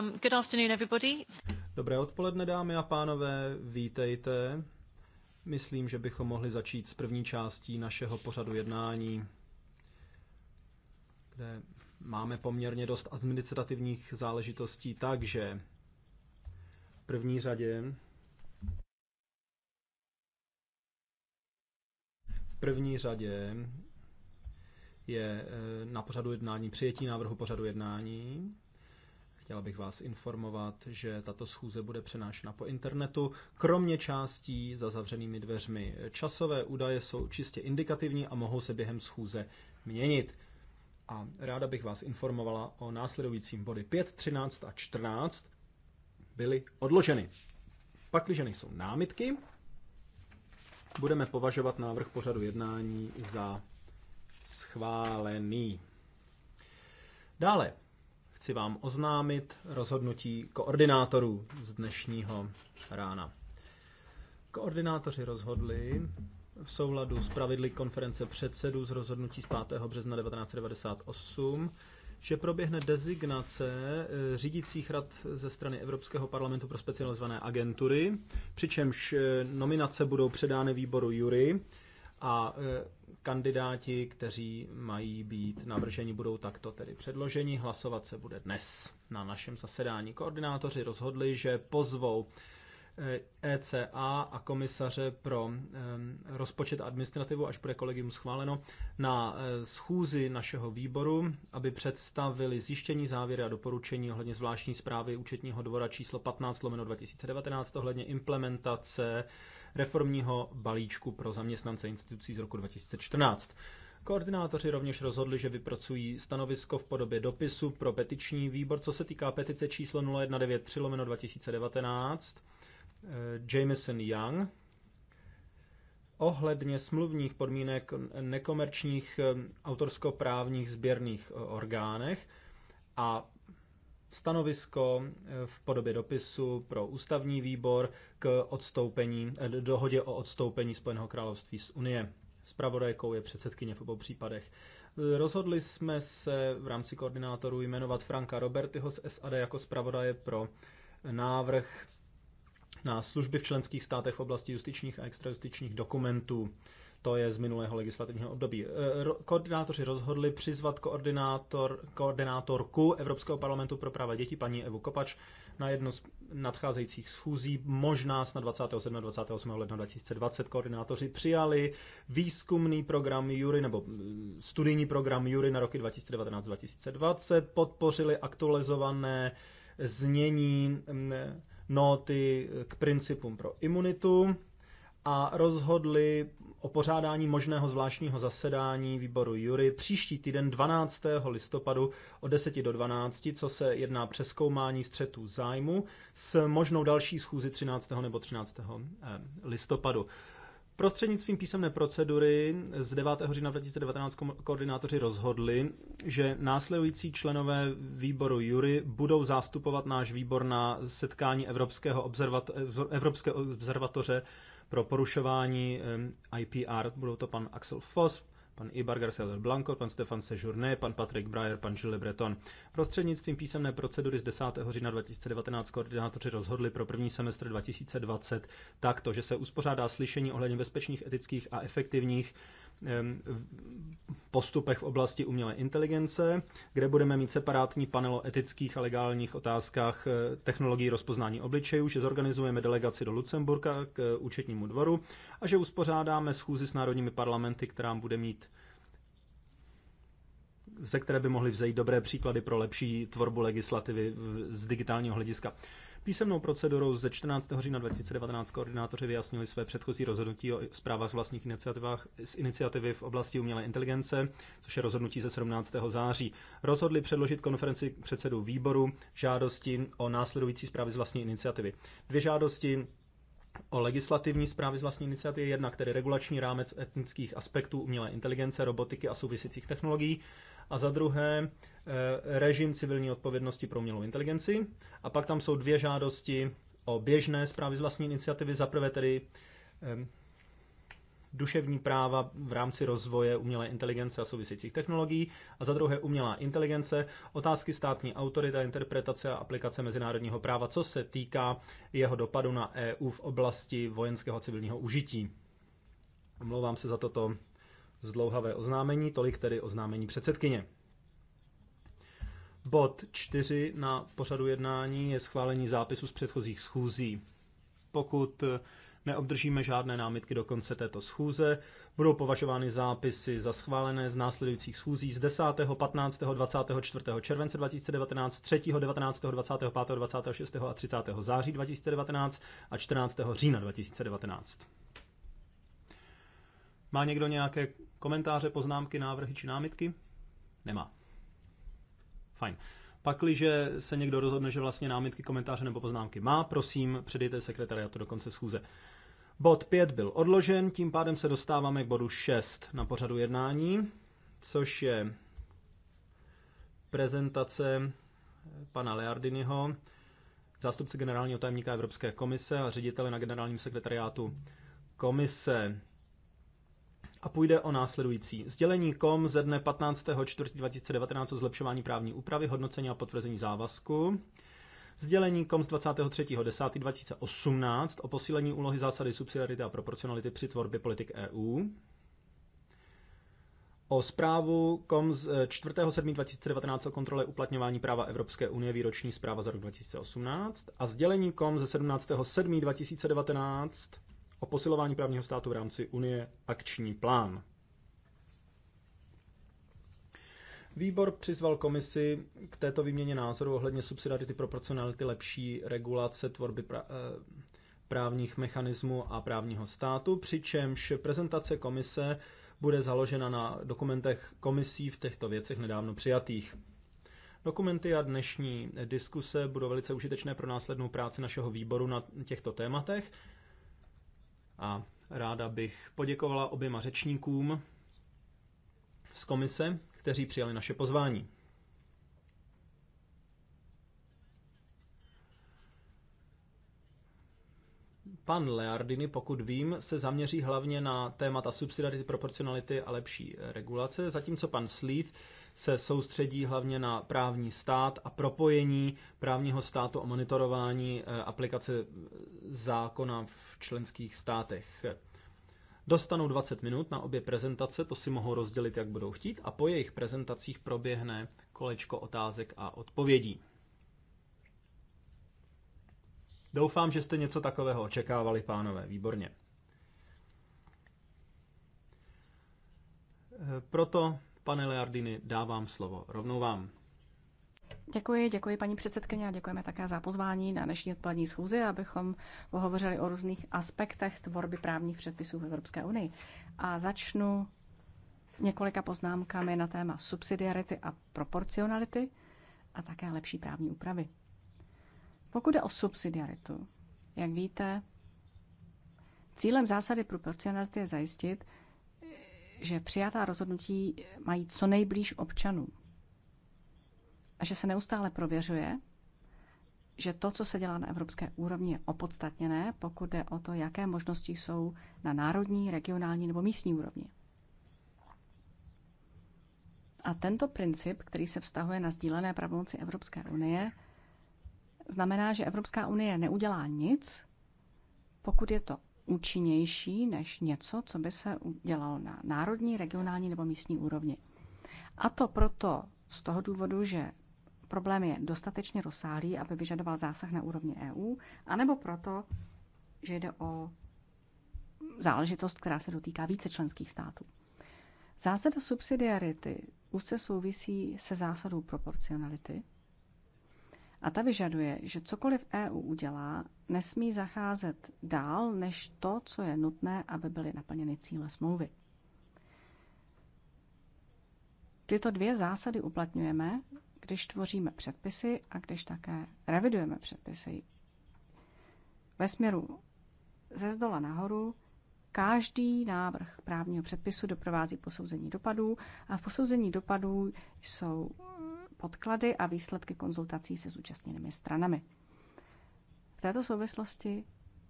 Um, good afternoon, everybody. Dobré odpoledne, dámy a pánové, vítejte. Myslím, že bychom mohli začít s první částí našeho pořadu jednání, kde máme poměrně dost administrativních záležitostí, takže v první řadě v první řadě je eh, na pořadu jednání přijetí návrhu pořadu jednání. Chtěla bych vás informovat, že tato schůze bude přenášena po internetu, kromě částí za zavřenými dveřmi. Časové údaje jsou čistě indikativní a mohou se během schůze měnit. A ráda bych vás informovala o následujícím body 5, 13 a 14 byly odloženy. když nejsou námitky, budeme považovat návrh pořadu jednání za schválený. Dále, chci vám oznámit rozhodnutí koordinátorů z dnešního rána. Koordinátoři rozhodli v souladu s pravidly konference předsedů z rozhodnutí z 5. března 1998, že proběhne designace eh, řídících rad ze strany Evropského parlamentu pro specializované agentury, přičemž eh, nominace budou předány výboru Jury a eh, kandidáti, kteří mají být navrženi, budou takto tedy předloženi. Hlasovat se bude dnes. Na našem zasedání koordinátoři rozhodli, že pozvou ECA eh, e a komisaře pro eh, rozpočet a administrativu, až bude kolegium schváleno, na eh, schůzi našeho výboru, aby představili zjištění závěry a doporučení ohledně zvláštní zprávy účetního dvora číslo 15 lomeno 2019 ohledně implementace reformního balíčku pro zaměstnance institucí z roku 2014. Koordinátoři rovněž rozhodli, že vypracují stanovisko v podobě dopisu pro petiční výbor, co se týká petice číslo 0193 lomeno 2019 eh, Jameson Young ohledně smluvních podmínek nekomerčních eh, autorskoprávních sběrných eh, orgánech a stanovisko eh, v podobě dopisu pro ústavní výbor k odstoupení, eh, dohodě o odstoupení Spojeného království z Unie. Spravodajkou je předsedkyně v obou případech. Eh, rozhodli jsme se v rámci koordinátorů jmenovat Franka Robertyho z SAD jako zpravodaje pro návrh na služby v členských státech v oblasti justičních a extrajustičních dokumentů to je z minulého legislativního období. E, koordinátoři rozhodli přizvat koordinátor, koordinátorku Evropského parlamentu pro práva dětí, paní Evu Kopač, na jednu z nadcházejících schůzí, možná snad 27. 28. ledna 2020. Koordinátoři přijali výzkumný program Jury, nebo e, studijní program Jury na roky 2019-2020, podpořili aktualizované znění e, noty k principům pro imunitu, a rozhodli o pořádání možného zvláštního zasedání výboru Jury příští týden 12. listopadu od 10 do 12, co se jedná přeskoumání střetů zájmu s možnou další schůzi 13. nebo 13. Eh, listopadu. Prostřednictvím písemné procedury z 9. října 2019 koordinátoři rozhodli, že následující členové výboru Jury budou zástupovat náš výbor na setkání Evropského, observato- Evropské observatoře pro porušování eh, IPR. Budou to pan Axel Foss, pan Ibar Garcia del Blanco, pan Stefan Sejourné, pan Patrick Breyer, pan Gilles Breton. Prostřednictvím písemné procedury z 10. října 2019 koordinátoři rozhodli pro první semestr 2020 takto, že se uspořádá slyšení ohledně bezpečných, etických a efektivních postupech v oblasti umělé inteligence, kde budeme mít separátní panel o etických a legálních otázkách eh, technologií rozpoznání obličejů, že zorganizujeme delegaci do Lucemburka k eh, účetnímu dvoru a že uspořádáme schůzi s národními parlamenty, která bude mít ze které by mohly vzejít dobré příklady pro lepší tvorbu legislativy z digitálního hlediska. Písemnou procedurou ze 14. října 2019 koordinátoři vyjasnili své předchozí rozhodnutí o zprávách z vlastních iniciativách, z iniciativy v oblasti umělé inteligence, což je rozhodnutí ze 17. září. Rozhodli předložit konferenci předsedů výboru žádosti o následující zprávy z vlastní iniciativy. Dvě žádosti o legislativní zprávy z vlastní iniciativy, jedna, tedy regulační rámec etnických aspektů umělé inteligence, robotiky a souvisejících technologií, a za druhé eh, režim civilní odpovědnosti pro umělou inteligenci. A pak tam jsou dvě žádosti o běžné zprávy z vlastní iniciativy. Za prvé tedy eh, duševní práva v rámci rozvoje umělé inteligence a souvisejících technologií a za druhé umělá inteligence, otázky státní autorita, interpretace a aplikace mezinárodního práva, co se týká jeho dopadu na EU v oblasti vojenského a civilního užití. Omlouvám se za toto zdlouhavé oznámení, tolik tedy oznámení předsedkyně. Bod 4 na pořadu jednání je schválení zápisu z předchozích schůzí. Pokud neobdržíme žádné námitky do konce této schůze, budou považovány zápisy za schválené z následujících schůzí z 10., 15., 24. července 2019, 3., 19., 25., 26. a 30. září 2019 a 14. října 2019. Má někdo nějaké komentáře, poznámky, návrhy či námitky? Nemá. Fajn. Pakliže se někdo rozhodne, že vlastně námitky, komentáře nebo poznámky má, prosím, předejte sekretariatu do konce schůze. Bod 5 byl odložen, tím pádem se dostáváme k bodu 6 na pořadu jednání, což je prezentace pana Leardiniho, zástupce generálního tajemníka Evropské komise a ředitele na generálním sekretariátu komise. A půjde o následující. Sdělení KOM ze dne 15. 2019 o zlepšování právní úpravy, hodnocení a potvrzení závazku. Sdělení KOMS 23.10.2018 o posílení úlohy zásady subsidiarity a proporcionality při tvorbě politik EU. O zprávu KOMS eh, 4.7.2019 o kontrole uplatňování práva Evropské unie výroční zpráva za rok 2018 a sdělení KOMS ze 17.7.2019 o posilování právního státu v rámci Unie akční plán. Výbor přizval komisi k této výměně názoru ohledně subsidiarity proporcionality lepší regulace tvorby pra- eh, právních mechanismů a právního státu, přičemž prezentace komise bude založena na dokumentech komisí v těchto věcech nedávno přijatých. Dokumenty a dnešní diskuse budou velice užitečné pro následnou práci našeho výboru na těchto tématech. A ráda bych poděkovala oběma řečníkům z komise, kteří přijali naše pozvání. Pan Leardini, pokud vím, se zaměří hlavně na témata subsidiarity, proporcionality a lepší regulace, zatímco pan Sleeth se soustředí hlavně na právní stát a propojení právního státu a monitorování eh, aplikace zákona v členských státech. Dostanou 20 minut na obě prezentace, to si mohou rozdělit, jak budou chtít, a po jejich prezentacích proběhne kolečko otázek a odpovědí. Doufám, že jste něco takového očekávali, pánové. Výborně. Proto, pane Leardini, dávám slovo rovnou vám. Děkuji, děkuji paní předsedkyně a děkujeme také za pozvání na dnešní odpolední schůzi, abychom pohovořili o různých aspektech tvorby právních předpisů v Evropské unii. A začnu několika poznámkami na téma subsidiarity a proporcionality a také lepší právní úpravy. Pokud je o subsidiaritu, jak víte, cílem zásady proporcionality je zajistit, že přijatá rozhodnutí mají co nejblíž občanům a že se neustále prověřuje, že to, co se dělá na evropské úrovni, je opodstatněné, pokud jde o to, jaké možnosti jsou na národní, regionální nebo místní úrovni. A tento princip, který se vztahuje na sdílené pravomoci Evropské unie, znamená, že Evropská unie neudělá nic, pokud je to účinnější než něco, co by se udělalo na národní, regionální nebo místní úrovni. A to proto z toho důvodu, že problém je dostatečně rozsáhlý, aby vyžadoval zásah na úrovni EU, anebo proto, že jde o záležitost, která se dotýká více členských států. Zásada subsidiarity úzce souvisí se zásadou proporcionality a ta vyžaduje, že cokoliv EU udělá, nesmí zacházet dál než to, co je nutné, aby byly naplněny cíle smlouvy. Tyto dvě zásady uplatňujeme, když tvoříme předpisy a když také revidujeme předpisy. Ve směru ze zdola nahoru každý návrh právního předpisu doprovází posouzení dopadů a v posouzení dopadů jsou podklady a výsledky konzultací se zúčastněnými stranami. V této souvislosti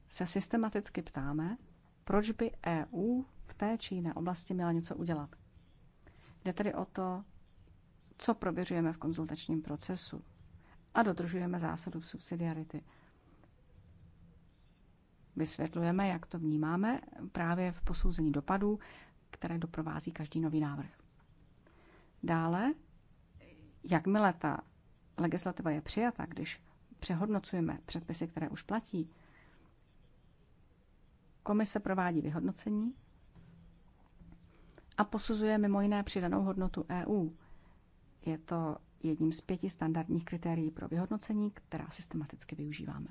se systematicky ptáme, proč by EU v té či jiné oblasti měla něco udělat. Jde tedy o to, co prověřujeme v konzultačním procesu a dodržujeme zásadu subsidiarity. Vysvětlujeme, jak to vnímáme právě v posouzení dopadů, které doprovází každý nový návrh. Dále, jakmile ta legislativa je přijata, když přehodnocujeme předpisy, které už platí, komise provádí vyhodnocení a posuzuje mimo jiné přidanou hodnotu EU je to jedním z pěti standardních kritérií pro vyhodnocení, která systematicky využíváme.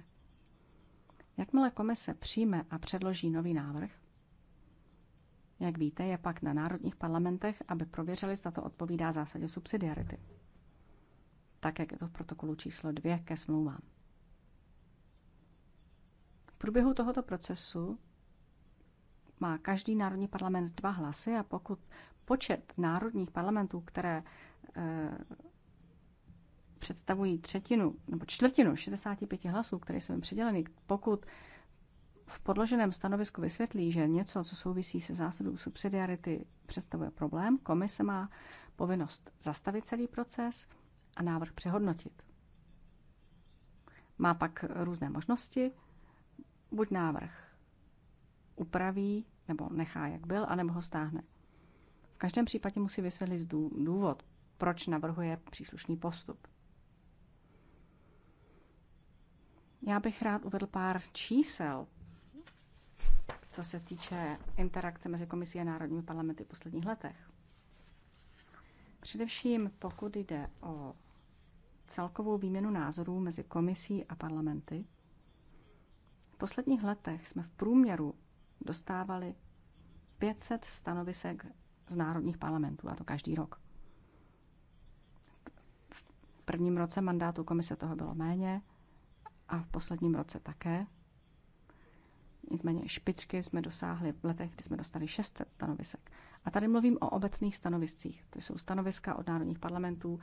Jakmile komise přijme a předloží nový návrh, jak víte, je pak na národních parlamentech, aby prověřili, zda to odpovídá zásadě subsidiarity. Tak, jak je to v protokolu číslo 2 ke smlouvám. V průběhu tohoto procesu má každý národní parlament dva hlasy a pokud počet národních parlamentů, které Eh, představují třetinu nebo čtvrtinu 65 hlasů, které jsou jim přiděleny, pokud v podloženém stanovisku vysvětlí, že něco, co souvisí se zásadou subsidiarity, představuje problém, komise má povinnost zastavit celý proces a návrh přehodnotit. Má pak různé možnosti, buď návrh upraví nebo nechá, jak byl, anebo ho stáhne. V každém případě musí vysvětlit důvod, proč navrhuje příslušný postup. Já bych rád uvedl pár čísel, co se týče interakce mezi komisí a národními parlamenty v posledních letech. Především pokud jde o celkovou výměnu názorů mezi komisí a parlamenty, v posledních letech jsme v průměru dostávali 500 stanovisek z národních parlamentů, a to každý rok. V prvním roce mandátu komise toho bylo méně a v posledním roce také. Nicméně špičky jsme dosáhli v letech, kdy jsme dostali 600 stanovisek. A tady mluvím o obecných stanoviscích. To jsou stanoviska od národních parlamentů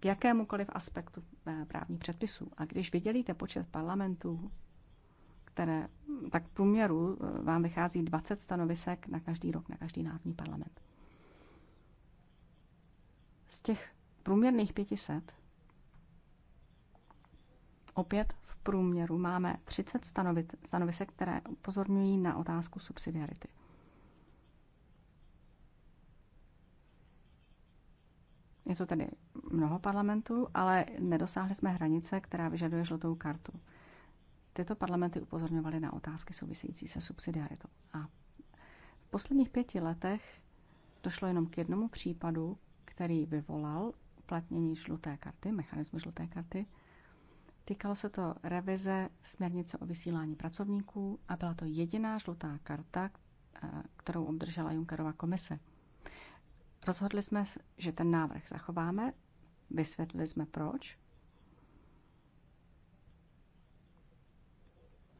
k jakémukoliv aspektu eh, právních předpisů. A když vydělíte počet parlamentů, které, tak v průměru eh, vám vychází 20 stanovisek na každý rok, na každý národní parlament. Z těch průměrných 500 Opět v průměru máme 30 stanovit, stanovisek, které upozorňují na otázku subsidiarity. Je to tedy mnoho parlamentů, ale nedosáhli jsme hranice, která vyžaduje žlutou kartu. Tyto parlamenty upozorňovaly na otázky související se subsidiaritou. A v posledních pěti letech došlo jenom k jednomu případu, který vyvolal uplatnění žluté karty, mechanismu žluté karty – Týkalo se to revize směrnice o vysílání pracovníků a byla to jediná žlutá karta, eh, kterou obdržela Junckerova komise. Rozhodli jsme, že ten návrh zachováme, vysvětlili jsme proč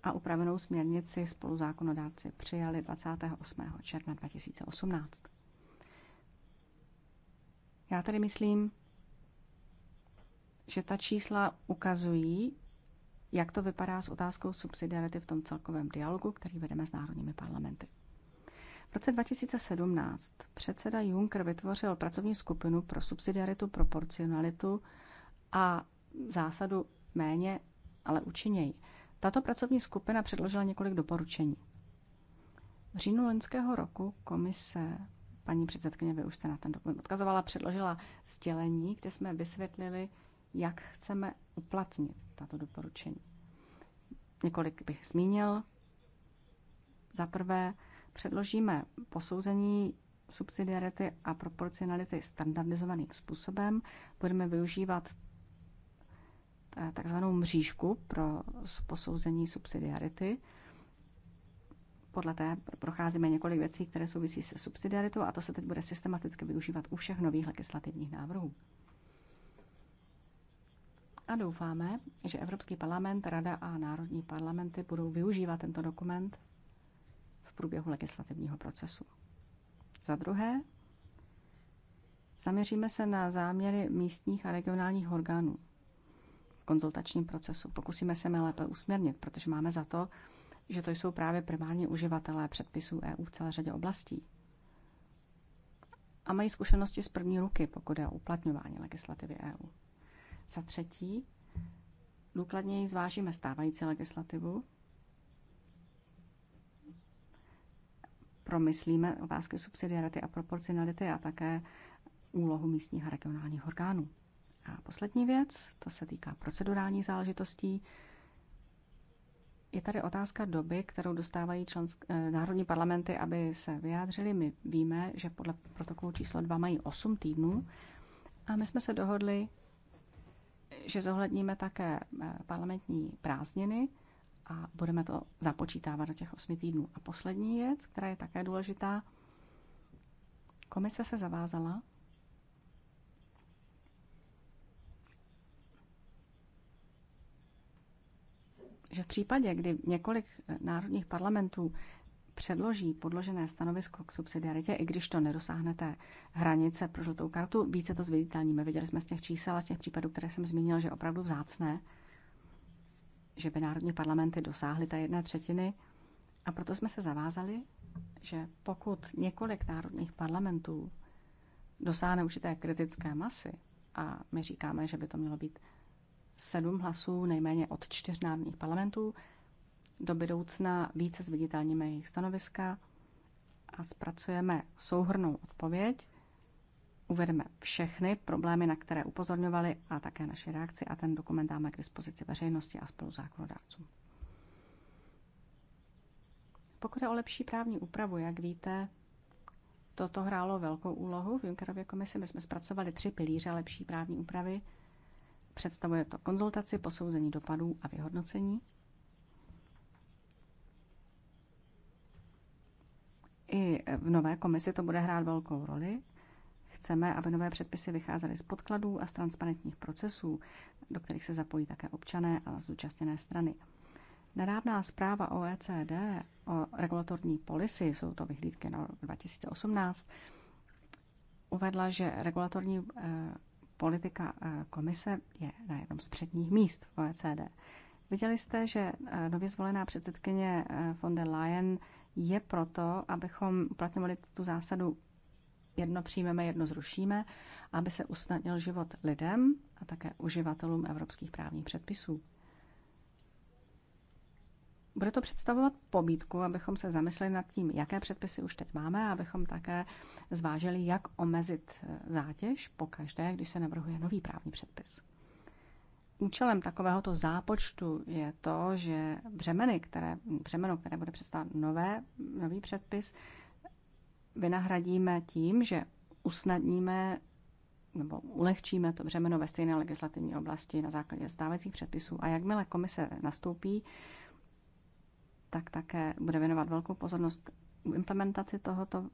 a upravenou směrnici spoluzákonodárci přijali 28. června 2018. Já tedy myslím, že ta čísla ukazují, jak to vypadá s otázkou subsidiarity v tom celkovém dialogu, který vedeme s národními parlamenty. V roce 2017 předseda Juncker vytvořil pracovní skupinu pro subsidiaritu, proporcionalitu a zásadu méně, ale účinněji. Tato pracovní skupina předložila několik doporučení. V říjnu loňského roku komise, paní předsedkyně, vy už jste na ten dokument odkazovala, předložila sdělení, kde jsme vysvětlili, jak chceme uplatnit tato doporučení. Několik bych zmínil. Za prvé, předložíme posouzení subsidiarity a proporcionality standardizovaným způsobem. Budeme využívat eh, takzvanou mřížku pro posouzení subsidiarity. Podle té procházíme několik věcí, které souvisí se subsidiaritou a to se teď bude systematicky využívat u všech nových legislativních návrhů. A doufáme, že Evropský parlament, Rada a národní parlamenty budou využívat tento dokument v průběhu legislativního procesu. Za druhé, zaměříme se na záměry místních a regionálních orgánů v konzultačním procesu. Pokusíme se je lépe usměrnit, protože máme za to, že to jsou právě primární uživatelé předpisů EU v celé řadě oblastí. A mají zkušenosti z první ruky, pokud je o uplatňování legislativy EU. Za třetí, důkladněji zvážíme stávající legislativu, promyslíme otázky subsidiarity a proporcionality a také úlohu místních a regionálních orgánů. A poslední věc, to se týká procedurální záležitostí. Je tady otázka doby, kterou dostávají člensk- eh, národní parlamenty, aby se vyjádřili. My víme, že podle protokolu číslo 2 mají 8 týdnů a my jsme se dohodli, že zohledníme také eh, parlamentní prázdniny a budeme to započítávat do těch osmi týdnů. A poslední věc, která je také důležitá, komise se zavázala, že v případě, kdy několik eh, národních parlamentů předloží podložené stanovisko k subsidiaritě, i když to nedosáhnete hranice pro žlutou kartu, více to zviditelníme. Viděli jsme z těch čísel a z těch případů, které jsem zmínil, že opravdu vzácné, že by národní parlamenty dosáhly té jedné třetiny. A proto jsme se zavázali, že pokud několik národních parlamentů dosáhne určité kritické masy, a my říkáme, že by to mělo být sedm hlasů nejméně od čtyř národních parlamentů, do budoucna více zviditelníme jejich stanoviska a zpracujeme souhrnou odpověď. Uvedeme všechny problémy, na které upozorňovali a také naše reakci a ten dokument dáme k dispozici veřejnosti a spolu zákonodárcům. Pokud je o lepší právní úpravu, jak víte, toto hrálo velkou úlohu v Junckerově komisi. My jsme zpracovali tři pilíře lepší právní úpravy. Představuje to konzultaci, posouzení dopadů a vyhodnocení. I v nové komisi to bude hrát velkou roli. Chceme, aby nové předpisy vycházely z podkladů a z transparentních procesů, do kterých se zapojí také občané a zúčastněné strany. Nedávná zpráva OECD o regulatorní policy, jsou to vyhlídky na rok 2018, uvedla, že regulatorní eh, politika eh, komise je na jednom z předních míst v OECD. Viděli jste, že eh, nově zvolená předsedkyně von der Leyen je proto, abychom uplatňovali tu zásadu jedno přijmeme, jedno zrušíme, aby se usnadnil život lidem a také uživatelům evropských právních předpisů. Bude to představovat pobídku, abychom se zamysleli nad tím, jaké předpisy už teď máme, a abychom také zvážili, jak omezit e, zátěž po každé, když se navrhuje nový právní předpis. Účelem takovéhoto zápočtu je to, že břemeny, které, břemeno, které bude představovat nové, nový předpis, vynahradíme tím, že usnadníme nebo ulehčíme to břemeno ve stejné legislativní oblasti na základě stávajících předpisů. A jakmile komise nastoupí, tak také bude věnovat velkou pozornost implementaci tohoto,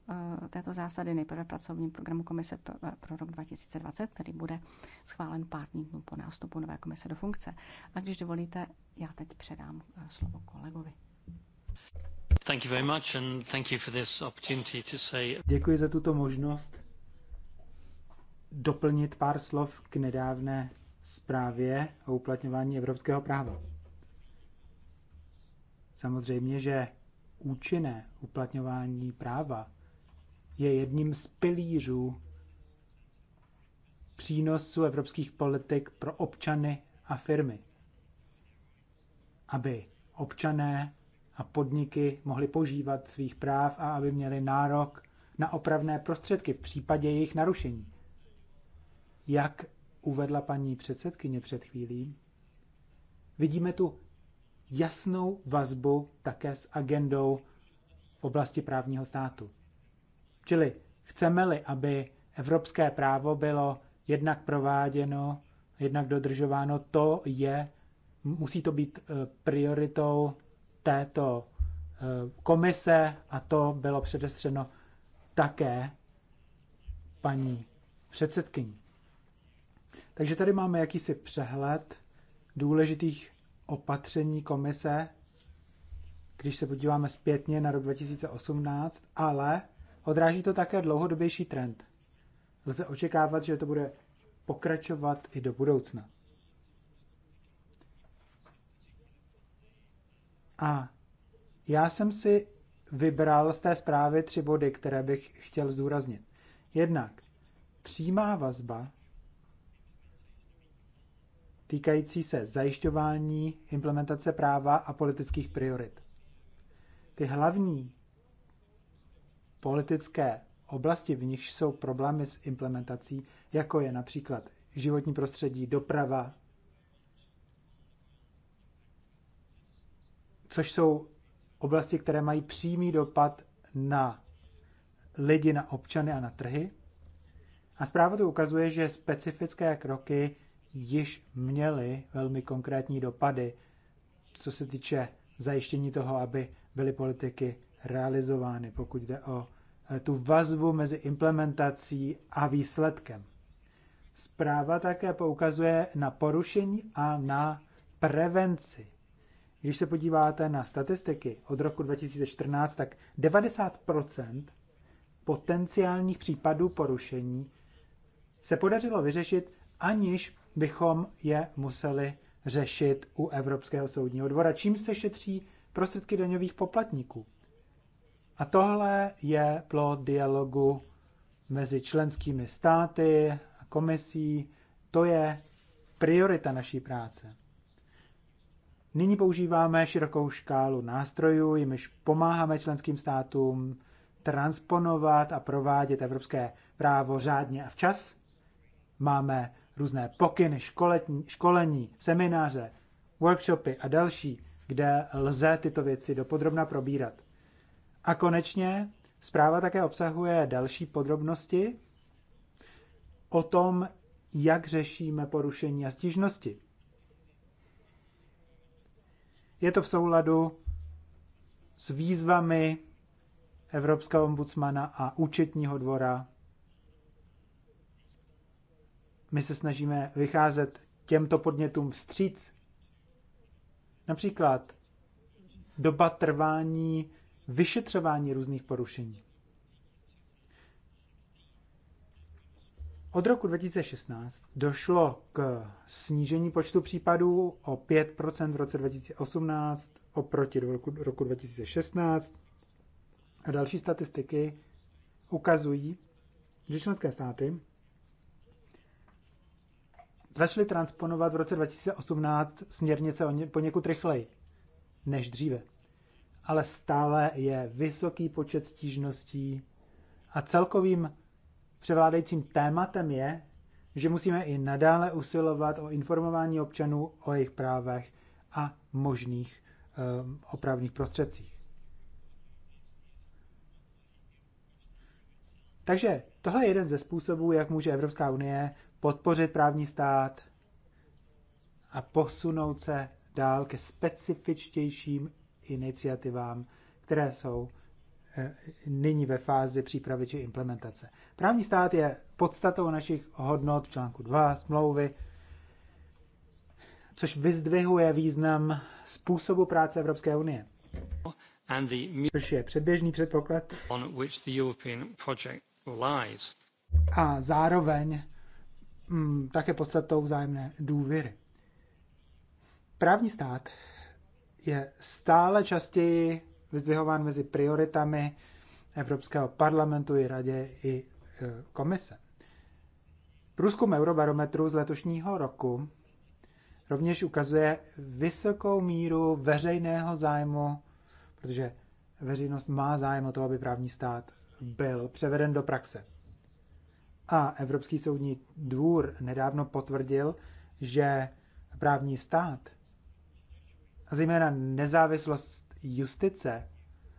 eh, této zásady nejprve pracovním programu komise eh, pro rok 2020, který bude schválen pár dnů po nástupu nové komise do funkce. A když dovolíte, já teď předám eh, slovo kolegovi. Děkuji za tuto možnost doplnit pár slov k nedávné zprávě o uplatňování evropského práva. Samozřejmě, že účinné uplatňování práva je jedním z pilířů přínosu evropských politik pro občany a firmy. Aby občané a podniky mohly požívat svých práv a aby měli nárok na opravné prostředky v případě jejich narušení. Jak uvedla paní předsedkyně před chvílí, vidíme tu jasnou vazbu také s agendou v oblasti právního státu. Čili chceme-li, aby evropské právo bylo jednak prováděno, jednak dodržováno, to je, musí to být eh, prioritou této eh, komise a to bylo předestřeno také paní předsedkyní. Takže tady máme jakýsi přehled důležitých opatření komise, když se podíváme zpětně na rok 2018, ale odráží to také dlouhodobější trend. Lze očekávat, že to bude pokračovat i do budoucna. A já jsem si vybral z té zprávy tři body, které bych chtěl zdůraznit. Jednak přímá vazba týkající se zajišťování implementace práva a politických priorit. Ty hlavní politické oblasti, v nichž jsou problémy s implementací, jako je například životní prostředí, doprava, což jsou oblasti, které mají přímý dopad na lidi, na občany a na trhy. A zpráva to ukazuje, že specifické kroky již měly velmi konkrétní dopady, co se týče zajištění toho, aby byly politiky realizovány, pokud jde o eh, tu vazbu mezi implementací a výsledkem. Zpráva také poukazuje na porušení a na prevenci. Když se podíváte na statistiky od roku 2014, tak 90 potenciálních případů porušení se podařilo vyřešit, aniž bychom je museli řešit u Evropského soudního dvora, čím se šetří prostředky daňových poplatníků. A tohle je plod dialogu mezi členskými státy a komisí. To je priorita naší práce. Nyní používáme širokou škálu nástrojů, jimiž pomáháme členským státům transponovat a provádět evropské právo řádně a včas. Máme různé pokyny, školetní, školení, semináře, workshopy a další, kde lze tyto věci dopodrobna probírat. A konečně zpráva také obsahuje další podrobnosti o tom, jak řešíme porušení a stížnosti. Je to v souladu s výzvami Evropského ombudsmana a účetního dvora my se snažíme vycházet těmto podnětům vstříc. Například doba trvání vyšetřování různých porušení. Od roku 2016 došlo k snížení počtu případů o 5% v roce 2018 oproti do roku, roku 2016. A další statistiky ukazují, že členské státy začali transponovat v roce 2018 směrnice poněkud rychleji než dříve. Ale stále je vysoký počet stížností a celkovým převládajícím tématem je, že musíme i nadále usilovat o informování občanů o jejich právech a možných um, opravných prostředcích. Takže tohle je jeden ze způsobů, jak může Evropská unie podpořit právní stát a posunout se dál ke specifičtějším iniciativám, které jsou eh, nyní ve fázi přípravy či implementace. Právní stát je podstatou našich hodnot v článku 2 smlouvy, což vyzdvihuje význam způsobu práce Evropské unie. The... Což je předběžný předpoklad. On which the European project lies. A zároveň Mm, také podstatou vzájemné důvěry. Právní stát je stále častěji vyzdvihován mezi prioritami Evropského parlamentu i radě i e, komise. Průzkum Eurobarometru z letošního roku rovněž ukazuje vysokou míru veřejného zájmu, protože veřejnost má zájem o to, aby právní stát byl převeden do praxe. A Evropský soudní dvůr nedávno potvrdil, že právní stát a zejména nezávislost justice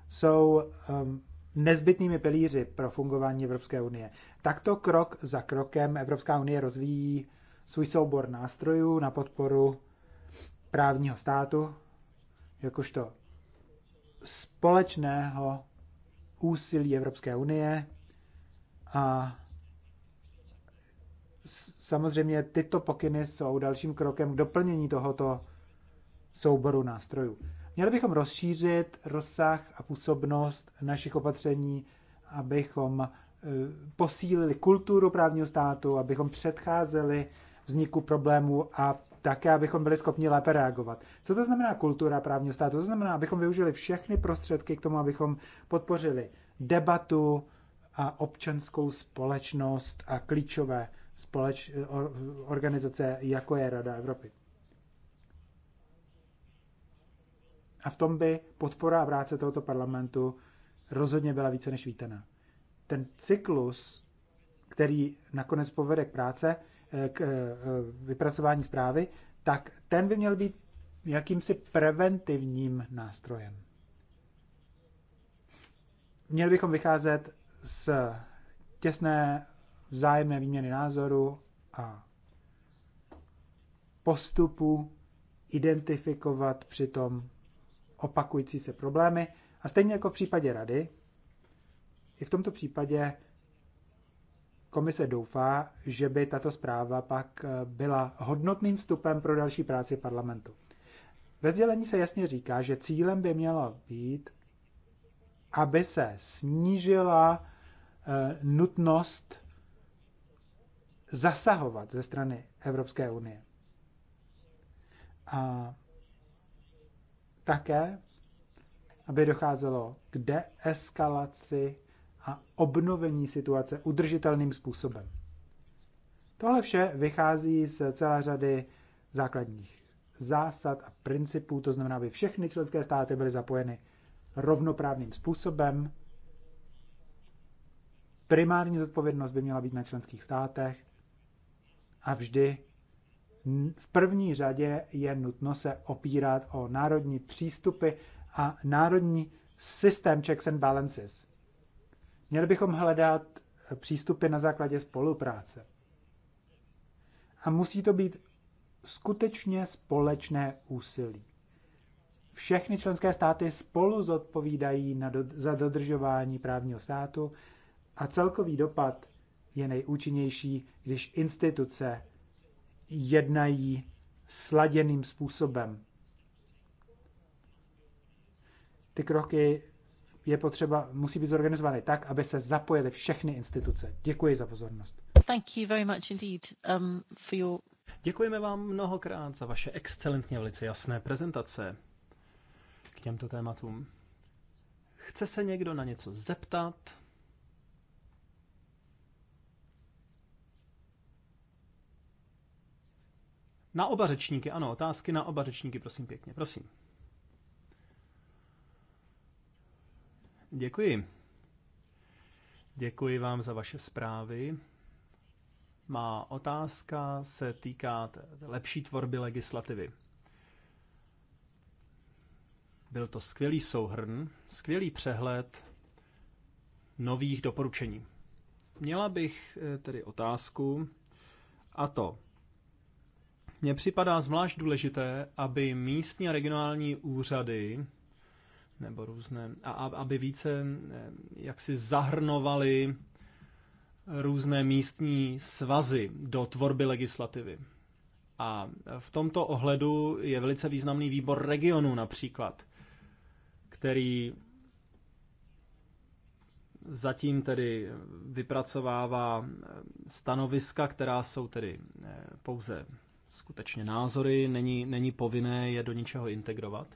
jsou um, nezbytnými pilíři pro fungování Evropské unie. Takto krok za krokem Evropská unie rozvíjí svůj soubor nástrojů na podporu právního státu, jakožto společného úsilí Evropské unie a samozřejmě tyto pokyny jsou dalším krokem k doplnění tohoto souboru nástrojů. Měli bychom rozšířit rozsah a působnost našich opatření, abychom e, posílili kulturu právního státu, abychom předcházeli vzniku problémů a také, abychom byli schopni lépe reagovat. Co to znamená kultura právního státu? To znamená, abychom využili všechny prostředky k tomu, abychom podpořili debatu a občanskou společnost a klíčové společ, organizace, jako je Rada Evropy. A v tom by podpora a práce tohoto parlamentu rozhodně byla více než vítaná. Ten cyklus, který nakonec povede k práce, eh, k eh, vypracování zprávy, tak ten by měl být jakýmsi preventivním nástrojem. Měli bychom vycházet z těsné vzájemné výměny názoru a postupu, identifikovat přitom opakující se problémy. A stejně jako v případě rady, i v tomto případě komise doufá, že by tato zpráva pak eh, byla hodnotným vstupem pro další práci parlamentu. Ve sdělení se jasně říká, že cílem by mělo být, aby se snížila eh, nutnost zasahovat ze strany Evropské unie. A také, aby docházelo k deeskalaci a obnovení situace udržitelným způsobem. Tohle vše vychází z celé řady základních zásad a principů, to znamená, aby všechny členské státy byly zapojeny rovnoprávným způsobem. Primární zodpovědnost by měla být na členských státech a vždy v první řadě je nutno se opírat o národní přístupy a národní systém checks and balances. Měli bychom hledat přístupy na základě spolupráce. A musí to být skutečně společné úsilí. Všechny členské státy spolu zodpovídají na do, za dodržování právního státu a celkový dopad je nejúčinnější, když instituce jednají sladěným způsobem. Ty kroky je potřeba, musí být zorganizovány tak, aby se zapojily všechny instituce. Děkuji za pozornost. Thank you very much indeed, um, for your... Děkujeme vám mnohokrát za vaše excelentně velice jasné prezentace k těmto tématům. Chce se někdo na něco zeptat? Na oba řečníky, ano, otázky na oba řečníky, prosím pěkně, prosím. Děkuji. Děkuji vám za vaše zprávy. Má otázka se týká lepší tvorby legislativy. Byl to skvělý souhrn, skvělý přehled nových doporučení. Měla bych eh, tedy otázku, a to, mně připadá zvlášť důležité, aby místní a regionální úřady nebo různé, a aby více eh, jaksi zahrnovali různé místní svazy do tvorby legislativy. A v tomto ohledu je velice významný výbor regionu například, který zatím tedy vypracovává eh, stanoviska, která jsou tedy eh, pouze skutečně názory, není, není povinné je do ničeho integrovat.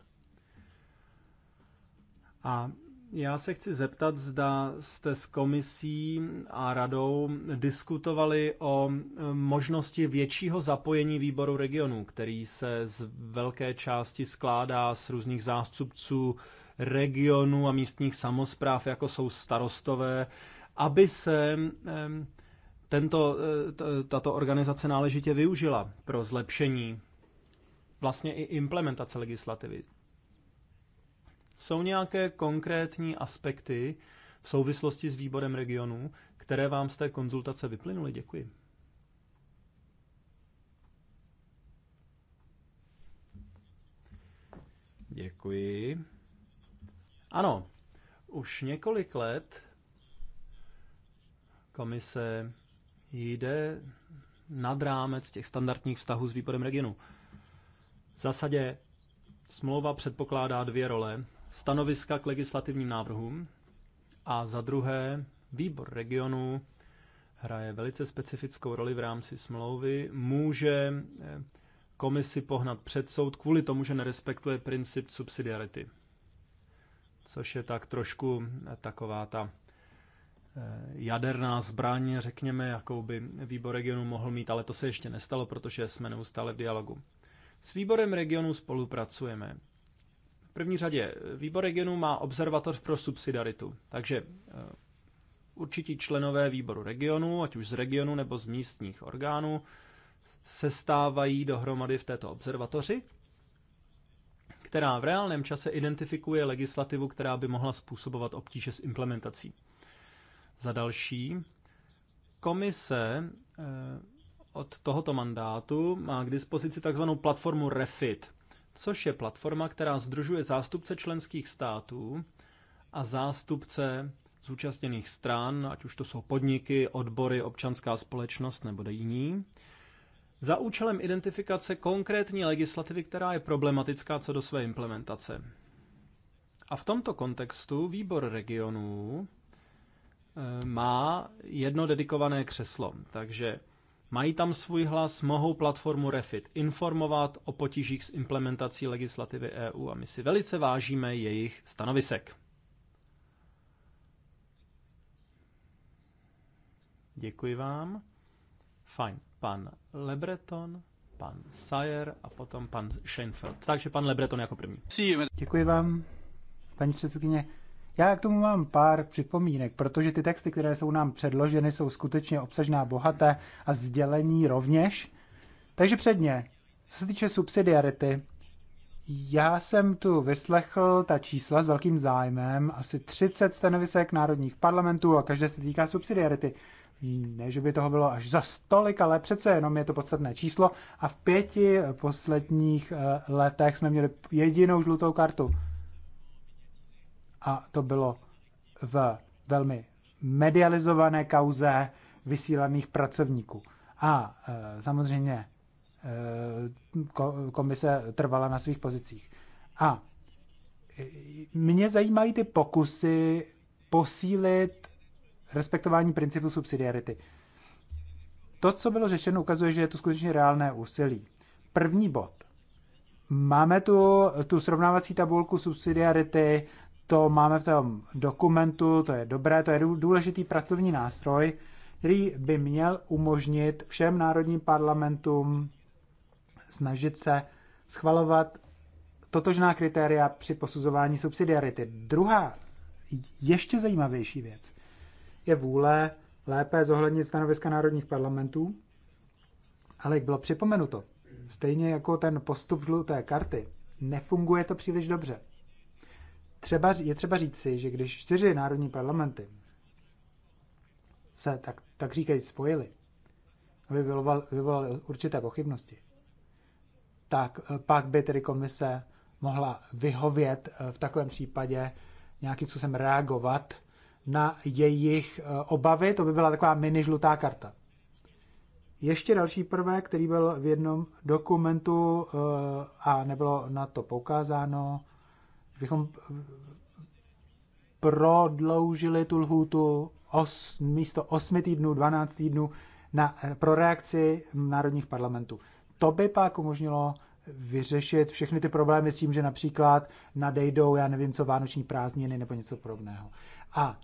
A já se chci zeptat, zda jste s komisí a radou diskutovali o e, možnosti většího zapojení výboru regionů, který se z velké části skládá z různých zástupců regionů a místních samozpráv, jako jsou starostové, aby se e, tento, eh, tato organizace náležitě využila pro zlepšení vlastně i implementace legislativy. Jsou nějaké konkrétní aspekty v souvislosti s výborem regionů, které vám z té konzultace vyplynuly? Děkuji. Děkuji. Ano, už několik let komise jde nad rámec těch standardních vztahů s výpadem regionu. V zásadě smlouva předpokládá dvě role. Stanoviska k legislativním návrhům a za druhé výbor regionu hraje velice specifickou roli v rámci smlouvy. Může eh, komisi pohnat před soud kvůli tomu, že nerespektuje princip subsidiarity. Což je tak trošku taková ta Eh, jaderná zbraň, řekněme, jakou by výbor regionu mohl mít, ale to se ještě nestalo, protože jsme neustále v dialogu. S výborem regionu spolupracujeme. V první řadě výbor regionu má observatoř pro subsidiaritu, takže eh, určití členové výboru regionu, ať už z regionu nebo z místních orgánů, se stávají dohromady v této observatoři, která v reálném čase identifikuje legislativu, která by mohla způsobovat obtíže s implementací. Za další, komise eh, od tohoto mandátu má k dispozici takzvanou platformu REFIT, což je platforma, která združuje zástupce členských států a zástupce zúčastněných stran, ať už to jsou podniky, odbory, občanská společnost nebo jiní, za účelem identifikace konkrétní legislativy, která je problematická co do své implementace. A v tomto kontextu výbor regionů Eh, má jedno dedikované křeslo, takže mají tam svůj hlas, mohou platformu Refit informovat o potížích s implementací legislativy EU a my si velice vážíme jejich stanovisek. Děkuji vám. Fajn. Pan Lebreton, pan Sayer a potom pan Scheinfeld. Takže pan Lebreton jako první. Děkuji vám, paní předsedkyně. Já k tomu mám pár připomínek, protože ty texty, které jsou nám předloženy, jsou skutečně obsažná, bohaté a sdělení rovněž. Takže předně, co se týče subsidiarity, já jsem tu vyslechl ta čísla s velkým zájmem, asi 30 stanovisek národních parlamentů a každé se týká subsidiarity. Ne, že by toho bylo až za stolik, ale přece jenom je to podstatné číslo. A v pěti posledních eh, letech jsme měli jedinou žlutou kartu a to bylo v velmi medializované kauze vysílaných pracovníků. A e, samozřejmě e, komise trvala na svých pozicích. A e, mě zajímají ty pokusy posílit respektování principu subsidiarity. To, co bylo řešeno, ukazuje, že je to skutečně reálné úsilí. První bod. Máme tu tu srovnávací tabulku subsidiarity, to máme v tom dokumentu, to je dobré, to je důležitý pracovní nástroj, který by měl umožnit všem národním parlamentům snažit se schvalovat totožná kritéria při posuzování subsidiarity. Druhá, ještě zajímavější věc, je vůle lépe zohlednit stanoviska národních parlamentů, ale jak bylo připomenuto, stejně jako ten postup žluté karty, nefunguje to příliš dobře třeba, je třeba říct si, že když čtyři národní parlamenty se tak, tak říkají spojili, aby vyvolali určité pochybnosti, tak eh, pak by tedy komise mohla vyhovět eh, v takovém případě nějakým způsobem reagovat na jejich eh, obavy. To by byla taková mini žlutá karta. Ještě další prvek, který byl v jednom dokumentu a nebylo na to poukázáno, bychom prodloužili tu lhůtu os, místo 8 týdnů, 12 týdnů na, pro reakci národních parlamentů. To by pak umožnilo vyřešit všechny ty problémy s tím, že například nadejdou, já nevím co, vánoční prázdniny nebo něco podobného. A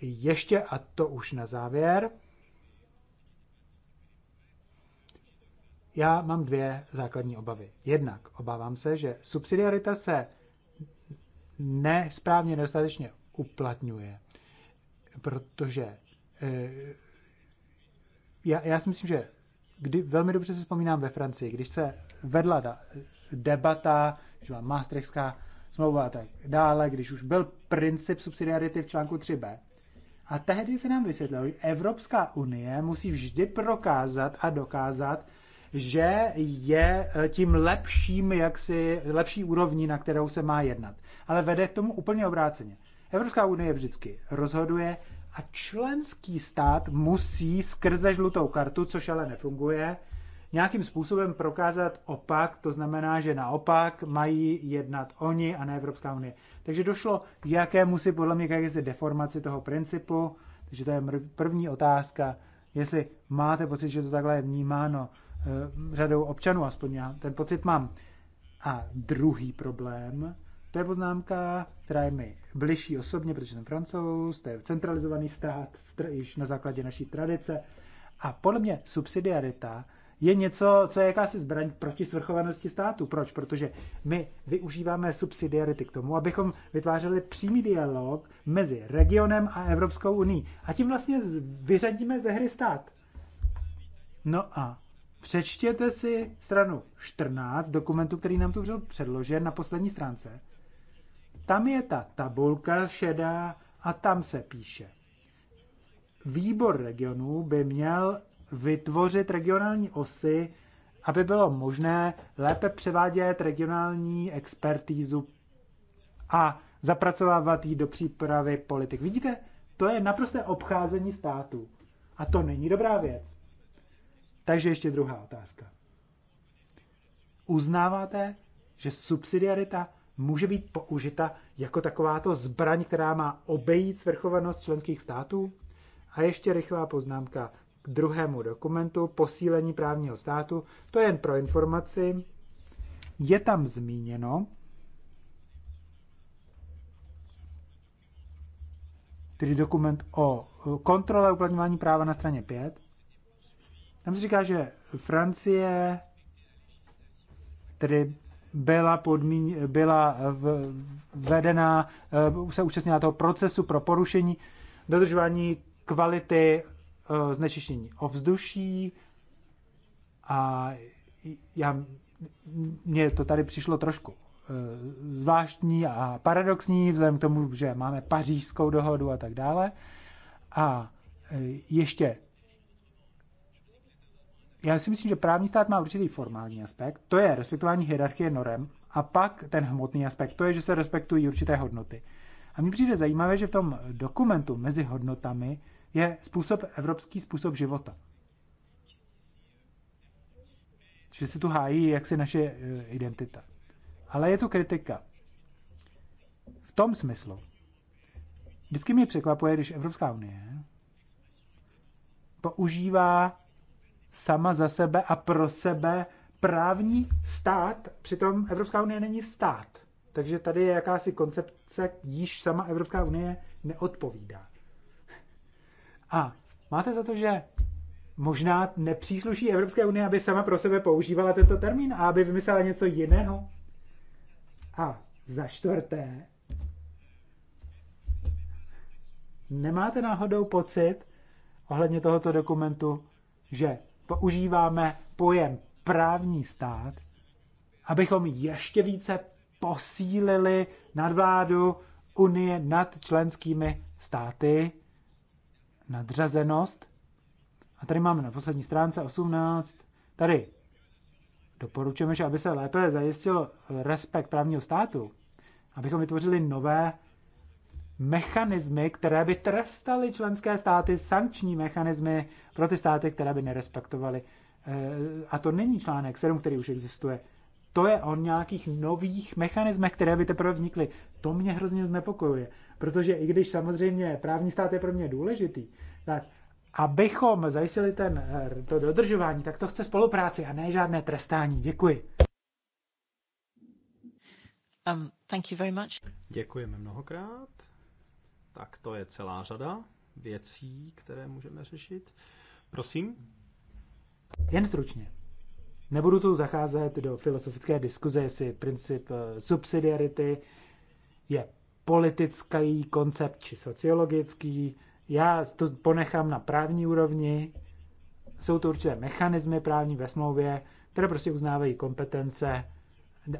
ještě, a to už na závěr, já mám dvě základní obavy. Jednak obávám se, že subsidiarita se nesprávně, nedostatečně uplatňuje. Protože eh, já, já si myslím, že kdy, velmi dobře si vzpomínám ve Francii, když se vedla da, debata, že byla Maastrichtská smlouva a tak dále, když už byl princip subsidiarity v článku 3b. A tehdy se nám vysvětlilo, že Evropská unie musí vždy prokázat a dokázat, že je eh, tím lepším, jaksi, lepší úrovní, na kterou se má jednat. Ale vede k tomu úplně obráceně. Evropská unie vždycky rozhoduje a členský stát musí skrze žlutou kartu, což ale nefunguje, nějakým způsobem prokázat opak, to znamená, že naopak mají jednat oni a ne Evropská unie. Takže došlo k musí podle mě, k jakési deformaci toho principu, takže to je první otázka, jestli máte pocit, že to takhle je vnímáno Eh, řadou občanů, aspoň já ten pocit mám. A druhý problém, to je poznámka, která je mi bližší osobně, protože jsem francouz, to je centralizovaný stát, již na základě naší tradice. A podle mě subsidiarita je něco, co je jakási zbraň proti svrchovanosti státu. Proč? Protože my využíváme subsidiarity k tomu, abychom vytvářeli přímý dialog mezi regionem a Evropskou uní. A tím vlastně vyřadíme ze hry stát. No a Přečtěte si stranu 14 dokumentu, který nám tu byl předložen na poslední stránce. Tam je ta tabulka šedá a tam se píše. Výbor regionů by měl vytvořit regionální osy, aby bylo možné lépe převádět regionální expertízu a zapracovávat ji do přípravy politik. Vidíte, to je naprosté obcházení státu. A to není dobrá věc. Takže ještě druhá otázka. Uznáváte, že subsidiarita může být použita jako takováto zbraň, která má obejít svrchovanost členských států? A ještě rychlá poznámka k druhému dokumentu, posílení právního státu. To je jen pro informaci. Je tam zmíněno, tedy dokument o kontrole uplatňování práva na straně 5, tam se říká, že Francie tedy byla, podmíň, byla v, vedená, eh, se účastnila toho procesu pro porušení dodržování kvality eh, znečištění ovzduší a já, mně to tady přišlo trošku eh, zvláštní a paradoxní, vzhledem k tomu, že máme pařížskou dohodu a tak dále. A ještě já si myslím, že právní stát má určitý formální aspekt, to je respektování hierarchie norem, a pak ten hmotný aspekt, to je, že se respektují určité hodnoty. A mně přijde zajímavé, že v tom dokumentu mezi hodnotami je způsob, evropský způsob života. Že se tu hájí jaksi naše eh, identita. Ale je tu kritika. V tom smyslu. Vždycky mě překvapuje, když Evropská unie používá sama za sebe a pro sebe právní stát, přitom Evropská unie není stát. Takže tady je jakási koncepce, již sama Evropská unie neodpovídá. A máte za to, že možná nepřísluší Evropské unie, aby sama pro sebe používala tento termín a aby vymyslela něco jiného? A za čtvrté, nemáte náhodou pocit ohledně tohoto dokumentu, že používáme pojem právní stát, abychom ještě více posílili nadvládu Unie nad členskými státy, nadřazenost. A tady máme na poslední stránce 18, tady doporučujeme, že aby se lépe zajistil respekt právního státu, abychom vytvořili nové mechanismy, které by trestaly členské státy, sankční mechanismy pro ty státy, které by nerespektovaly. Eh, a to není článek 7, který už existuje. To je o nějakých nových mechanismech, které by teprve vznikly. To mě hrozně znepokojuje, protože i když samozřejmě právní stát je pro mě důležitý, tak abychom zajistili ten, eh, to dodržování, tak to chce spolupráci a ne žádné trestání. Děkuji. Um, thank you very much. Děkujeme mnohokrát. Tak to je celá řada věcí, které můžeme řešit. Prosím? Jen stručně. Nebudu tu zacházet do filozofické diskuze, jestli princip eh, subsidiarity je politický koncept či sociologický. Já to ponechám na právní úrovni. Jsou to určité mechanismy právní ve smlouvě, které prostě uznávají kompetence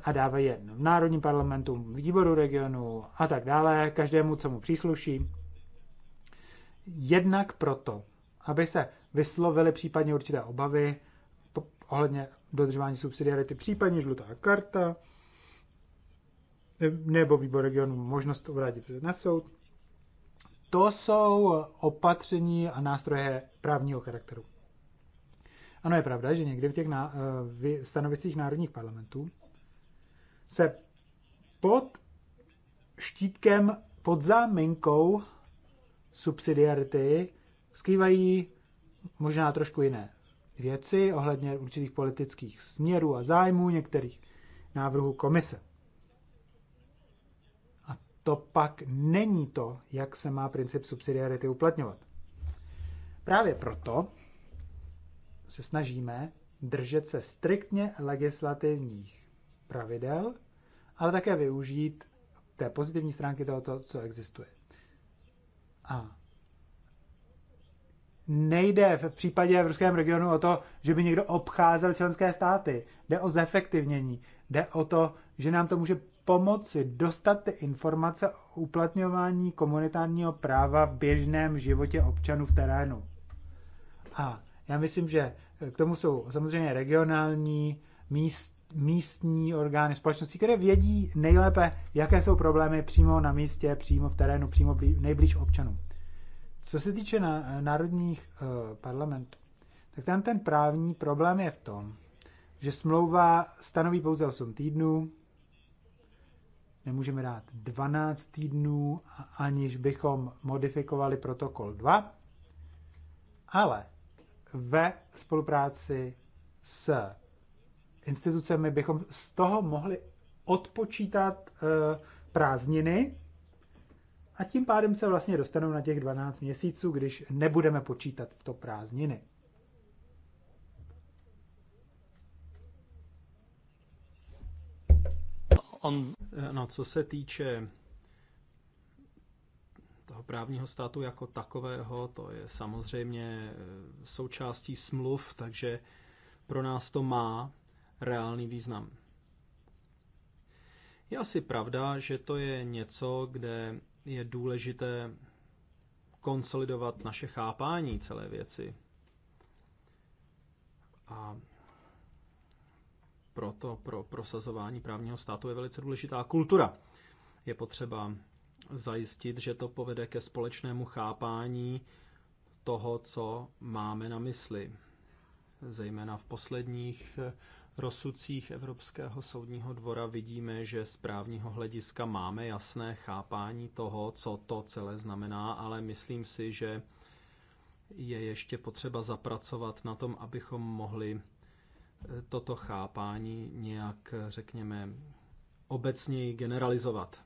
a dávají je v Národním parlamentu, výboru regionu a tak dále, každému, co mu přísluší. Jednak proto, aby se vyslovily případně určité obavy ohledně dodržování subsidiarity, případně žlutá karta, nebo výbor regionu možnost obrátit se na soud. To jsou opatření a nástroje právního charakteru. Ano, je pravda, že někdy v těch na, eh, v stanoviscích národních parlamentů se pod štítkem, pod záminkou subsidiarity skrývají možná trošku jiné věci ohledně určitých politických směrů a zájmů některých návrhů komise. A to pak není to, jak se má princip subsidiarity uplatňovat. Právě proto se snažíme držet se striktně legislativních pravidel, ale také využít té pozitivní stránky toho, co existuje. A nejde v případě ruském regionu o to, že by někdo obcházel členské státy. Jde o zefektivnění. Jde o to, že nám to může pomoci dostat ty informace o uplatňování komunitárního práva v běžném životě občanů v terénu. A já myslím, že k tomu jsou samozřejmě regionální míst, místní orgány společnosti, které vědí nejlépe, jaké jsou problémy přímo na místě, přímo v terénu, přímo nejblíž občanům. Co se týče na, národních uh, parlamentů, tak tam ten právní problém je v tom, že smlouva stanoví pouze 8 týdnů, nemůžeme dát 12 týdnů, aniž bychom modifikovali protokol 2, ale ve spolupráci s institucemi bychom z toho mohli odpočítat eh, prázdniny a tím pádem se vlastně dostanou na těch 12 měsíců, když nebudeme počítat to prázdniny. On... No, co se týče toho právního státu jako takového, to je samozřejmě eh, součástí smluv, takže pro nás to má reálný význam. Je asi pravda, že to je něco, kde je důležité konsolidovat naše chápání celé věci. A proto pro prosazování právního státu je velice důležitá kultura. Je potřeba zajistit, že to povede ke společnému chápání toho, co máme na mysli. Zejména v posledních rozsudcích Evropského soudního dvora vidíme, že z právního hlediska máme jasné chápání toho, co to celé znamená, ale myslím si, že je ještě potřeba zapracovat na tom, abychom mohli eh, toto chápání nějak, řekněme, obecněji generalizovat.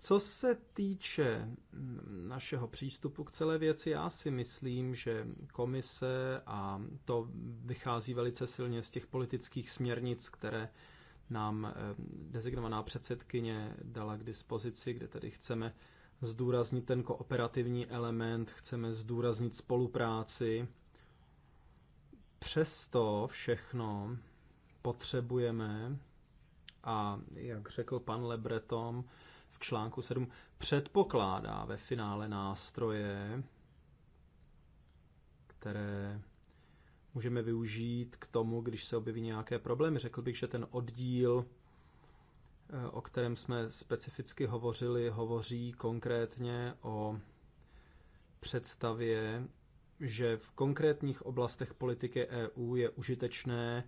Co se týče mm, našeho přístupu k celé věci, já si myslím, že komise, a to vychází velice silně z těch politických směrnic, které nám eh, dezignovaná předsedkyně dala k dispozici, kde tedy chceme zdůraznit ten kooperativní element, chceme zdůraznit spolupráci. Přesto všechno potřebujeme, a jak řekl pan Lebreton, článku 7 předpokládá ve finále nástroje, které můžeme využít k tomu, když se objeví nějaké problémy. Řekl bych, že ten oddíl, eh, o kterém jsme specificky hovořili, hovoří konkrétně o představě, že v konkrétních oblastech politiky EU je užitečné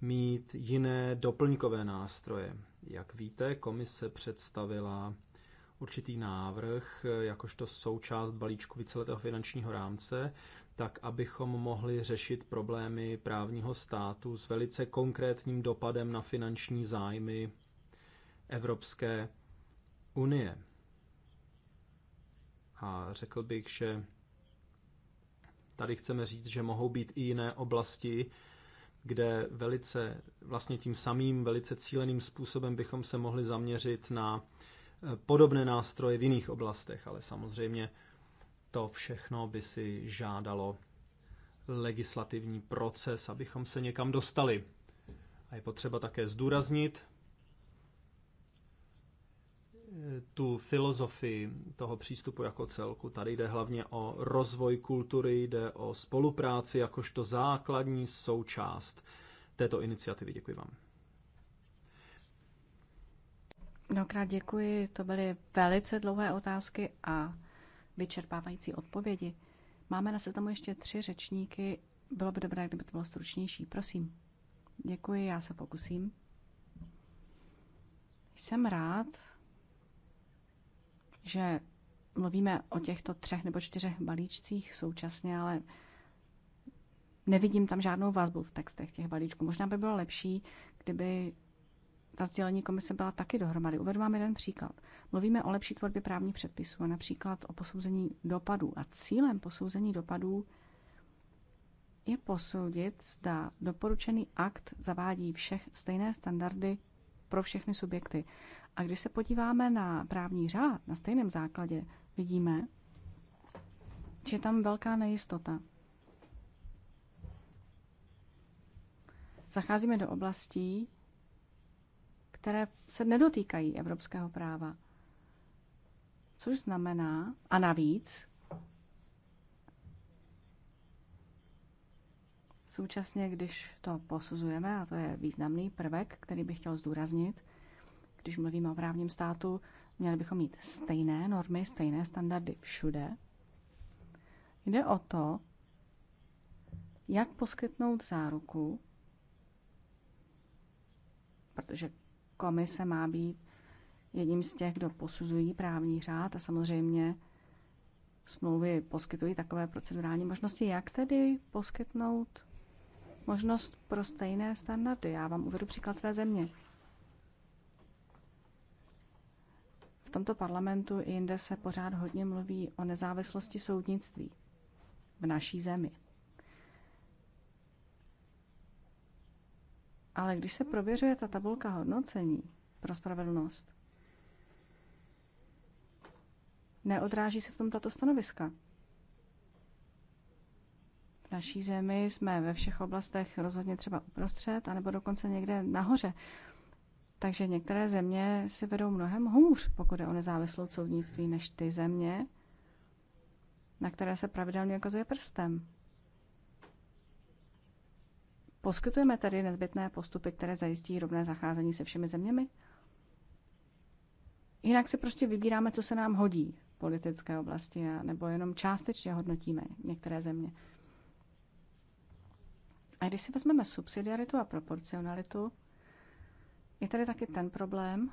mít jiné doplňkové nástroje. Jak víte, komise představila určitý návrh, eh, jakožto součást balíčku víceletého finančního rámce, tak abychom mohli řešit problémy právního státu s velice konkrétním dopadem na finanční zájmy Evropské unie. A řekl bych, že tady chceme říct, že mohou být i jiné oblasti, kde velice, vlastně tím samým, velice cíleným způsobem bychom se mohli zaměřit na eh, podobné nástroje v jiných oblastech, ale samozřejmě to všechno by si žádalo legislativní proces, abychom se někam dostali. A je potřeba také zdůraznit, tu filozofii toho přístupu jako celku. Tady jde hlavně o rozvoj kultury, jde o spolupráci jakožto základní součást této iniciativy. Děkuji vám. Mnohokrát děkuji, to byly velice dlouhé otázky a vyčerpávající odpovědi. Máme na seznamu ještě tři řečníky, bylo by dobré, kdyby to bylo stručnější. Prosím. Děkuji, já se pokusím. Jsem rád, že mluvíme o těchto třech nebo čtyřech balíčcích současně, ale nevidím tam žádnou vazbu v textech těch balíčků. Možná by bylo lepší, kdyby ta sdělení komise byla taky dohromady. Uvedu vám jeden příklad. Mluvíme o lepší tvorbě právních předpisů a například o posouzení dopadů. A cílem posouzení dopadů je posoudit, zda doporučený akt zavádí všech stejné standardy pro všechny subjekty. A když se podíváme na právní řád na stejném základě, vidíme, že je tam velká nejistota. Zacházíme do oblastí, které se nedotýkají evropského práva. Což znamená, a navíc, Současně, když to posuzujeme, a to je významný prvek, který bych chtěl zdůraznit, když mluvíme o právním státu, měli bychom mít stejné normy, stejné standardy všude. Jde o to, jak poskytnout záruku, protože komise má být jedním z těch, kdo posuzují právní řád a samozřejmě smlouvy poskytují takové procedurální možnosti, jak tedy poskytnout možnost pro stejné standardy. Já vám uvedu příklad své země. V tomto parlamentu i jinde se pořád hodně mluví o nezávislosti soudnictví v naší zemi. Ale když se prověřuje ta tabulka hodnocení pro spravedlnost, neodráží se v tom tato stanoviska naší zemi jsme ve všech oblastech rozhodně třeba uprostřed, anebo dokonce někde nahoře. Takže některé země si vedou mnohem hůř, pokud je o nezávislou soudnictví, než ty země, na které se pravidelně ukazuje prstem. Poskytujeme tedy nezbytné postupy, které zajistí rovné zacházení se všemi zeměmi? Jinak si prostě vybíráme, co se nám hodí v politické oblasti, nebo jenom částečně hodnotíme některé země. A když si vezmeme subsidiaritu a proporcionalitu, je tady taky ten problém,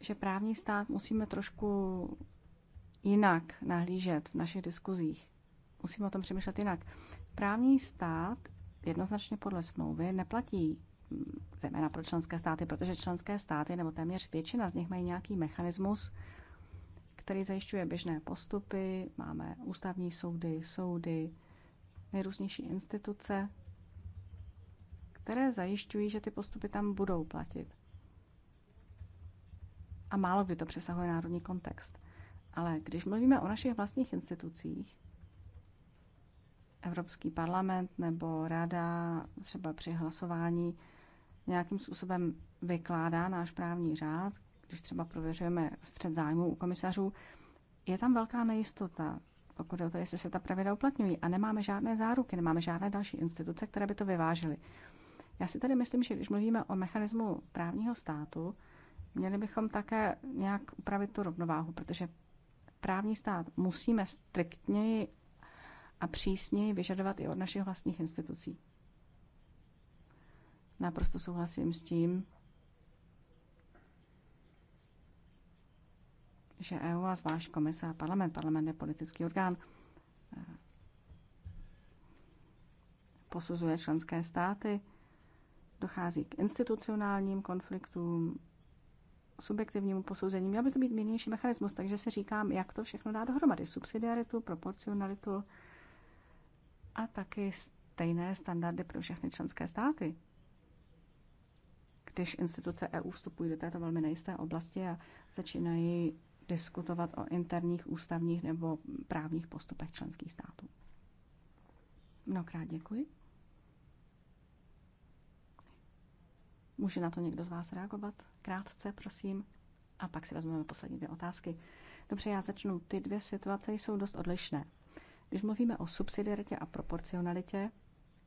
že právní stát musíme trošku jinak nahlížet v našich diskuzích. Musíme o tom přemýšlet jinak. Právní stát jednoznačně podle smlouvy neplatí mm, zejména pro členské státy, protože členské státy nebo téměř většina z nich mají nějaký mechanismus, který zajišťuje běžné postupy. Máme ústavní soudy, soudy, nejrůznější instituce, které zajišťují, že ty postupy tam budou platit. A málo kdy to přesahuje národní kontext. Ale když mluvíme o našich vlastních institucích, Evropský parlament nebo rada třeba při hlasování nějakým způsobem vykládá náš právní řád, když třeba prověřujeme střed zájmu u komisařů, je tam velká nejistota, pokud je o to, jestli se ta pravidla uplatňují. A nemáme žádné záruky, nemáme žádné další instituce, které by to vyvážily. Já si tady myslím, že když mluvíme o mechanismu právního státu, měli bychom také nějak upravit tu rovnováhu, protože právní stát musíme striktněji a přísněji vyžadovat i od našich vlastních institucí. Naprosto souhlasím s tím, že EU a zvlášť komise a parlament, parlament je politický orgán, posuzuje členské státy, dochází k institucionálním konfliktům, subjektivnímu posouzení. Měl by to být mírnější mechanismus, takže si říkám, jak to všechno dá dohromady. Subsidiaritu, proporcionalitu a taky stejné standardy pro všechny členské státy. Když instituce EU vstupují do této velmi nejisté oblasti a začínají diskutovat o interních ústavních nebo právních postupech členských států. Mnohokrát děkuji. Může na to někdo z vás reagovat? Krátce, prosím. A pak si vezmeme poslední dvě otázky. Dobře, já začnu. Ty dvě situace jsou dost odlišné. Když mluvíme o subsidiaritě a proporcionalitě,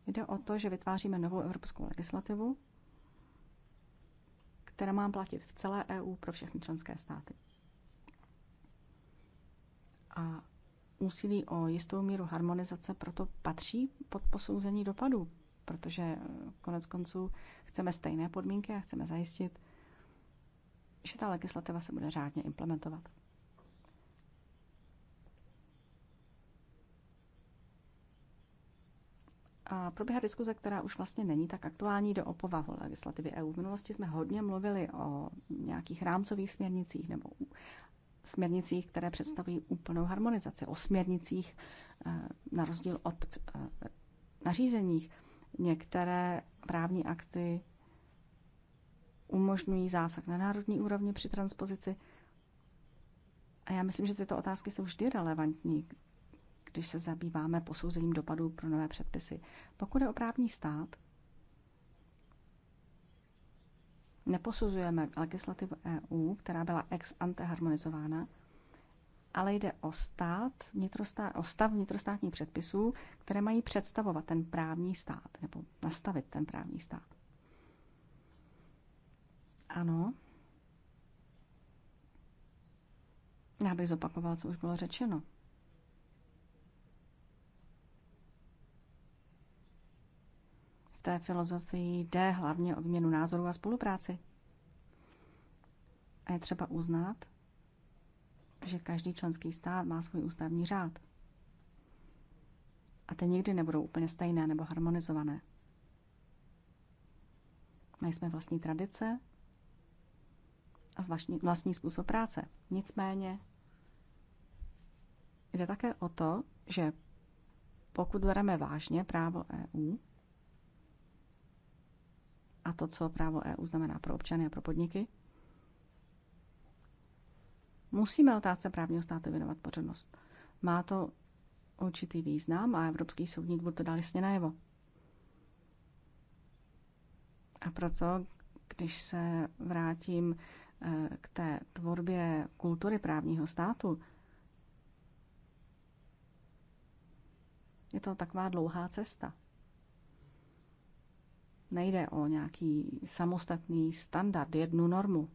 jde o to, že vytváříme novou evropskou legislativu, která má platit v celé EU pro všechny členské státy. A úsilí o jistou míru harmonizace proto patří pod posouzení dopadů, protože eh, konec konců chceme stejné podmínky a chceme zajistit, že ta legislativa se bude řádně implementovat. A proběhá diskuze, která už vlastně není tak aktuální do opovahu legislativy EU. V minulosti jsme hodně mluvili o nějakých rámcových směrnicích nebo směrnicích, které představují úplnou harmonizaci, o směrnicích eh, na rozdíl od eh, nařízeních. Některé právní akty umožňují zásah na národní úrovni při transpozici. A já myslím, že tyto otázky jsou vždy relevantní, když se zabýváme posouzením dopadů pro nové předpisy. Pokud je o právní stát, Neposuzujeme legislativu EU, která byla ex ante harmonizována, ale jde o, stát, vnitrostát, o stav vnitrostátních předpisů, které mají představovat ten právní stát nebo nastavit ten právní stát. Ano. Já bych zopakoval, co už bylo řečeno. té filozofii jde hlavně o výměnu názorů a spolupráci. A je třeba uznat, že každý členský stát má svůj ústavní řád. A ty nikdy nebudou úplně stejné nebo harmonizované. Mají jsme vlastní tradice a vlastní, vlastní způsob práce. Nicméně jde také o to, že pokud bereme vážně právo EU, a to, co právo EU znamená pro občany a pro podniky, musíme otázce právního státu věnovat pořadnost. Má to určitý význam a Evropský soudní dvůr to dal jasně najevo. A proto, když se vrátím eh, k té tvorbě kultury právního státu, je to taková dlouhá cesta. Nejde o nějaký samostatný standard, jednu normu.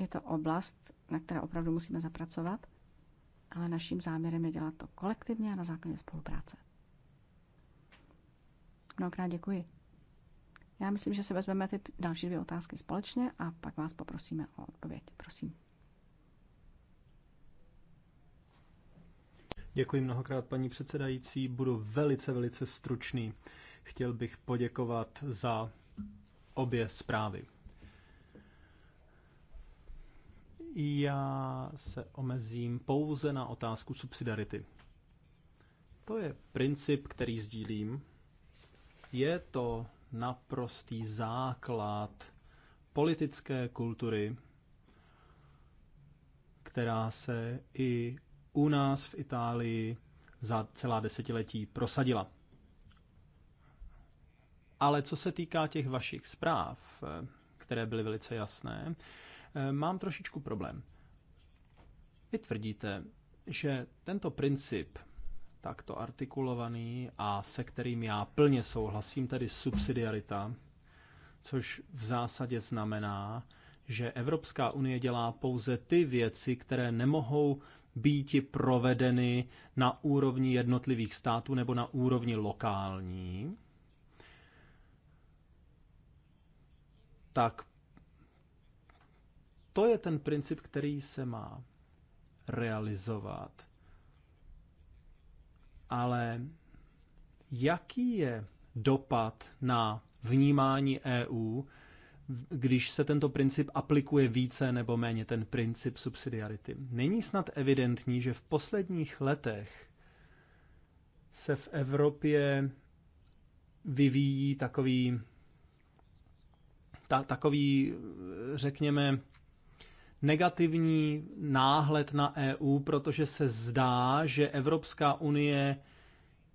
Je to oblast, na které opravdu musíme zapracovat, ale naším záměrem je dělat to kolektivně a na základě spolupráce. Mnohokrát děkuji. Já myslím, že se vezmeme ty další dvě otázky společně a pak vás poprosíme o odpověď. Prosím. Děkuji mnohokrát, paní předsedající. Budu velice, velice stručný. Chtěl bych poděkovat za obě zprávy. Já se omezím pouze na otázku subsidiarity. To je princip, který sdílím. Je to naprostý základ politické kultury, která se i u nás v Itálii za celá desetiletí prosadila. Ale co se týká těch vašich zpráv, které byly velice jasné, mám trošičku problém. Vy tvrdíte, že tento princip, takto artikulovaný a se kterým já plně souhlasím, tedy subsidiarita, což v zásadě znamená, že Evropská unie dělá pouze ty věci, které nemohou býti provedeny na úrovni jednotlivých států nebo na úrovni lokální, tak to je ten princip, který se má realizovat. Ale jaký je dopad na vnímání EU když se tento princip aplikuje více nebo méně, ten princip subsidiarity. Není snad evidentní, že v posledních letech se v Evropě vyvíjí takový, ta, takový řekněme, negativní náhled na EU, protože se zdá, že Evropská unie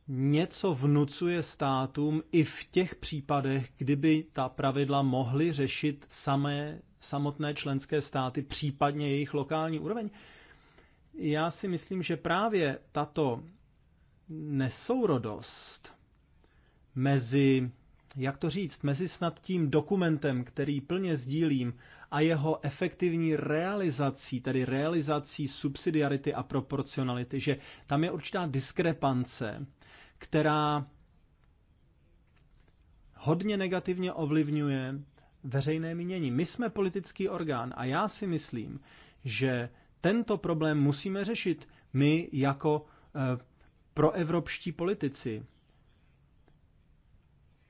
něco vnucuje státům i v těch případech, kdyby ta pravidla mohly řešit samé, samotné členské státy, případně jejich lokální úroveň. Já si myslím, že právě tato nesourodost mezi, jak to říct, mezi snad tím dokumentem, který plně sdílím, a jeho efektivní realizací, tedy realizací subsidiarity a proporcionality, že tam je určitá diskrepance která hodně negativně ovlivňuje veřejné mínění. My jsme politický orgán a já si myslím, že tento problém musíme řešit my jako e, proevropští politici.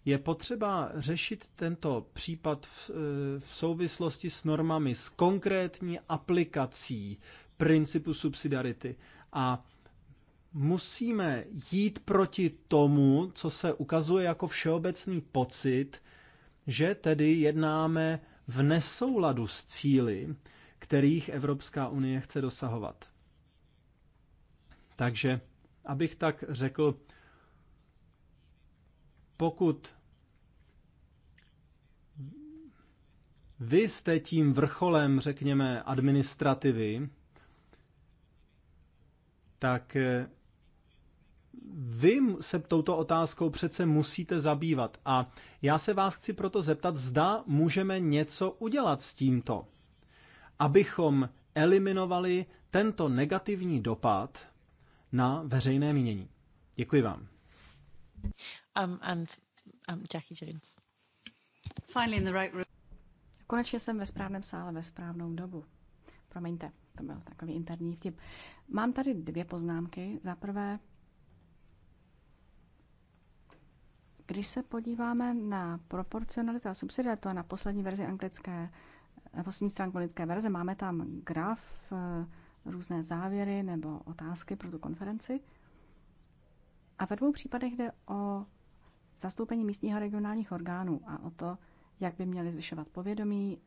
Je potřeba řešit tento případ v, eh, v souvislosti s normami, s konkrétní aplikací principu subsidiarity. A musíme jít proti tomu, co se ukazuje jako všeobecný pocit, že tedy jednáme v nesouladu s cíly, kterých Evropská unie chce dosahovat. Takže, abych tak řekl, pokud vy jste tím vrcholem, řekněme, administrativy, tak eh, vy se touto otázkou přece musíte zabývat a já se vás chci proto zeptat, zda můžeme něco udělat s tímto, abychom eliminovali tento negativní dopad na veřejné mínění. Děkuji vám. Um, and, um, Jackie Jones. Finally in the right room. Konečně jsem ve správném sále ve správnou dobu. Promiňte, to byl takový interní vtip. Mám tady dvě poznámky. Za prvé, Když se podíváme na proporcionalitu a subsidiaritu a na poslední verzi anglické, na poslední stránku anglické verze, máme tam graf, eh, různé závěry nebo otázky pro tu konferenci. A ve dvou případech jde o zastoupení místních a regionálních orgánů a o to, jak by měli zvyšovat povědomí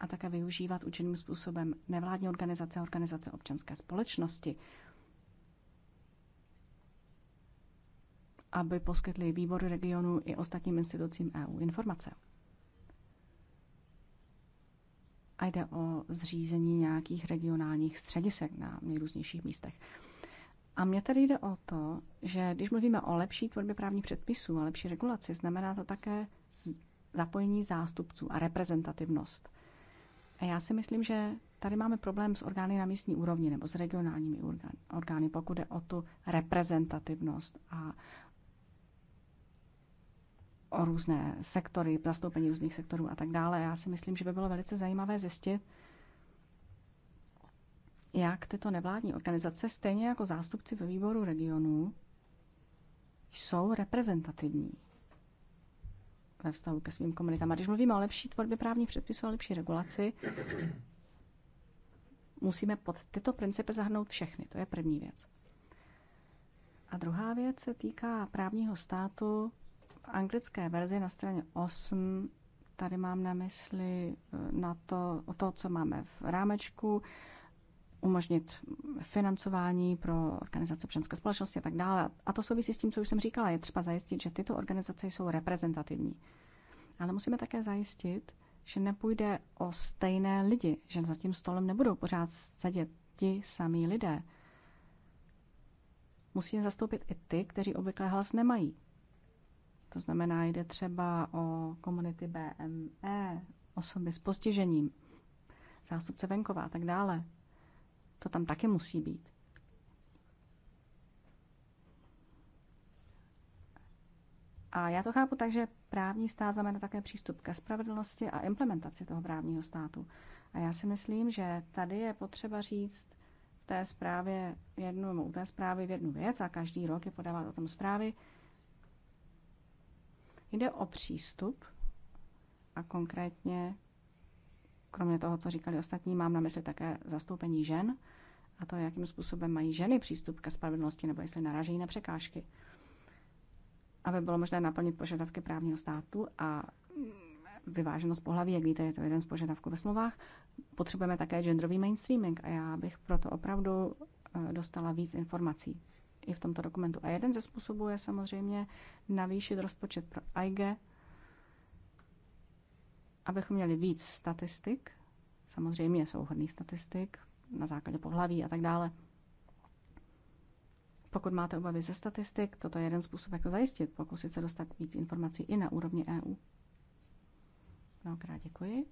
a také využívat účinným způsobem nevládní organizace a organizace občanské společnosti aby poskytli výboru regionu i ostatním institucím EU informace. A jde o zřízení nějakých regionálních středisek na nejrůznějších místech. A mně tady jde o to, že když mluvíme o lepší tvorbě právních předpisů a lepší regulaci, znamená to také zapojení zástupců a reprezentativnost. A já si myslím, že tady máme problém s orgány na místní úrovni nebo s regionálními orgány, pokud jde o tu reprezentativnost a o různé sektory, zastoupení různých sektorů a tak dále. Já si myslím, že by bylo velice zajímavé zjistit, jak tyto nevládní organizace, stejně jako zástupci ve výboru regionů, jsou reprezentativní ve vztahu ke svým komunitám. A když mluvíme o lepší tvorbě právních předpisů a lepší regulaci, musíme pod tyto principy zahrnout všechny. To je první věc. A druhá věc se týká právního státu anglické verzi na straně 8 tady mám na mysli eh, na to, o to, co máme v rámečku, umožnit financování pro organizace občanské společnosti a tak dále. A to souvisí s tím, co už jsem říkala, je třeba zajistit, že tyto organizace jsou reprezentativní. Ale musíme také zajistit, že nepůjde o stejné lidi, že za tím stolem nebudou pořád sedět ti samí lidé. Musíme zastoupit i ty, kteří obvykle hlas nemají. To znamená, jde třeba o komunity BME, osoby s postižením, zástupce venkova a tak dále. To tam taky musí být. A já to chápu tak, že právní stát znamená také přístup ke spravedlnosti a implementaci toho právního státu. A já si myslím, že tady je potřeba říct v té zprávě jednu, u té zprávy v jednu věc a každý rok je podávat o tom zprávy. Jde o přístup a konkrétně, kromě toho, co říkali ostatní, mám na mysli také zastoupení žen a to, jakým způsobem mají ženy přístup ke spravedlnosti nebo jestli naražejí na překážky. Aby bylo možné naplnit požadavky právního státu a vyváženost pohlaví, jak víte, je to jeden z požadavků ve smlouvách, potřebujeme také genderový mainstreaming a já bych proto opravdu eh, dostala víc informací i v tomto dokumentu. A jeden ze způsobů je samozřejmě navýšit rozpočet pro IG, abychom měli víc statistik, samozřejmě souhodných statistik na základě pohlaví a tak dále. Pokud máte obavy ze statistik, toto je jeden způsob, jak to zajistit, pokusit se dostat víc informací i na úrovni EU. Mnohokrát děkuji.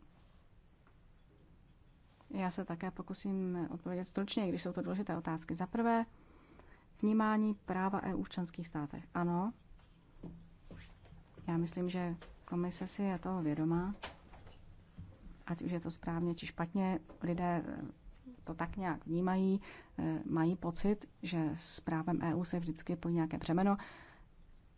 Já se také pokusím odpovědět stručně, když jsou to důležité otázky. Za prvé, vnímání práva EU v členských státech. Ano, já myslím, že komise si je toho vědomá. Ať už je to správně či špatně, lidé eh, to tak nějak vnímají, eh, mají pocit, že s právem EU se vždycky po nějaké břemeno.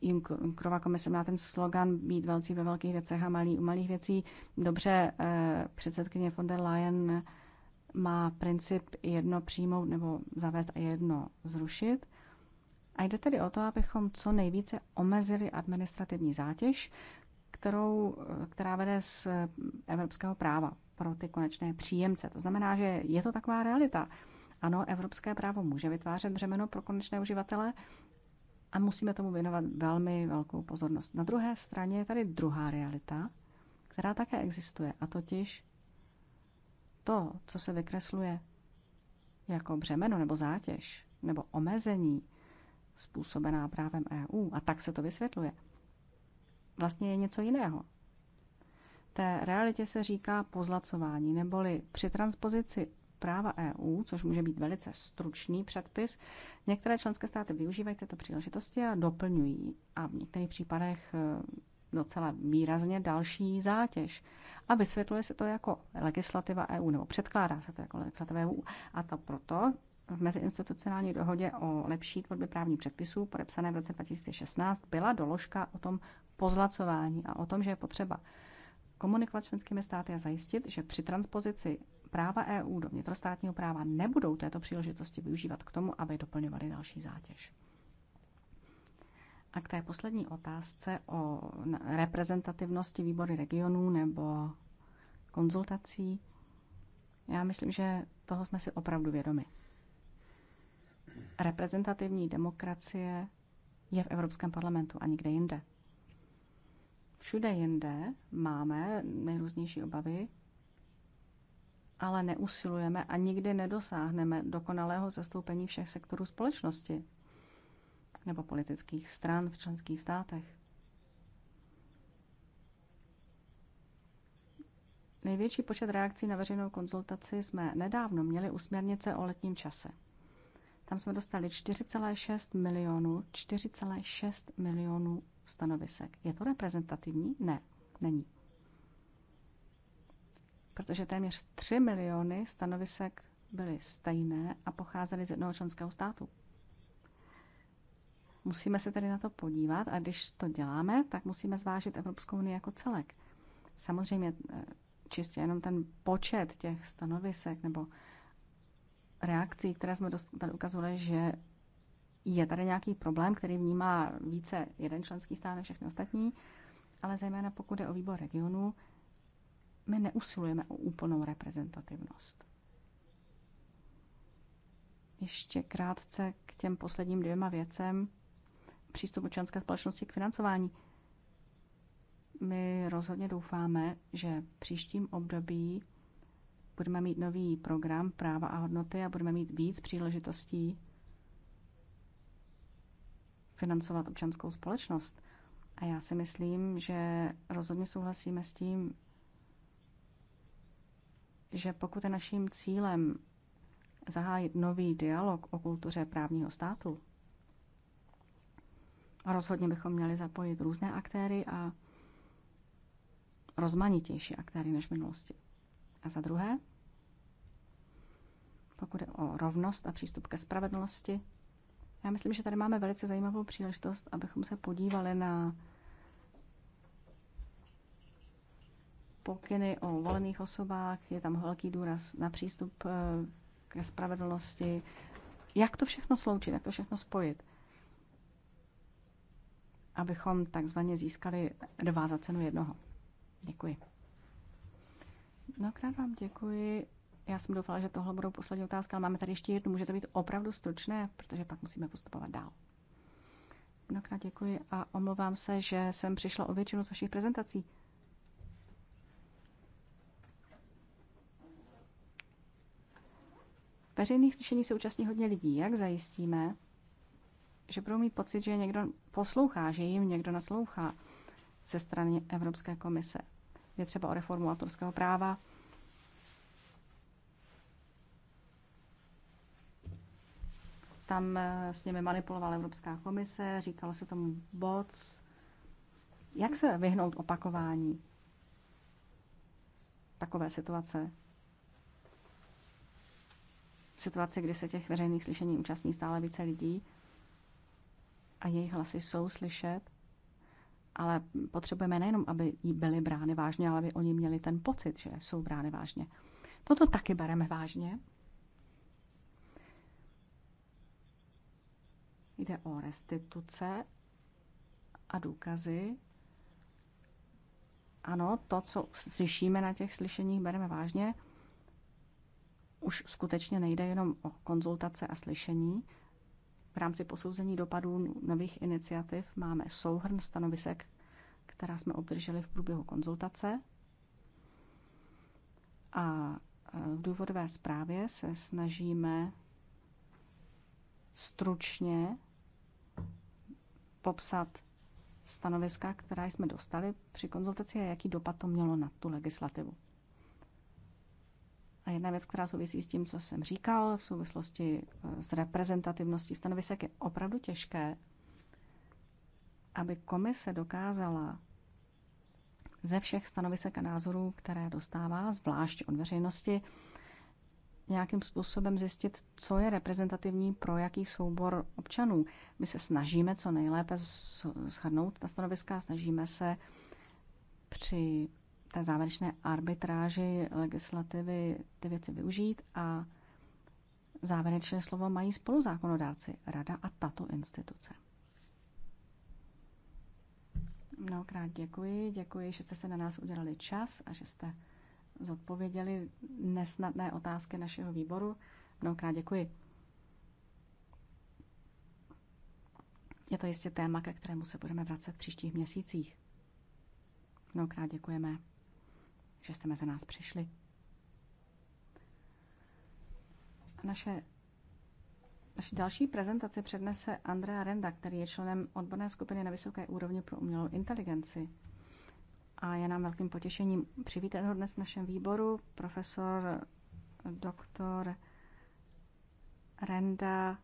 Junckerova komise má ten slogan být velcí ve velkých věcech a malý u malých věcí. Dobře, eh, předsedkyně von der Leyen má princip jedno přijmout nebo zavést a jedno zrušit. A jde tedy o to, abychom co nejvíce omezili administrativní zátěž, kterou, která vede z eh, evropského práva pro ty konečné příjemce. To znamená, že je to taková realita. Ano, evropské právo může vytvářet břemeno pro konečné uživatele a musíme tomu věnovat velmi velkou pozornost. Na druhé straně je tady druhá realita, která také existuje, a totiž to, co se vykresluje jako břemeno nebo zátěž nebo omezení způsobená právem EU. A tak se to vysvětluje. Vlastně je něco jiného. Té realitě se říká pozlacování, neboli při transpozici práva EU, což může být velice stručný předpis, některé členské státy využívají této příležitosti a doplňují a v některých případech eh, docela výrazně další zátěž. A vysvětluje se to jako legislativa EU, nebo předkládá se to jako legislativa EU. A to proto, v meziinstitucionální dohodě o lepší tvorbě právních předpisů, podepsané v roce 2016, byla doložka o tom pozlacování a o tom, že je potřeba komunikovat členskými státy a zajistit, že při transpozici práva EU do vnitrostátního práva nebudou této příležitosti využívat k tomu, aby doplňovali další zátěž. A k té poslední otázce o reprezentativnosti výbory regionů nebo konzultací, já myslím, že toho jsme si opravdu vědomi reprezentativní demokracie je v Evropském parlamentu a nikde jinde. Všude jinde máme nejrůznější obavy, ale neusilujeme a nikdy nedosáhneme dokonalého zastoupení všech sektorů společnosti nebo politických stran v členských státech. Největší počet reakcí na veřejnou konzultaci jsme nedávno měli u směrnice o letním čase – tam jsme dostali 4,6 milionů, 4,6 milionů stanovisek. Je to reprezentativní? Ne, není. Protože téměř 3 miliony stanovisek byly stejné a pocházely z jednoho členského státu. Musíme se tedy na to podívat a když to děláme, tak musíme zvážit Evropskou unii jako celek. Samozřejmě eh, čistě jenom ten počet těch stanovisek nebo reakcí, které jsme tady ukazovali, že je tady nějaký problém, který vnímá více jeden členský stát než všechny ostatní, ale zejména pokud je o výbor regionu, my neusilujeme o úplnou reprezentativnost. Ještě krátce k těm posledním dvěma věcem. Přístup občanské společnosti k financování. My rozhodně doufáme, že v příštím období budeme mít nový program práva a hodnoty a budeme mít víc příležitostí financovat občanskou společnost. A já si myslím, že rozhodně souhlasíme s tím, že pokud je naším cílem zahájit nový dialog o kultuře právního státu, a rozhodně bychom měli zapojit různé aktéry a rozmanitější aktéry než v minulosti. A za druhé, pokud je o rovnost a přístup ke spravedlnosti, já myslím, že tady máme velice zajímavou příležitost, abychom se podívali na pokyny o volených osobách, je tam velký důraz na přístup eh, ke spravedlnosti. Jak to všechno sloučit, jak to všechno spojit? Abychom takzvaně získali dva za cenu jednoho. Děkuji. Mnohokrát vám děkuji. Já jsem doufala, že tohle budou poslední otázka. ale máme tady ještě jednu. Může to být opravdu stručné, protože pak musíme postupovat dál. Mnohokrát děkuji a omlouvám se, že jsem přišla o většinu z vašich prezentací. Veřejných slyšení se účastní hodně lidí. Jak zajistíme, že budou mít pocit, že někdo poslouchá, že jim někdo naslouchá ze strany Evropské komise? je třeba o reformu autorského práva. Tam eh, s nimi manipulovala Evropská komise, říkalo se tomu bots, Jak se vyhnout opakování takové situace? situace, kdy se těch veřejných slyšení účastní stále více lidí a jejich hlasy jsou slyšet, ale potřebujeme nejenom, aby jí byly brány vážně, ale aby oni měli ten pocit, že jsou brány vážně. Toto taky bereme vážně. Jde o restituce a důkazy. Ano, to, co slyšíme na těch slyšeních, bereme vážně. Už skutečně nejde jenom o konzultace a slyšení, v rámci posouzení dopadů nových iniciativ máme souhrn stanovisek, která jsme obdrželi v průběhu konzultace. A e, v důvodové zprávě se snažíme stručně popsat stanoviska, která jsme dostali při konzultaci a jaký dopad to mělo na tu legislativu. A jedna věc, která souvisí s tím, co jsem říkal v souvislosti eh, s reprezentativností stanovisek, je opravdu těžké, aby komise dokázala ze všech stanovisek a názorů, které dostává, zvlášť od veřejnosti, nějakým způsobem zjistit, co je reprezentativní pro jaký soubor občanů. My se snažíme co nejlépe shrnout ta stanoviska, snažíme se při té závěrečné arbitráži legislativy ty věci využít a závěrečné slovo mají spoluzákonodárci, rada a tato instituce. Mnohokrát děkuji. Děkuji, že jste se na nás udělali čas a že jste zodpověděli nesnadné otázky našeho výboru. Mnohokrát děkuji. Je to jistě téma, ke kterému se budeme vracet v příštích měsících. Mnohokrát děkujeme že jste mezi nás přišli. Naše, naše další prezentaci přednese Andrea Renda, který je členem odborné skupiny na vysoké úrovni pro umělou inteligenci. A je nám velkým potěšením přivítat ho dnes v našem výboru profesor doktor Renda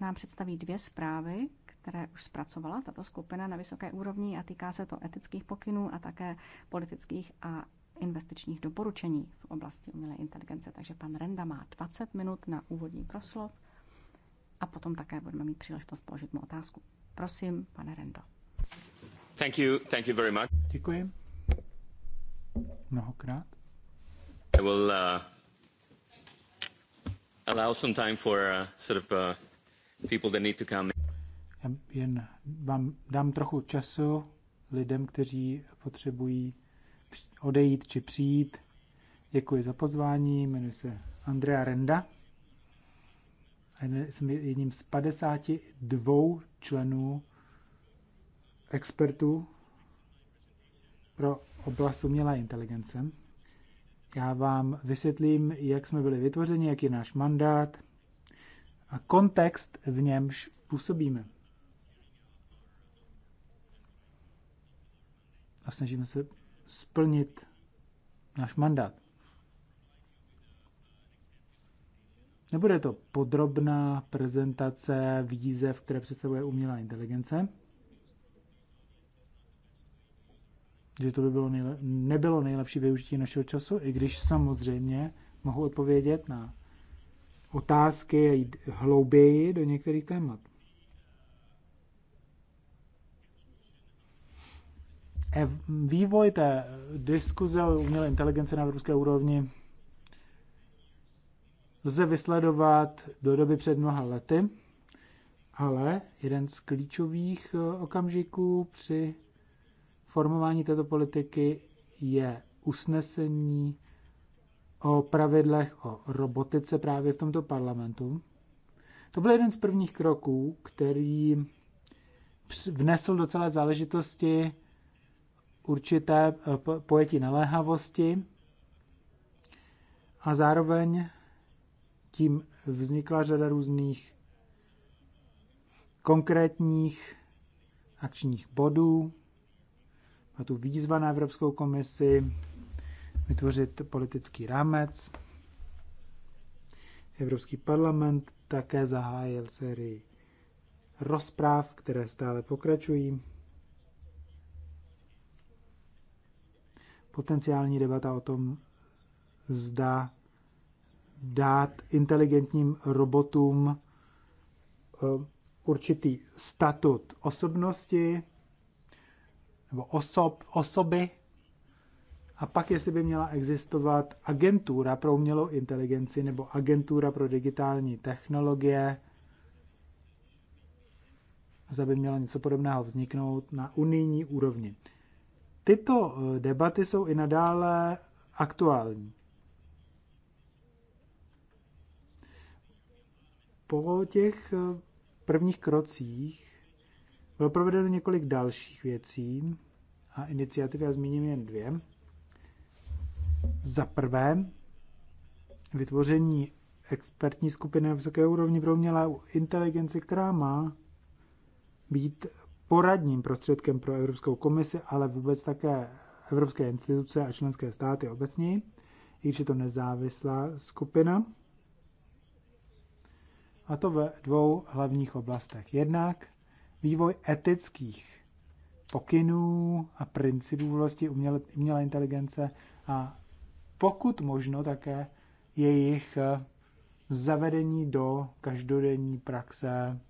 nám představí dvě zprávy, které už zpracovala tato skupina na vysoké úrovni a týká se to etických pokynů a také politických a investičních doporučení v oblasti umělé inteligence. Takže pan Renda má 20 minut na úvodní proslov a potom také budeme mít příležitost položit mu otázku. Prosím, pane Rendo. Thank you, thank you very much. Děkuji. Mnohokrát. I will uh, allow some time for uh, sort of uh, people that need to come. Já jen vám dám trochu času lidem, kteří potřebují odejít či přijít. Děkuji za pozvání, jmenuji se Andrea Renda a jsem jedním z 52 členů expertů pro oblast umělé inteligence. Já vám vysvětlím, jak jsme byli vytvořeni, jaký je náš mandát a kontext, v němž působíme. A snažíme se splnit náš mandát. Nebude to podrobná prezentace výzev, které představuje umělá inteligence, že to by bylo nejle- nebylo nejlepší využití našeho času, i když samozřejmě mohu odpovědět na otázky a jít hlouběji do některých témat. vývoj té diskuze o umělé inteligence na evropské úrovni lze vysledovat do doby před mnoha lety, ale jeden z klíčových eh, okamžiků při formování této politiky je usnesení o pravidlech o robotice právě v tomto parlamentu. To byl jeden z prvních kroků, který vnesl do celé záležitosti určité eh, pojetí naléhavosti a zároveň tím vznikla řada různých konkrétních akčních bodů. A tu výzva na Evropskou komisi vytvořit politický rámec. Evropský parlament také zahájil sérii rozpráv, které stále pokračují. potenciální debata o tom, zda dát inteligentním robotům eh, určitý statut osobnosti nebo osob, osoby a pak, jestli by měla existovat agentura pro umělou inteligenci nebo agentura pro digitální technologie, zda by měla něco podobného vzniknout na unijní úrovni. Tyto eh, debaty jsou i nadále aktuální. Po těch eh, prvních krocích bylo provedeno několik dalších věcí a iniciativy já zmíním jen dvě. Za prvé, vytvoření expertní skupiny na vysoké úrovni pro umělé inteligenci, která má být poradním prostředkem pro Evropskou komisi, ale vůbec také evropské instituce a členské státy obecně, i je to nezávislá skupina. A to ve dvou hlavních oblastech. Jednak vývoj etických pokynů a principů vlastně uměle, umělé inteligence a pokud možno také jejich zavedení do každodenní praxe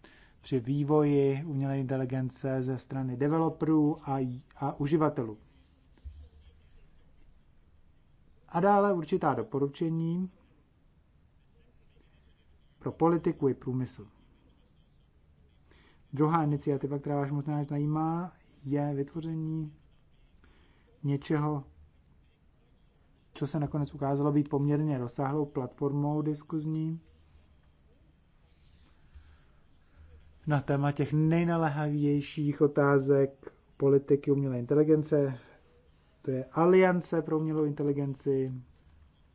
při vývoji umělé inteligence ze strany developerů a, a uživatelů. A dále určitá doporučení pro politiku i průmysl. Druhá iniciativa, která vás možná zajímá, je vytvoření něčeho, co se nakonec ukázalo být poměrně rozsáhlou platformou diskuzní, na téma těch nejnalehavějších otázek politiky umělé inteligence. To je Aliance pro umělou inteligenci,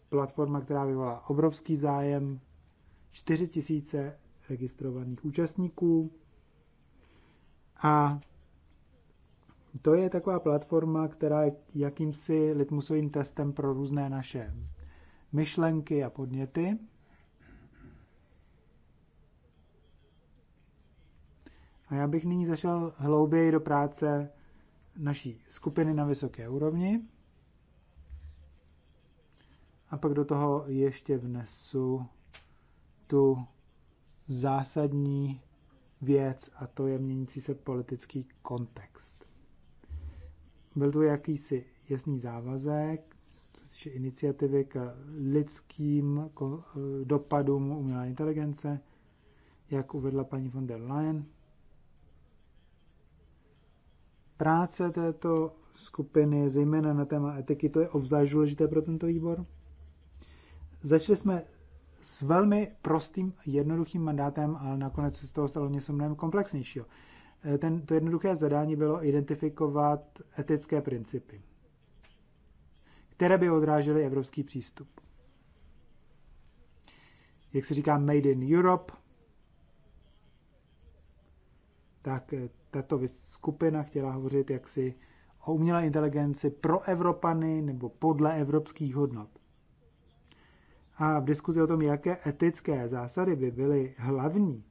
platforma, která vyvolá obrovský zájem, 4 tisíce registrovaných účastníků. A to je taková platforma, která je jakýmsi litmusovým testem pro různé naše myšlenky a podněty. A já bych nyní zašel hlouběji do práce naší skupiny na vysoké úrovni. A pak do toho ještě vnesu tu zásadní věc a to je měnící se politický kontext. Byl tu jakýsi jasný závazek, co se iniciativy k lidským dopadům umělé inteligence, jak uvedla paní von der Leyen – Práce této skupiny, zejména na téma etiky, to je obzvlášť důležité pro tento výbor. Začali jsme s velmi prostým, jednoduchým mandátem, ale nakonec se z toho stalo něco mnohem komplexnějšího. Eh, ten, to jednoduché zadání bylo identifikovat etické principy, které by odrážely evropský přístup. Jak se říká Made in Europe, tak eh, tato skupina chtěla hovořit jaksi o umělé inteligenci pro Evropany nebo podle evropských hodnot. A v diskuzi o tom, jaké etické zásady by byly hlavní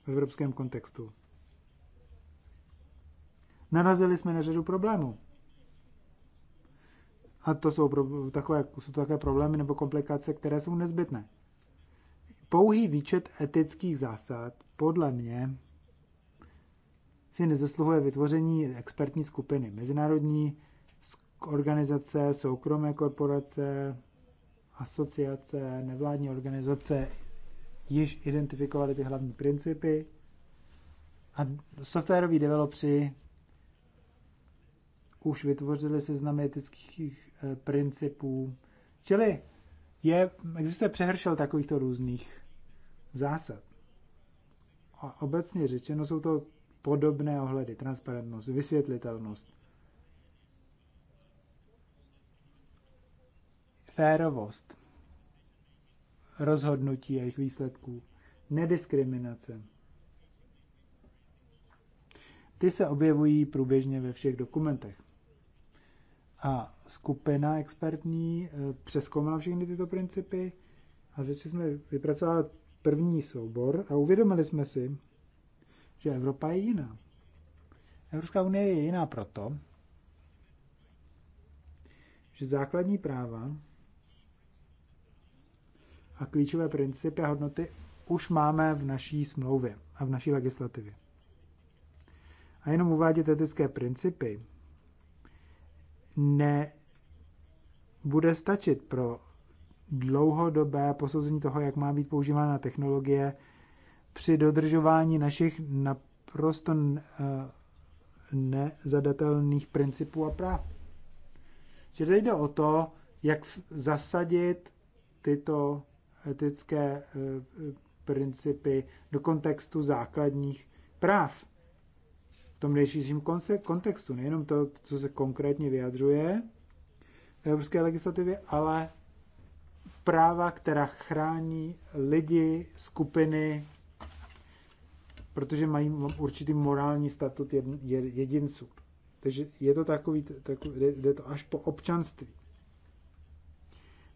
v evropském kontextu, narazili jsme na řadu problémů. A to jsou pro, takové, jsou to takové problémy nebo komplikace, které jsou nezbytné. Pouhý výčet etických zásad podle mě si nezasluhuje vytvoření expertní skupiny. Mezinárodní organizace, soukromé korporace, asociace, nevládní organizace již identifikovaly ty hlavní principy a softwaroví developři už vytvořili seznamy etických eh, principů. Čili je, existuje přehršel takovýchto různých zásad. A obecně řečeno jsou to podobné ohledy, transparentnost, vysvětlitelnost, férovost rozhodnutí a jejich výsledků, nediskriminace. Ty se objevují průběžně ve všech dokumentech. A skupina expertní eh, přeskoumala všechny tyto principy a začali jsme vypracovat první soubor a uvědomili jsme si, že Evropa je jiná. Evropská unie je jiná proto, že základní práva a klíčové principy a hodnoty už máme v naší smlouvě a v naší legislativě. A jenom uvádět etické principy ne bude stačit pro dlouhodobé posouzení toho, jak má být používána technologie při dodržování našich naprosto eh, nezadatelných principů a práv. že tady jde o to, jak zasadit tyto etické eh, principy do kontextu základních práv. V tom nejšířím kontextu, nejenom to, co se konkrétně vyjadřuje v evropské legislativě, ale práva, která chrání lidi, skupiny, protože mají určitý morální statut jedinců. Takže je to takový, takový jde to až po občanství.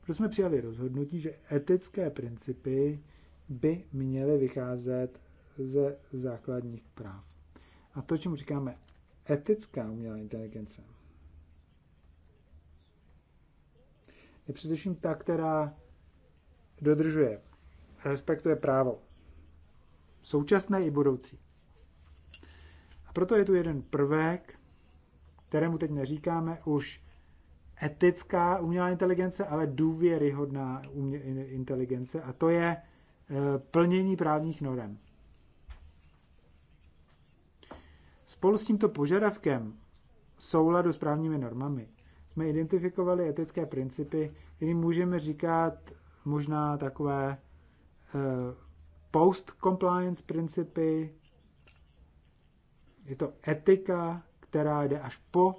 Proto jsme přijali rozhodnutí, že etické principy by měly vycházet ze základních práv. A to, čemu říkáme etická umělá inteligence, je především ta, která dodržuje, respektuje právo současné i budoucí. A proto je tu jeden prvek, kterému teď neříkáme už etická umělá inteligence, ale důvěryhodná umě- inteligence a to je e, plnění právních norem. Spolu s tímto požadavkem souladu s právními normami jsme identifikovali etické principy, kterým můžeme říkat možná takové e, post-compliance principy, je to etika, která jde až po,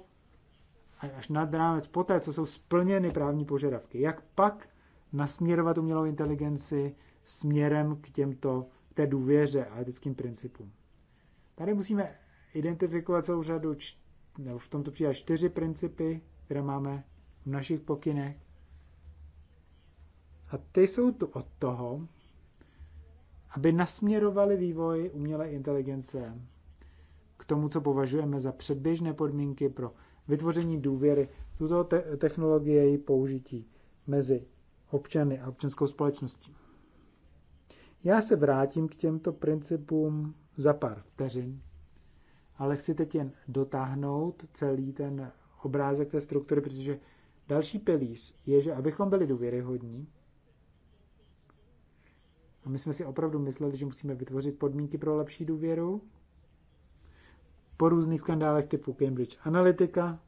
až nad rámec po té, co jsou splněny právní požadavky. Jak pak nasměrovat umělou inteligenci směrem k těmto, k té důvěře a etickým principům. Tady musíme identifikovat celou řadu, nebo v tomto případě čtyři principy, které máme v našich pokynech. A ty jsou tu od toho, aby nasměrovali vývoj umělé inteligence k tomu, co považujeme za předběžné podmínky pro vytvoření důvěry tuto te- technologie její použití mezi občany a občanskou společností. Já se vrátím k těmto principům za pár vteřin, ale chci teď jen dotáhnout celý ten obrázek té struktury, protože další pilíř je, že abychom byli důvěryhodní, a my jsme si opravdu mysleli, že musíme vytvořit podmínky pro lepší důvěru. Po různých skandálech typu Cambridge Analytica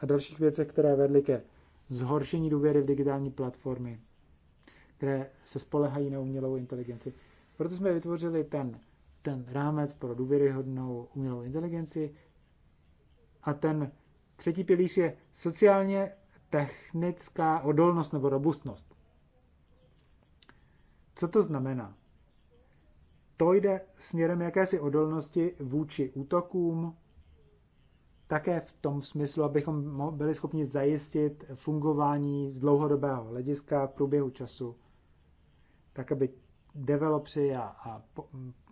a dalších věcech, které vedly ke zhoršení důvěry v digitální platformy, které se spolehají na umělou inteligenci. Proto jsme vytvořili ten, ten rámec pro důvěryhodnou umělou inteligenci a ten třetí pilíř je sociálně technická odolnost nebo robustnost. Co to znamená? To jde směrem jakési odolnosti vůči útokům, také v tom smyslu, abychom byli schopni zajistit fungování z dlouhodobého hlediska v průběhu času, tak aby developři a, a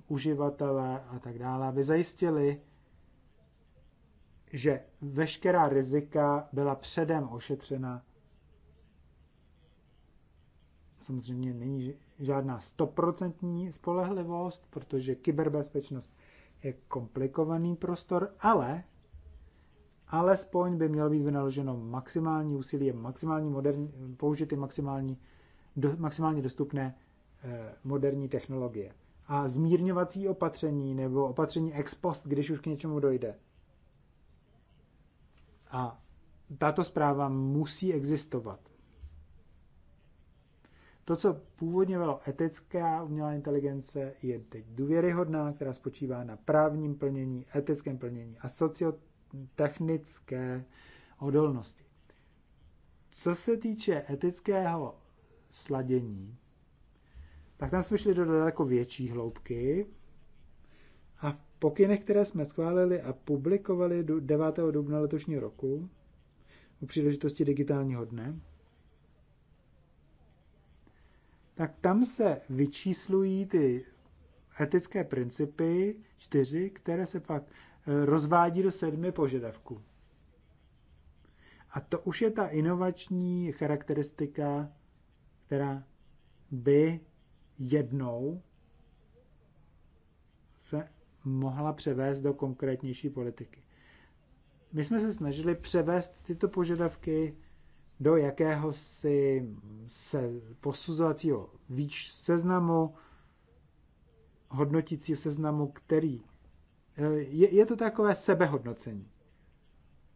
uživatelé a tak dále, aby zajistili že veškerá rizika byla předem ošetřena. Samozřejmě není žádná stoprocentní spolehlivost, protože kyberbezpečnost je komplikovaný prostor, ale alespoň by mělo být vynaloženo maximální úsilí, maximální moderní, použity maximální, do, maximálně dostupné eh, moderní technologie. A zmírňovací opatření nebo opatření ex post, když už k něčemu dojde, a tato zpráva musí existovat. To, co původně bylo etická umělá inteligence, je teď důvěryhodná, která spočívá na právním plnění, etickém plnění a sociotechnické odolnosti. Co se týče etického sladění, tak tam jsme šli do daleko větší hloubky pokynech, které jsme schválili a publikovali 9. dubna letošního roku u příležitosti digitálního dne, tak tam se vyčíslují ty etické principy čtyři, které se pak eh, rozvádí do sedmi požadavků. A to už je ta inovační charakteristika, která by jednou se mohla převést do konkrétnější politiky. My jsme se snažili převést tyto požadavky do jakéhosi se posuzovacího výč seznamu, hodnotícího seznamu, který eh, je, je to takové sebehodnocení.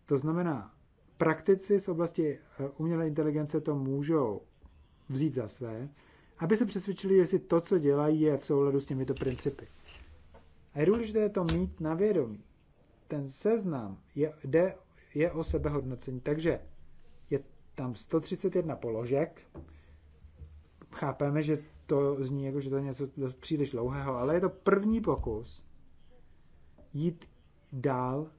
To znamená, praktici z oblasti eh, umělé inteligence to můžou vzít za své, aby se přesvědčili, jestli to, co dělají, je v souladu s těmito principy. A je důležité to mít na vědomí. Ten seznam je, jde, je o sebehodnocení, takže je tam 131 položek. Chápeme, že to zní jako, že to je něco příliš dlouhého, ale je to první pokus jít dál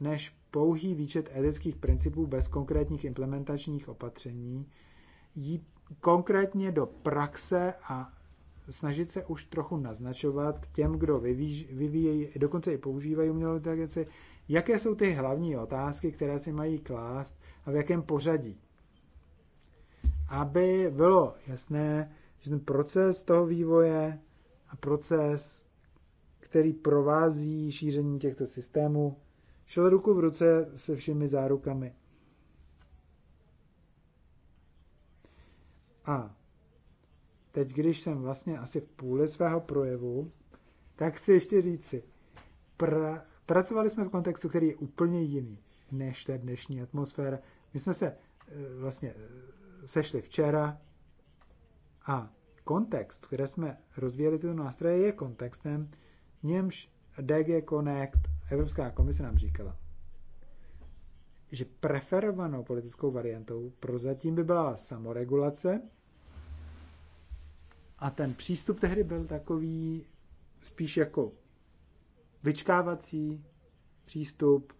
než pouhý výčet etických principů bez konkrétních implementačních opatření, jít konkrétně do praxe a snažit se už trochu naznačovat těm, kdo vyvíjí, vyvíjejí, dokonce i používají umělou inteligenci, jaké jsou ty hlavní otázky, které si mají klást a v jakém pořadí. Aby bylo jasné, že ten proces toho vývoje a proces, který provází šíření těchto systémů, šel ruku v ruce se všemi zárukami. A teď, když jsem vlastně asi v půli svého projevu, tak chci ještě říci, pra, pracovali jsme v kontextu, který je úplně jiný než ta dnešní atmosféra. My jsme se eh, vlastně eh, sešli včera a kontext, které jsme rozvíjeli tyto nástroje, je kontextem, němž DG Connect, Evropská komise nám říkala, že preferovanou politickou variantou prozatím by byla samoregulace a ten přístup tehdy byl takový spíš jako vyčkávací přístup,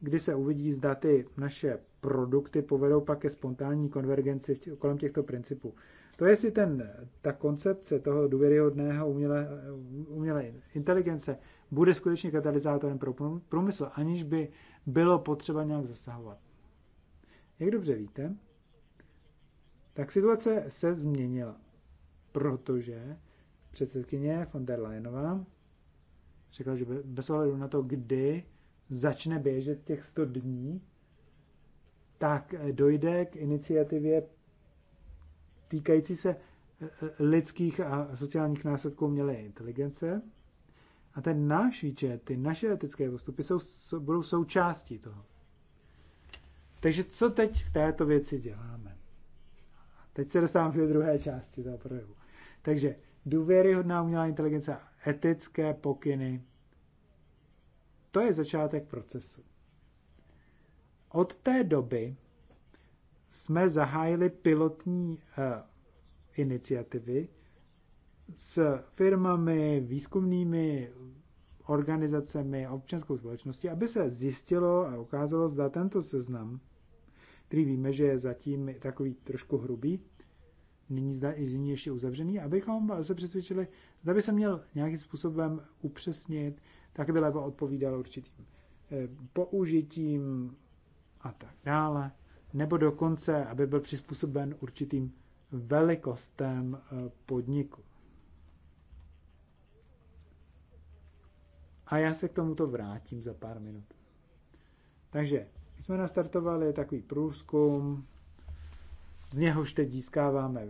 kdy se uvidí, zda ty naše produkty povedou pak ke spontánní konvergenci kolem těchto principů. To je si ten, ta koncepce toho důvěryhodného umělé, umělé inteligence bude skutečně katalyzátorem pro průmysl, aniž by bylo potřeba nějak zasahovat. Jak dobře víte, tak situace se změnila protože předsedkyně von der Leyenová řekla, že bez ohledu na to, kdy začne běžet těch 100 dní, tak eh, dojde k iniciativě týkající se eh, eh, lidských a sociálních následků umělé inteligence. A ten náš výčet, ty naše etické postupy jsou, budou součástí toho. Takže co teď v této věci děláme? Teď se dostávám k té druhé části toho projevu. Takže důvěryhodná umělá inteligence a etické pokyny, to je začátek procesu. Od té doby jsme zahájili pilotní uh, iniciativy s firmami, výzkumnými organizacemi, občanskou společností, aby se zjistilo a ukázalo, zda tento seznam, který víme, že je zatím takový trošku hrubý, nyní zda i nyní ještě uzavřený, abychom se přesvědčili, zda by se měl nějakým způsobem upřesnit, tak by lépe odpovídal určitým eh, použitím a tak dále, nebo dokonce, aby byl přizpůsoben určitým velikostem eh, podniku. A já se k tomuto vrátím za pár minut. Takže my jsme nastartovali takový průzkum z něhož teď získáváme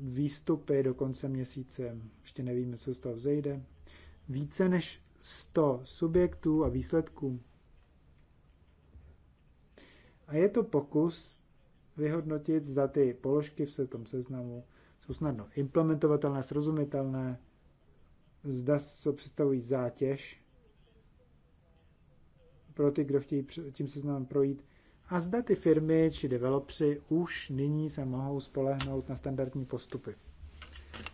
výstupy do konce měsíce, ještě nevíme, co z toho vzejde. Více než 100 subjektů a výsledků. A je to pokus vyhodnotit, zda ty položky v tom seznamu jsou snadno implementovatelné, srozumitelné, zda se představují zátěž pro ty, kdo chtějí tím seznamem projít, a zda ty firmy či developři už nyní se mohou spolehnout na standardní postupy.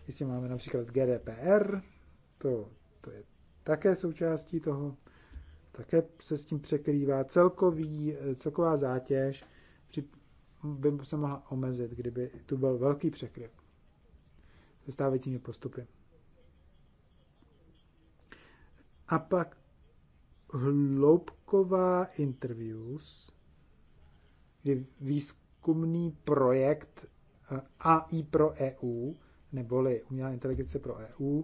Jestli máme například GDPR, to, to je také součástí toho, také se s tím překrývá celkový, celková zátěž, při, by se mohla omezit, kdyby tu byl velký překryv se stávajícími postupy. A pak hloubková interviews, kdy výzkumný projekt eh, AI pro EU, neboli umělá inteligence pro EU,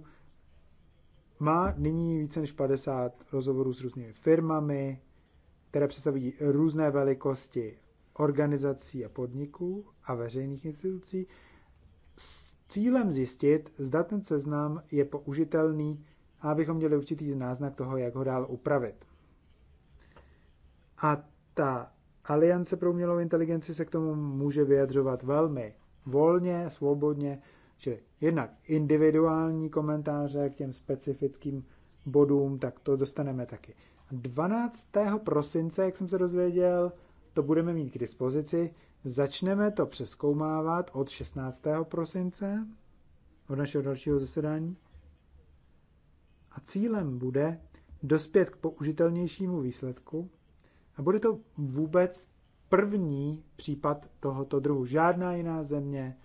má nyní více než 50 rozhovorů s různými firmami, které představují různé velikosti organizací a podniků a veřejných institucí s cílem zjistit, zda ten seznam je použitelný a abychom měli určitý náznak toho, jak ho dál upravit. A ta Aliance pro umělou inteligenci se k tomu může vyjadřovat velmi volně, svobodně, čili jednak individuální komentáře k těm specifickým bodům, tak to dostaneme taky. 12. prosince, jak jsem se dozvěděl, to budeme mít k dispozici. Začneme to přeskoumávat od 16. prosince, od našeho dalšího zasedání. A cílem bude dospět k použitelnějšímu výsledku a bude to vůbec první případ tohoto druhu. Žádná jiná země,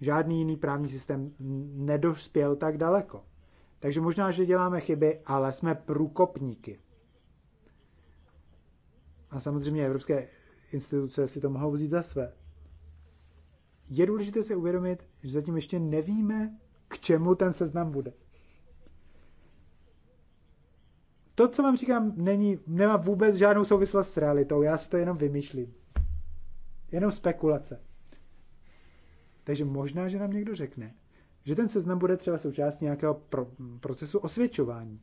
žádný jiný právní systém nedospěl tak daleko. Takže možná, že děláme chyby, ale jsme průkopníky. A samozřejmě evropské instituce si to mohou vzít za své. Je důležité si uvědomit, že zatím ještě nevíme, k čemu ten seznam bude. To, co vám říkám, není, nemá vůbec žádnou souvislost s realitou. Já si to jenom vymýšlím. Jenom spekulace. Takže možná, že nám někdo řekne, že ten seznam bude třeba součást nějakého pro, procesu osvědčování.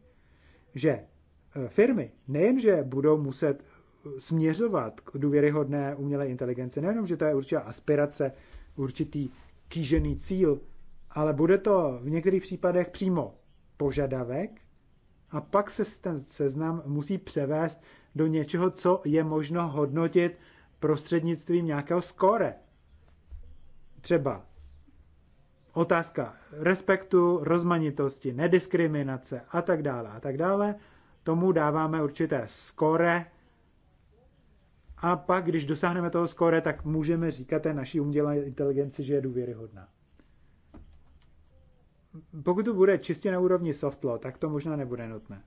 Že e, firmy nejenže budou muset e, směřovat k důvěryhodné umělé inteligence, nejenom, že to je určitá aspirace, určitý kýžený cíl, ale bude to v některých případech přímo požadavek a pak se ten seznam musí převést do něčeho, co je možno hodnotit prostřednictvím nějakého skóre. Třeba otázka respektu, rozmanitosti, nediskriminace a tak dále a tak dále. Tomu dáváme určité skóre. a pak, když dosáhneme toho skóre, tak můžeme říkat té naší umělé inteligenci, že je důvěryhodná pokud to bude čistě na úrovni soft law, tak to možná nebude nutné.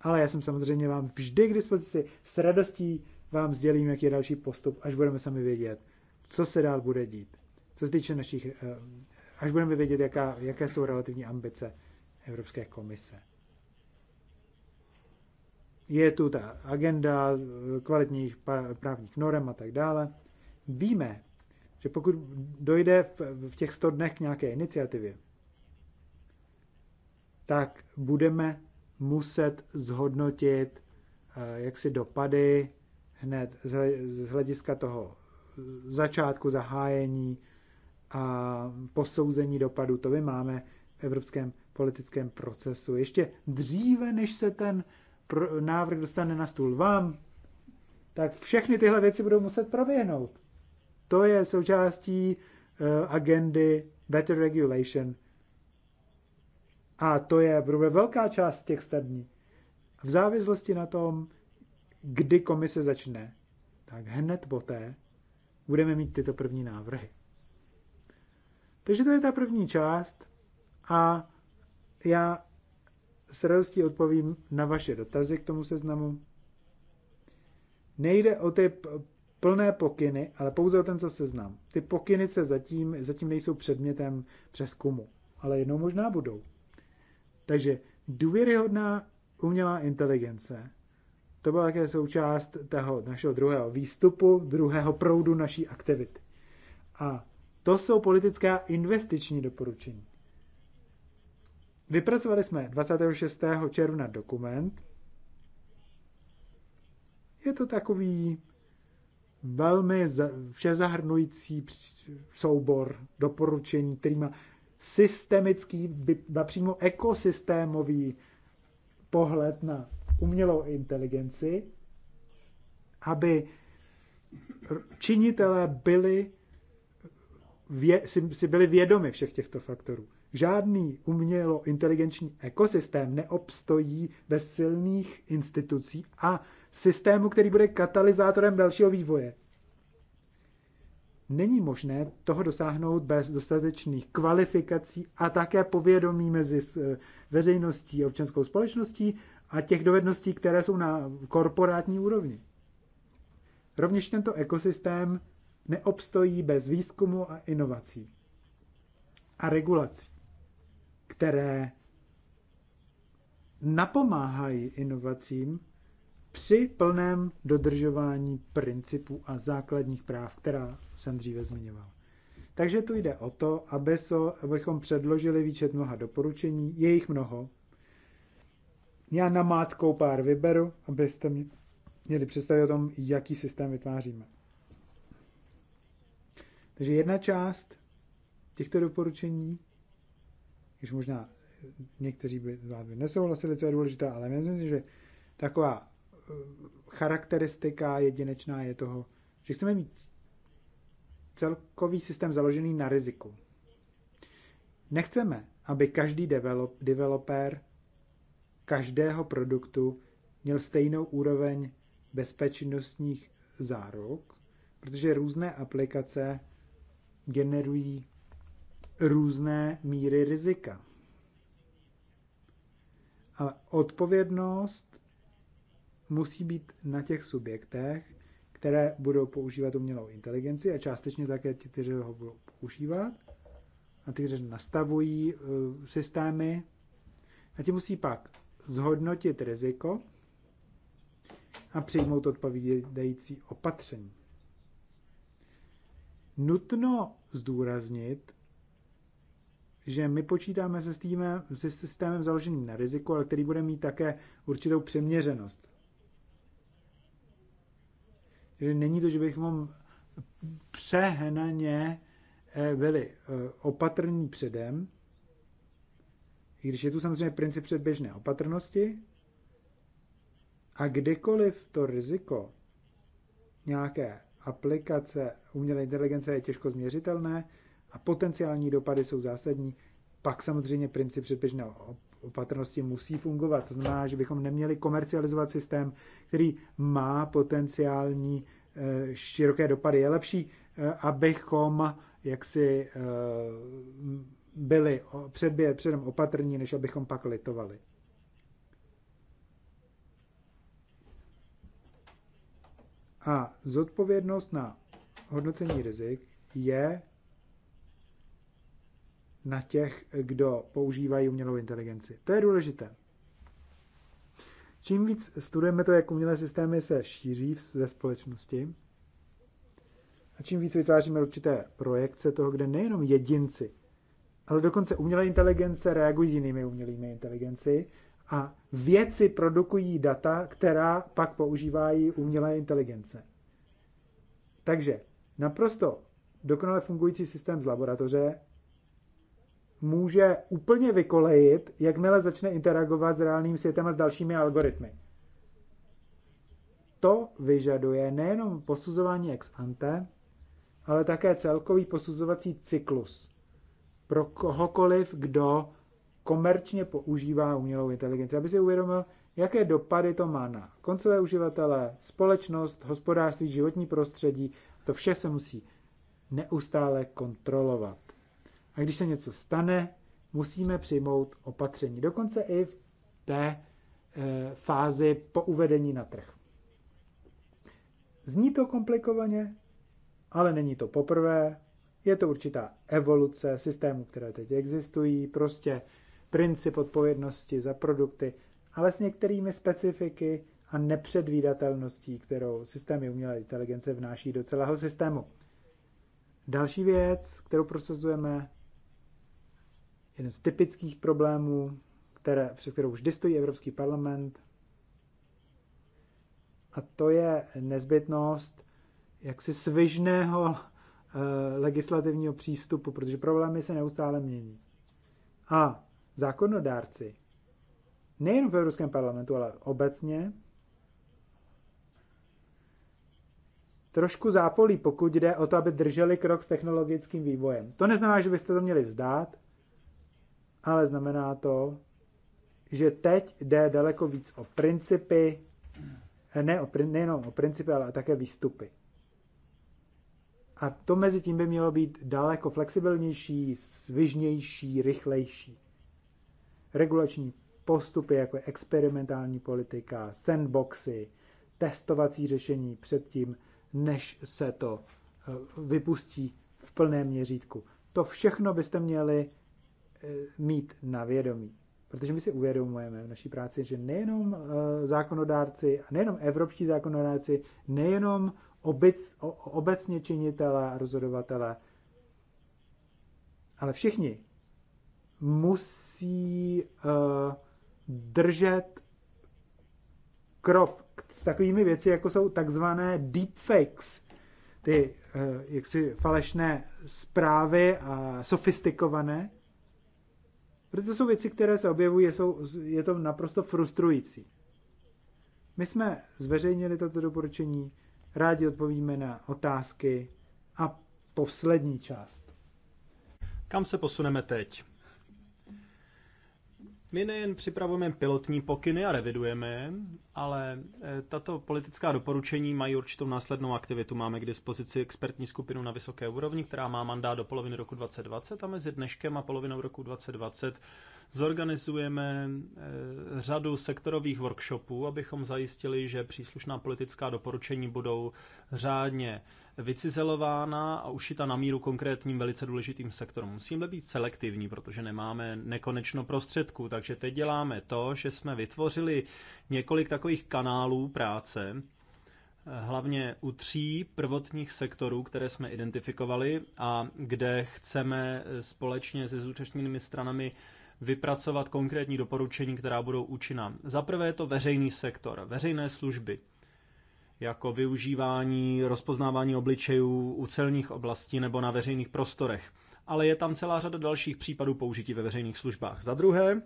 Ale já jsem samozřejmě vám vždy k dispozici. S radostí vám sdělím, jaký je další postup, až budeme sami vědět, co se dál bude dít. Co se týče našich, eh, až budeme vědět, jaká, jaké jsou relativní ambice Evropské komise. Je tu ta agenda eh, kvalitních právních norm a tak dále. Víme, že pokud dojde v těch 100 dnech k nějaké iniciativě, tak budeme muset zhodnotit eh, jaksi dopady hned z hlediska toho začátku, zahájení a posouzení dopadu. To my máme v evropském politickém procesu. Ještě dříve, než se ten návrh dostane na stůl vám, tak všechny tyhle věci budou muset proběhnout. To je součástí eh, agendy Better Regulation. A to je velká část těch stadní. V závislosti na tom, kdy komise začne, tak hned poté budeme mít tyto první návrhy. Takže to je ta první část a já s radostí odpovím na vaše dotazy k tomu seznamu. Nejde o ty plné pokyny, ale pouze o tento seznam. Ty pokyny se zatím, zatím nejsou předmětem přeskumu, ale jednou možná budou. Takže důvěryhodná umělá inteligence, to byla také součást toho našeho druhého výstupu, druhého proudu naší aktivity. A to jsou politická investiční doporučení. Vypracovali jsme 26. června dokument. Je to takový velmi všezahrnující soubor doporučení, který má systemický, a přímo ekosystémový pohled na umělou inteligenci, aby činitelé byli, si, si byli vědomi všech těchto faktorů. Žádný umělo inteligenční ekosystém neobstojí bez silných institucí a systému, který bude katalyzátorem dalšího vývoje. Není možné toho dosáhnout bez dostatečných kvalifikací a také povědomí mezi eh, veřejností a občanskou společností a těch dovedností, které jsou na korporátní úrovni. Rovněž tento ekosystém neobstojí bez výzkumu a inovací a regulací, které napomáhají inovacím při plném dodržování principů a základních práv, která jsem dříve zmiňoval. Takže tu jde o to, aby so, abychom předložili výčet mnoha doporučení, je jich mnoho. Já namátkou pár vyberu, abyste měli představit o tom, jaký systém vytváříme. Takže jedna část těchto doporučení, když možná někteří by z vás nesouhlasili, co je důležité, ale myslím si, že taková Eh, charakteristika jedinečná je toho, že chceme mít celkový systém založený na riziku. Nechceme, aby každý develop, developer každého produktu měl stejnou úroveň bezpečnostních záruk, protože různé aplikace generují různé míry rizika. Ale odpovědnost musí být na těch subjektech, které budou používat umělou inteligenci a částečně také ti, kteří ho budou používat a ty, kteří nastavují uh, systémy a ti musí pak zhodnotit riziko a přijmout odpovídající opatření. Nutno zdůraznit, že my počítáme se, se systémem založeným na riziku, ale který bude mít také určitou přeměřenost. Není to, že bychom přehnaně eh, byli eh, opatrní předem, i když je tu samozřejmě princip předběžné opatrnosti, a kdykoliv to riziko nějaké aplikace umělé inteligence je těžko změřitelné a potenciální dopady jsou zásadní, pak samozřejmě princip předběžné opatrnosti musí fungovat. To znamená, že bychom neměli komercializovat systém, který má potenciální eh, široké dopady. Je lepší, eh, abychom jaksi eh, byli předbě, předem opatrní, než abychom pak litovali. A zodpovědnost na hodnocení rizik je na těch, kdo používají umělou inteligenci. To je důležité. Čím víc studujeme to, jak umělé systémy se šíří ve společnosti, a čím víc vytváříme určité projekce toho, kde nejenom jedinci, ale dokonce umělé inteligence reagují s jinými umělými inteligenci a věci produkují data, která pak používají umělé inteligence. Takže naprosto dokonale fungující systém z laboratoře může úplně vykolejit, jakmile začne interagovat s reálným světem a s dalšími algoritmy. To vyžaduje nejenom posuzování ex ante, ale také celkový posuzovací cyklus pro kohokoliv, kdo komerčně používá umělou inteligenci, aby si uvědomil, jaké dopady to má na koncové uživatele, společnost, hospodářství, životní prostředí. To vše se musí neustále kontrolovat. A když se něco stane, musíme přijmout opatření. Dokonce i v té e, fázi po uvedení na trh. Zní to komplikovaně, ale není to poprvé. Je to určitá evoluce systémů, které teď existují, prostě princip odpovědnosti za produkty, ale s některými specifiky a nepředvídatelností, kterou systémy umělé inteligence vnáší do celého systému. Další věc, kterou prosazujeme, jeden z typických problémů, které, před kterou vždy stojí Evropský parlament, a to je nezbytnost jaksi svižného eh, legislativního přístupu, protože problémy se neustále mění. A zákonodárci, nejen v Evropském parlamentu, ale obecně, trošku zápolí, pokud jde o to, aby drželi krok s technologickým vývojem. To neznamená, že byste to měli vzdát, ale znamená to, že teď jde daleko víc o principy, ne o, nejenom o principy, ale také výstupy. A to mezi tím by mělo být daleko flexibilnější, svižnější, rychlejší. Regulační postupy, jako je experimentální politika, sandboxy, testovací řešení předtím, než se to eh, vypustí v plném měřítku. To všechno byste měli Eh, mít na vědomí. Protože my si uvědomujeme v naší práci, že nejenom eh, zákonodárci, a nejenom evropští zákonodárci, nejenom obec, obecně činitelé a rozhodovatelé, ale všichni musí eh, držet krok s takovými věci, jako jsou takzvané deepfakes, ty jaksi falešné zprávy a sofistikované Protože to jsou věci, které se objevují, jsou, je to naprosto frustrující. My jsme zveřejnili tato doporučení, rádi odpovíme na otázky a poslední část. Kam se posuneme teď? My nejen připravujeme pilotní pokyny a revidujeme ale eh, tato politická doporučení mají určitou následnou aktivitu. Máme k dispozici expertní skupinu na vysoké úrovni, která má mandát do poloviny roku 2020 a mezi dneškem a polovinou roku 2020 zorganizujeme eh, řadu sektorových workshopů, abychom zajistili, že příslušná politická doporučení budou řádně vycizelována a ušita na míru konkrétním velice důležitým sektorům. Musíme být selektivní, protože nemáme nekonečno prostředků, takže teď děláme to, že jsme vytvořili několik takových takových kanálů práce, eh, hlavně u tří prvotních sektorů, které jsme identifikovali a kde chceme eh, společně se zúčastněnými stranami vypracovat konkrétní doporučení, která budou účinná. Za prvé je to veřejný sektor, veřejné služby, jako využívání, rozpoznávání obličejů u celních oblastí nebo na veřejných prostorech. Ale je tam celá řada dalších případů použití ve veřejných službách. Za druhé,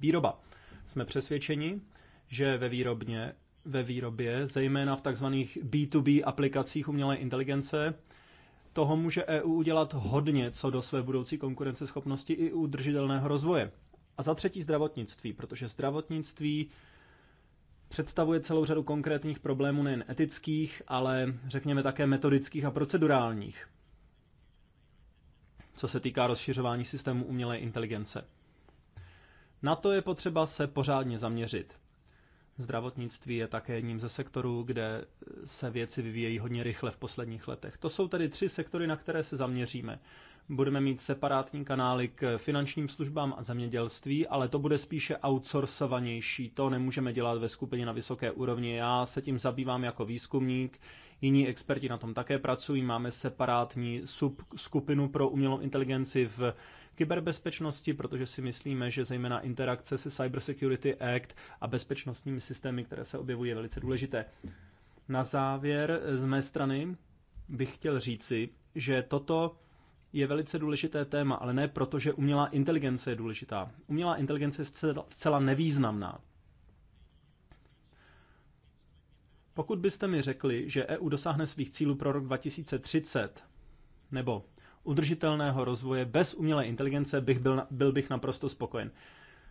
výroba jsme přesvědčeni, že ve výrobně, ve výrobě, zejména v takzvaných B2B aplikacích umělé inteligence, toho může EU udělat hodně co do své budoucí konkurenceschopnosti i udržitelného rozvoje. A za třetí zdravotnictví, protože zdravotnictví představuje celou řadu konkrétních problémů nejen etických, ale řekněme také metodických a procedurálních, co se týká rozšiřování systému umělé inteligence. Na to je potřeba se pořádně zaměřit. Zdravotnictví je také jedním ze sektorů, kde se věci vyvíjejí hodně rychle v posledních letech. To jsou tedy tři sektory, na které se zaměříme budeme mít separátní kanály k finančním službám a zemědělství, ale to bude spíše outsourcovanější. To nemůžeme dělat ve skupině na vysoké úrovni. Já se tím zabývám jako výzkumník, jiní experti na tom také pracují. Máme separátní subskupinu pro umělou inteligenci v kyberbezpečnosti, protože si myslíme, že zejména interakce se Cyber Security Act a bezpečnostními systémy, které se objevují, je velice důležité. Na závěr z mé strany bych chtěl říci, že toto je velice důležité téma, ale ne proto, že umělá inteligence je důležitá. Umělá inteligence je zcela nevýznamná. Pokud byste mi řekli, že EU dosáhne svých cílů pro rok 2030 nebo udržitelného rozvoje bez umělé inteligence, bych byl, byl bych naprosto spokojen.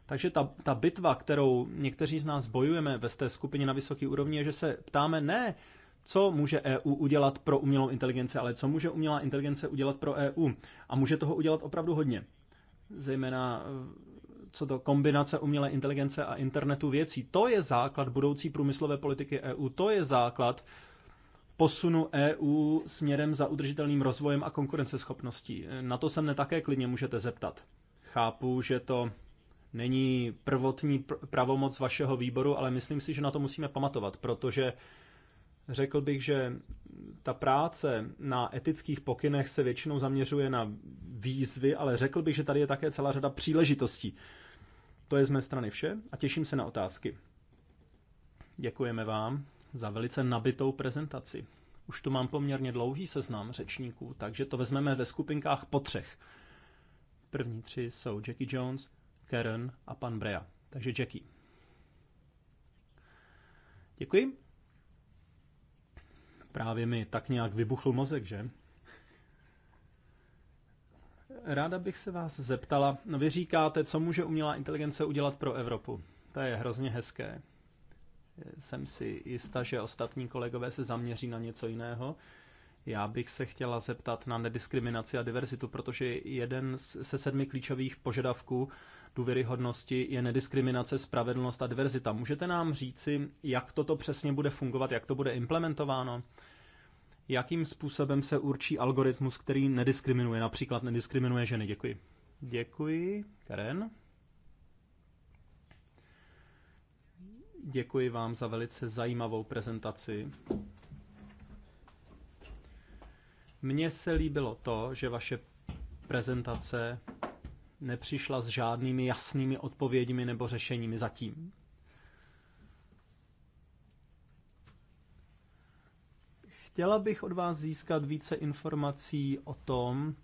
Takže ta, ta bitva, kterou někteří z nás bojujeme ve té skupině na vysoké úrovni, je, že se ptáme ne, co může EU udělat pro umělou inteligenci, ale co může umělá inteligence udělat pro EU. A může toho udělat opravdu hodně. Zejména eh, co to kombinace umělé inteligence a internetu věcí. To je základ budoucí průmyslové politiky EU, to je základ posunu EU směrem za udržitelným rozvojem a konkurenceschopností. Eh, na to se mne také klidně můžete zeptat. Chápu, že to není prvotní pravomoc vašeho výboru, ale myslím si, že na to musíme pamatovat, protože Řekl bych, že ta práce na etických pokynech se většinou zaměřuje na výzvy, ale řekl bych, že tady je také celá řada příležitostí. To je z mé strany vše a těším se na otázky. Děkujeme vám za velice nabitou prezentaci. Už tu mám poměrně dlouhý seznam řečníků, takže to vezmeme ve skupinkách po třech. První tři jsou Jackie Jones, Karen a pan Brea. Takže Jackie. Děkuji. Právě mi tak nějak vybuchl mozek, že? Ráda bych se vás zeptala, vy říkáte, co může umělá inteligence udělat pro Evropu. To je hrozně hezké. Jsem si jista, že ostatní kolegové se zaměří na něco jiného. Já bych se chtěla zeptat na nediskriminaci a diverzitu, protože jeden ze sedmi klíčových požadavků důvěryhodnosti je nediskriminace, spravedlnost a diverzita. Můžete nám říci, jak toto přesně bude fungovat, jak to bude implementováno? Jakým způsobem se určí algoritmus, který nediskriminuje, například nediskriminuje ženy? Děkuji. Děkuji, Karen. Děkuji vám za velice zajímavou prezentaci. Mně se líbilo to, že vaše prezentace nepřišla s žádnými jasnými odpověďmi nebo řešeními zatím. Chtěla bych od vás získat více informací o tom,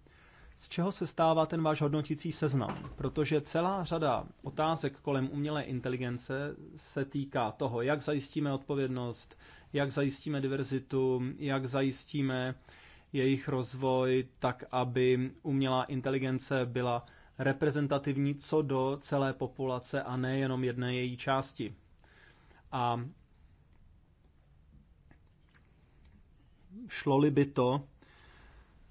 z čeho se stává ten váš hodnotící seznam, protože celá řada otázek kolem umělé inteligence se týká toho, jak zajistíme odpovědnost, jak zajistíme diverzitu, jak zajistíme jejich rozvoj tak, aby umělá inteligence byla reprezentativní co do celé populace a nejenom jedné její části. A šlo-li by to,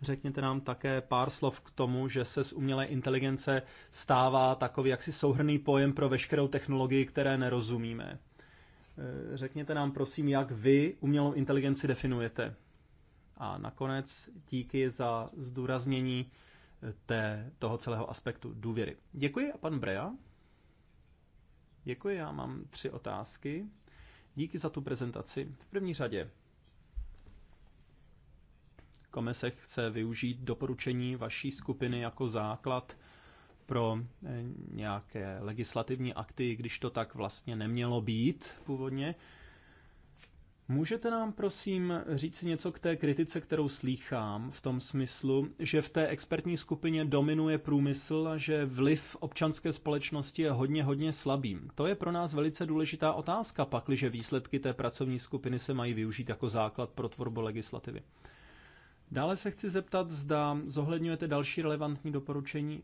řekněte nám také pár slov k tomu, že se z umělé inteligence stává takový jaksi souhrný pojem pro veškerou technologii, které nerozumíme. E, řekněte nám prosím, jak vy umělou inteligenci definujete. A nakonec díky za zdůraznění té, toho celého aspektu důvěry. Děkuji a pan Brea. Děkuji, já mám tři otázky. Díky za tu prezentaci. V první řadě komise chce využít doporučení vaší skupiny jako základ pro eh, nějaké legislativní akty, když to tak vlastně nemělo být původně. Můžete nám prosím říct něco k té kritice, kterou slýchám v tom smyslu, že v té expertní skupině dominuje průmysl a že vliv občanské společnosti je hodně, hodně slabým. To je pro nás velice důležitá otázka, pakliže výsledky té pracovní skupiny se mají využít jako základ pro tvorbu legislativy. Dále se chci zeptat, zda zohledňujete další relevantní doporučení,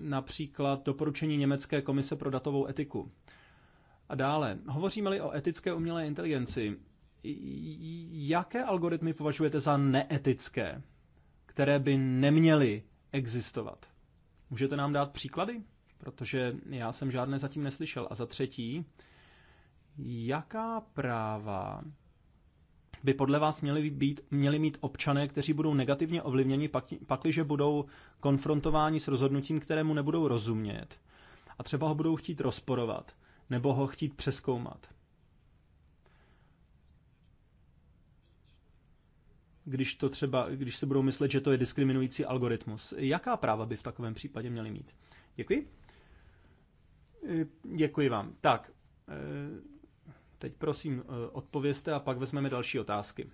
například doporučení Německé komise pro datovou etiku. A dále, hovoříme-li o etické umělé inteligenci, jaké algoritmy považujete za neetické, které by neměly existovat? Můžete nám dát příklady? Protože já jsem žádné zatím neslyšel. A za třetí, jaká práva by podle vás měli, být, měly mít občané, kteří budou negativně ovlivněni, pak, pakliže budou konfrontováni s rozhodnutím, kterému nebudou rozumět a třeba ho budou chtít rozporovat nebo ho chtít přeskoumat. když, to třeba, když se budou myslet, že to je diskriminující algoritmus. Jaká práva by v takovém případě měli mít? Děkuji. E, děkuji vám. Tak, e, teď prosím e, odpovězte a pak vezmeme další otázky.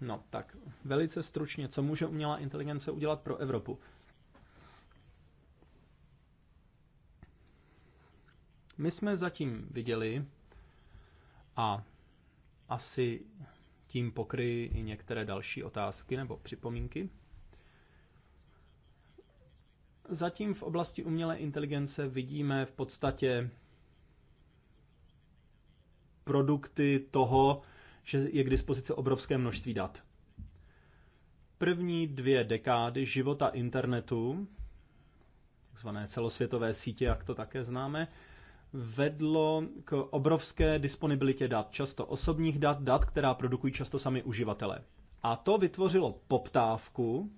No, tak velice stručně, co může umělá inteligence udělat pro Evropu? My jsme zatím viděli a asi tím pokryji i některé další otázky nebo připomínky. Zatím v oblasti umělé inteligence vidíme v podstatě produkty toho, že je k dispozici obrovské množství dat. První dvě dekády života internetu, takzvané celosvětové sítě, jak to také známe, vedlo k obrovské disponibilitě dat, často osobních dat, dat, která produkují často sami uživatelé. A to vytvořilo poptávku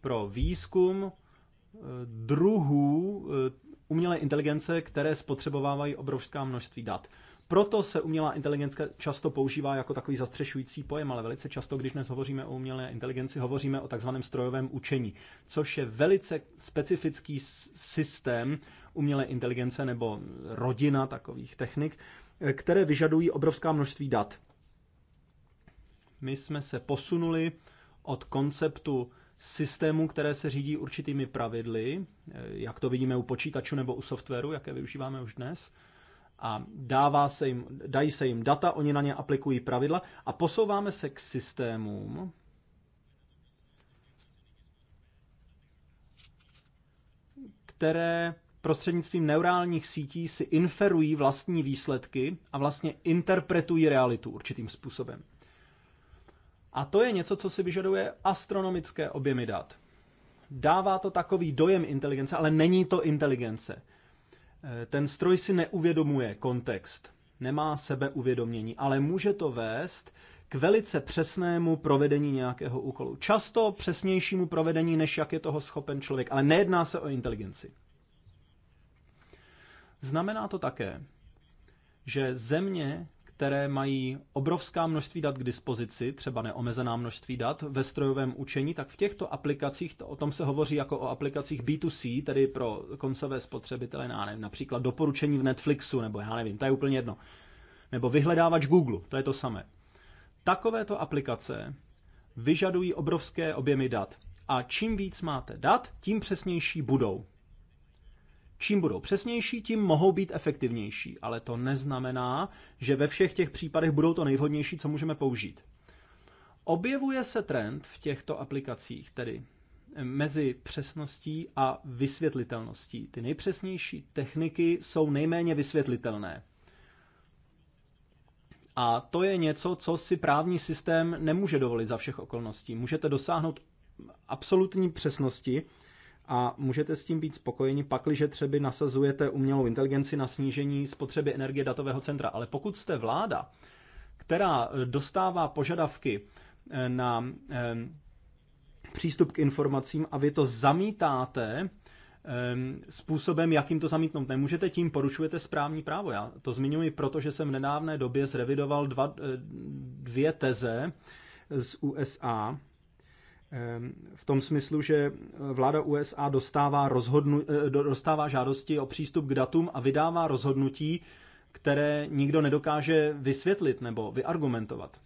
pro výzkum eh, druhů eh, umělé inteligence, které spotřebovávají obrovská množství dat. Proto se umělá inteligence často používá jako takový zastřešující pojem, ale velice často, když dnes hovoříme o umělé inteligenci, hovoříme o takzvaném strojovém učení, což je velice specifický systém umělé inteligence nebo rodina takových technik, eh, které vyžadují obrovská množství dat. My jsme se posunuli od konceptu systému, které se řídí určitými pravidly, eh, jak to vidíme u počítačů nebo u softwaru, jaké využíváme už dnes, a dává se jim, dají se jim data, oni na ně aplikují pravidla a posouváme se k systémům, které prostřednictvím neurálních sítí si inferují vlastní výsledky a vlastně interpretují realitu určitým způsobem. A to je něco, co si vyžaduje astronomické objemy dat. Dává to takový dojem inteligence, ale není to inteligence. Eh, ten stroj si neuvědomuje kontext, nemá sebeuvědomění, ale může to vést k velice přesnému provedení nějakého úkolu. Často přesnějšímu provedení, než jak je toho schopen člověk, ale nejedná se o inteligenci. Znamená to také, že země které mají obrovská množství dat k dispozici, třeba neomezená množství dat ve strojovém učení, tak v těchto aplikacích, to, o tom se hovoří jako o aplikacích B2C, tedy pro koncové spotřebitele, já nevím, například doporučení v Netflixu, nebo já nevím, to je úplně jedno. Nebo vyhledávač Google, to je to samé. Takovéto aplikace vyžadují obrovské objemy dat. A čím víc máte dat, tím přesnější budou. Čím budou přesnější, tím mohou být efektivnější, ale to neznamená, že ve všech těch případech budou to nejvhodnější, co můžeme použít. Objevuje se trend v těchto aplikacích, tedy eh, mezi přesností a vysvětlitelností. Ty nejpřesnější techniky jsou nejméně vysvětlitelné. A to je něco, co si právní systém nemůže dovolit za všech okolností. Můžete dosáhnout absolutní přesnosti, a můžete s tím být spokojeni, pakliže třeba nasazujete umělou inteligenci na snížení spotřeby energie datového centra. Ale pokud jste vláda, která eh, dostává požadavky eh, na eh, přístup k informacím a vy to zamítáte způsobem, jakým to zamítnout nemůžete, tím porušujete správní právo. Já to zmiňuji, protože jsem v nedávné době zrevidoval dva, dvě teze z USA, Ehm, v tom smyslu, že eh, vláda USA dostává, rozhodnu, eh, dostává žádosti o přístup k datům a vydává rozhodnutí, které nikdo nedokáže vysvětlit nebo vyargumentovat.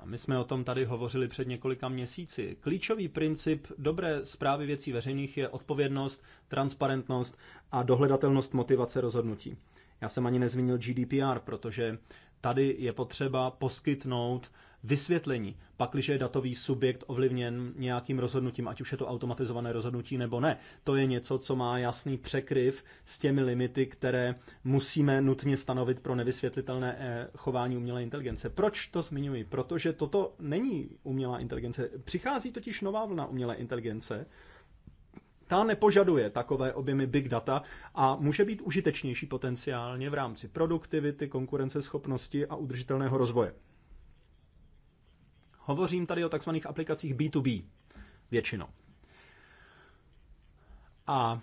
A my jsme o tom tady hovořili před několika měsíci. Klíčový princip dobré zprávy věcí veřejných je odpovědnost, transparentnost a dohledatelnost motivace rozhodnutí. Já jsem ani nezmínil GDPR, protože Tady je potřeba poskytnout vysvětlení, pakliže je datový subjekt ovlivněn nějakým rozhodnutím, ať už je to automatizované rozhodnutí nebo ne. To je něco, co má jasný překryv s těmi limity, které musíme nutně stanovit pro nevysvětlitelné eh, chování umělé inteligence. Proč to zmiňuji? Protože toto není umělá inteligence. Přichází totiž nová vlna umělé inteligence, ta nepožaduje takové objemy big data a může být užitečnější potenciálně v rámci produktivity, konkurenceschopnosti a udržitelného rozvoje. Hovořím tady o takzvaných aplikacích B2B většinou. A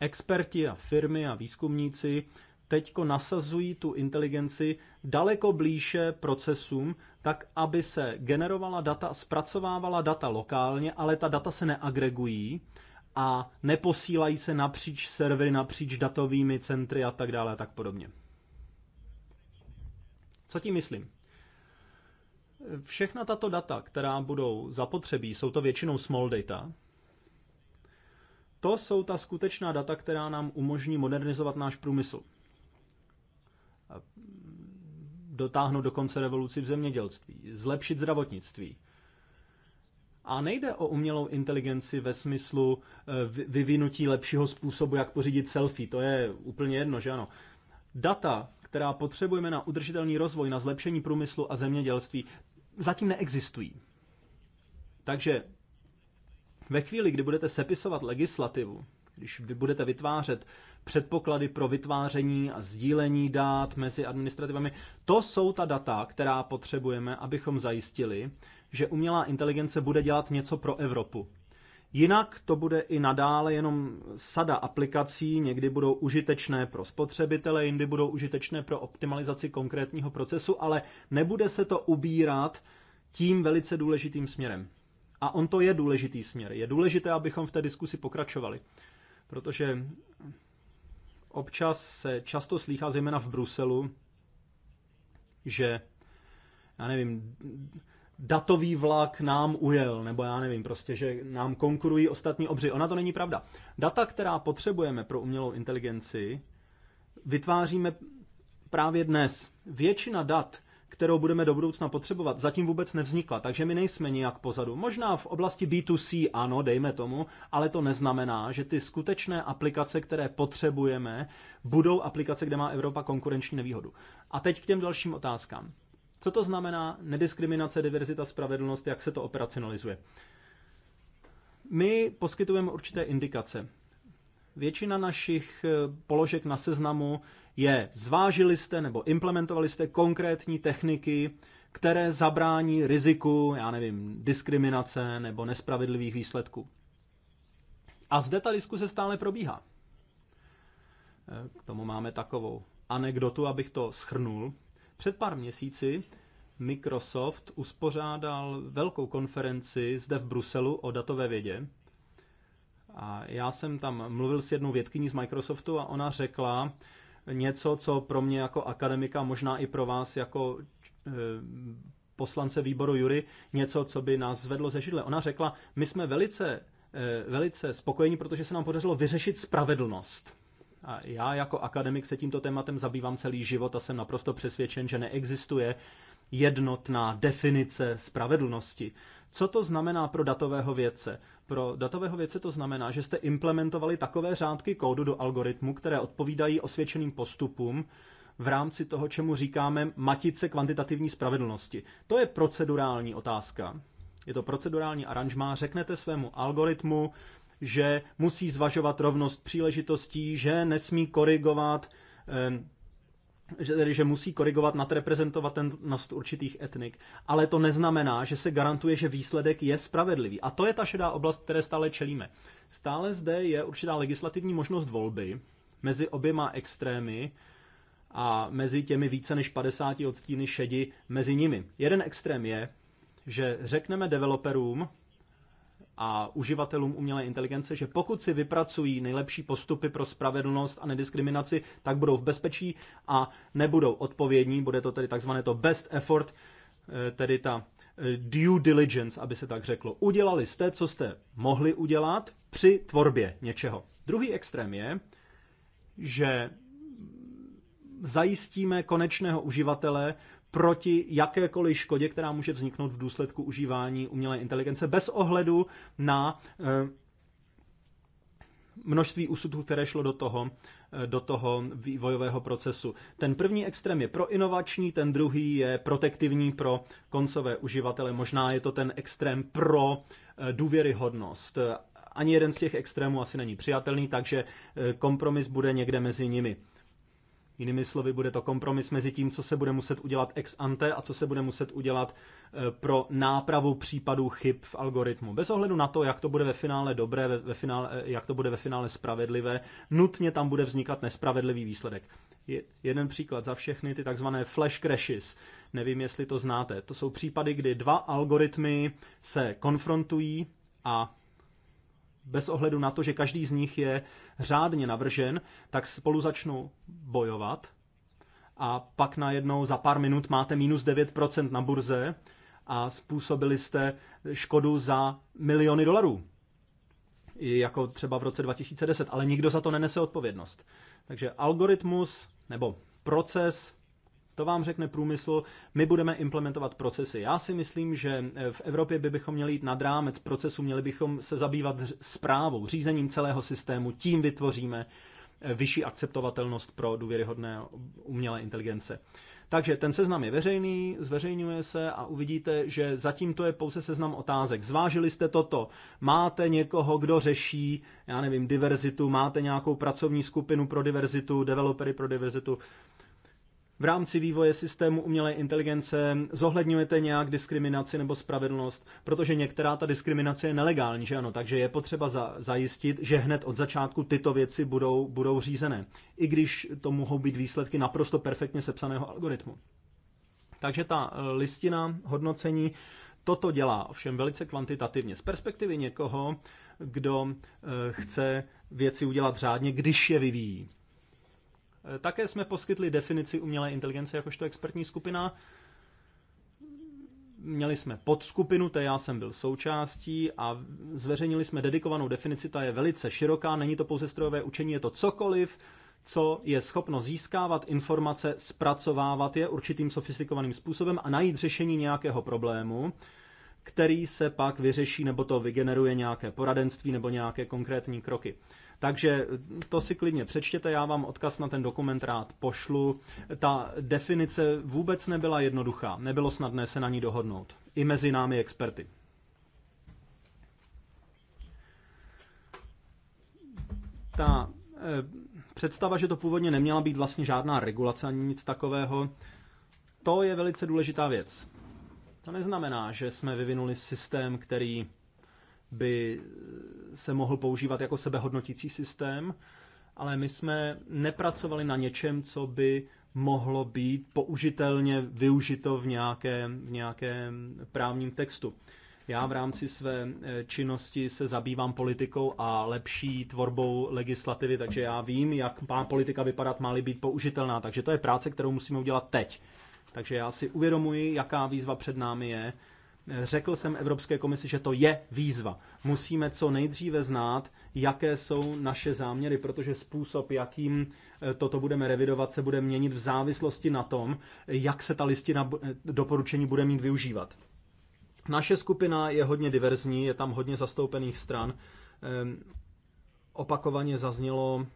experti a firmy a výzkumníci teďko nasazují tu inteligenci daleko blíže procesům, tak aby se generovala data, zpracovávala data lokálně, ale ta data se neagregují, a neposílají se napříč servery, napříč datovými centry a tak dále a tak podobně. Co tím myslím? Všechna tato data, která budou zapotřebí, jsou to většinou small data. To jsou ta skutečná data, která nám umožní modernizovat náš průmysl. Dotáhnout do konce revoluci v zemědělství, zlepšit zdravotnictví, a nejde o umělou inteligenci ve smyslu eh, vyvinutí lepšího způsobu, jak pořídit selfie. To je úplně jedno, že ano. Data, která potřebujeme na udržitelný rozvoj, na zlepšení průmyslu a zemědělství, zatím neexistují. Takže ve chvíli, kdy budete sepisovat legislativu, když vy budete vytvářet předpoklady pro vytváření a sdílení dát mezi administrativami. To jsou ta data, která potřebujeme, abychom zajistili, že umělá inteligence bude dělat něco pro Evropu. Jinak to bude i nadále jenom sada aplikací, někdy budou užitečné pro spotřebitele, jindy budou užitečné pro optimalizaci konkrétního procesu, ale nebude se to ubírat tím velice důležitým směrem. A on to je důležitý směr. Je důležité, abychom v té diskusi pokračovali, protože Občas se často slýchá, zejména v Bruselu, že, já nevím, datový vlak nám ujel, nebo já nevím, prostě, že nám konkurují ostatní obři. Ona to není pravda. Data, která potřebujeme pro umělou inteligenci, vytváříme právě dnes. Většina dat, kterou budeme do budoucna potřebovat, zatím vůbec nevznikla, takže my nejsme nijak pozadu. Možná v oblasti B2C ano, dejme tomu, ale to neznamená, že ty skutečné aplikace, které potřebujeme, budou aplikace, kde má Evropa konkurenční nevýhodu. A teď k těm dalším otázkám. Co to znamená nediskriminace, diverzita, spravedlnost, jak se to operacionalizuje? My poskytujeme určité indikace. Většina našich eh, položek na seznamu je, zvážili jste nebo implementovali jste konkrétní techniky, které zabrání riziku, já nevím, diskriminace nebo nespravedlivých výsledků. A zde ta diskuse stále probíhá. K tomu máme takovou anekdotu, abych to schrnul. Před pár měsíci Microsoft uspořádal velkou konferenci zde v Bruselu o datové vědě. A já jsem tam mluvil s jednou vědkyní z Microsoftu a ona řekla, něco, co pro mě jako akademika, možná i pro vás jako eh, poslance výboru Jury, něco, co by nás zvedlo ze židle. Ona řekla, my jsme velice, eh, velice spokojení, protože se nám podařilo vyřešit spravedlnost. A já jako akademik se tímto tématem zabývám celý život a jsem naprosto přesvědčen, že neexistuje jednotná definice spravedlnosti. Co to znamená pro datového vědce? Pro datového vědce to znamená, že jste implementovali takové řádky kódu do algoritmu, které odpovídají osvědčeným postupům v rámci toho, čemu říkáme matice kvantitativní spravedlnosti. To je procedurální otázka. Je to procedurální aranžmá. Řeknete svému algoritmu, že musí zvažovat rovnost příležitostí, že nesmí korigovat eh, že, tedy, že musí korigovat nadreprezentovatelnost určitých etnik, ale to neznamená, že se garantuje, že výsledek je spravedlivý. A to je ta šedá oblast, které stále čelíme. Stále zde je určitá legislativní možnost volby mezi oběma extrémy a mezi těmi více než 50 odstíny šedi mezi nimi. Jeden extrém je, že řekneme developerům, a uživatelům umělé inteligence, že pokud si vypracují nejlepší postupy pro spravedlnost a nediskriminaci, tak budou v bezpečí a nebudou odpovědní, bude to tedy takzvané to best effort, eh, tedy ta eh, due diligence, aby se tak řeklo. Udělali jste, co jste mohli udělat při tvorbě něčeho. Druhý extrém je, že zajistíme konečného uživatele proti jakékoliv škodě, která může vzniknout v důsledku užívání umělé inteligence bez ohledu na eh, množství úsudů, které šlo do toho, eh, do toho vývojového procesu. Ten první extrém je proinovační, ten druhý je protektivní pro koncové uživatele. Možná je to ten extrém pro eh, důvěryhodnost. Ani jeden z těch extrémů asi není přijatelný, takže kompromis bude někde mezi nimi. Jinými slovy, bude to kompromis mezi tím, co se bude muset udělat ex ante a co se bude muset udělat e, pro nápravu případů chyb v algoritmu. Bez ohledu na to, jak to bude ve finále dobré, ve, ve finále, e, jak to bude ve finále spravedlivé, nutně tam bude vznikat nespravedlivý výsledek. Je, jeden příklad za všechny, ty takzvané flash crashes. Nevím, jestli to znáte. To jsou případy, kdy dva algoritmy se konfrontují a bez ohledu na to, že každý z nich je řádně navržen, tak spolu začnou bojovat a pak najednou za pár minut máte minus 9% na burze a způsobili jste škodu za miliony dolarů. Jako třeba v roce 2010, ale nikdo za to nenese odpovědnost. Takže algoritmus nebo proces to vám řekne průmysl, my budeme implementovat procesy. Já si myslím, že eh, v Evropě by bychom měli jít nad rámec procesu, měli bychom se zabývat zprávou, řízením celého systému, tím vytvoříme eh, vyšší akceptovatelnost pro důvěryhodné umělé inteligence. Takže ten seznam je veřejný, zveřejňuje se a uvidíte, že zatím to je pouze seznam otázek. Zvážili jste toto, máte někoho, kdo řeší, já nevím, diverzitu, máte nějakou pracovní skupinu pro diverzitu, developery pro diverzitu, v rámci vývoje systému umělé inteligence zohledňujete nějak diskriminaci nebo spravedlnost, protože některá ta diskriminace je nelegální, že ano, takže je potřeba za, zajistit, že hned od začátku tyto věci budou, budou řízené, i když to mohou být výsledky naprosto perfektně sepsaného algoritmu. Takže ta eh, listina hodnocení toto dělá ovšem velice kvantitativně. Z perspektivy někoho, kdo eh, chce věci udělat řádně, když je vyvíjí. Eh, také jsme poskytli definici umělé inteligence jakožto expertní skupina. Měli jsme podskupinu, té já jsem byl součástí a zveřejnili jsme dedikovanou definici, ta je velice široká, není to pouze strojové učení, je to cokoliv, co je schopno získávat informace, zpracovávat je určitým sofistikovaným způsobem a najít řešení nějakého problému, který se pak vyřeší nebo to vygeneruje nějaké poradenství nebo nějaké konkrétní kroky. Takže to si klidně přečtěte, já vám odkaz na ten dokument rád pošlu. Ta definice vůbec nebyla jednoduchá, nebylo snadné se na ní dohodnout. I mezi námi experty. Ta eh, představa, že to původně neměla být vlastně žádná regulace ani nic takového, to je velice důležitá věc. To neznamená, že jsme vyvinuli systém, který by se mohl používat jako sebehodnotící systém, ale my jsme nepracovali na něčem, co by mohlo být použitelně využito v nějakém, v nějakém právním textu. Já v rámci své eh, činnosti se zabývám politikou a lepší tvorbou legislativy, takže já vím, jak má politika vypadat, má být použitelná. Takže to je práce, kterou musíme udělat teď. Takže já si uvědomuji, jaká výzva před námi je Řekl jsem Evropské komisi, že to je výzva. Musíme co nejdříve znát, jaké jsou naše záměry, protože způsob, jakým eh, toto budeme revidovat, se bude měnit v závislosti na tom, jak se ta listina eh, doporučení bude mít využívat. Naše skupina je hodně diverzní, je tam hodně zastoupených stran. Ehm, opakovaně zaznělo,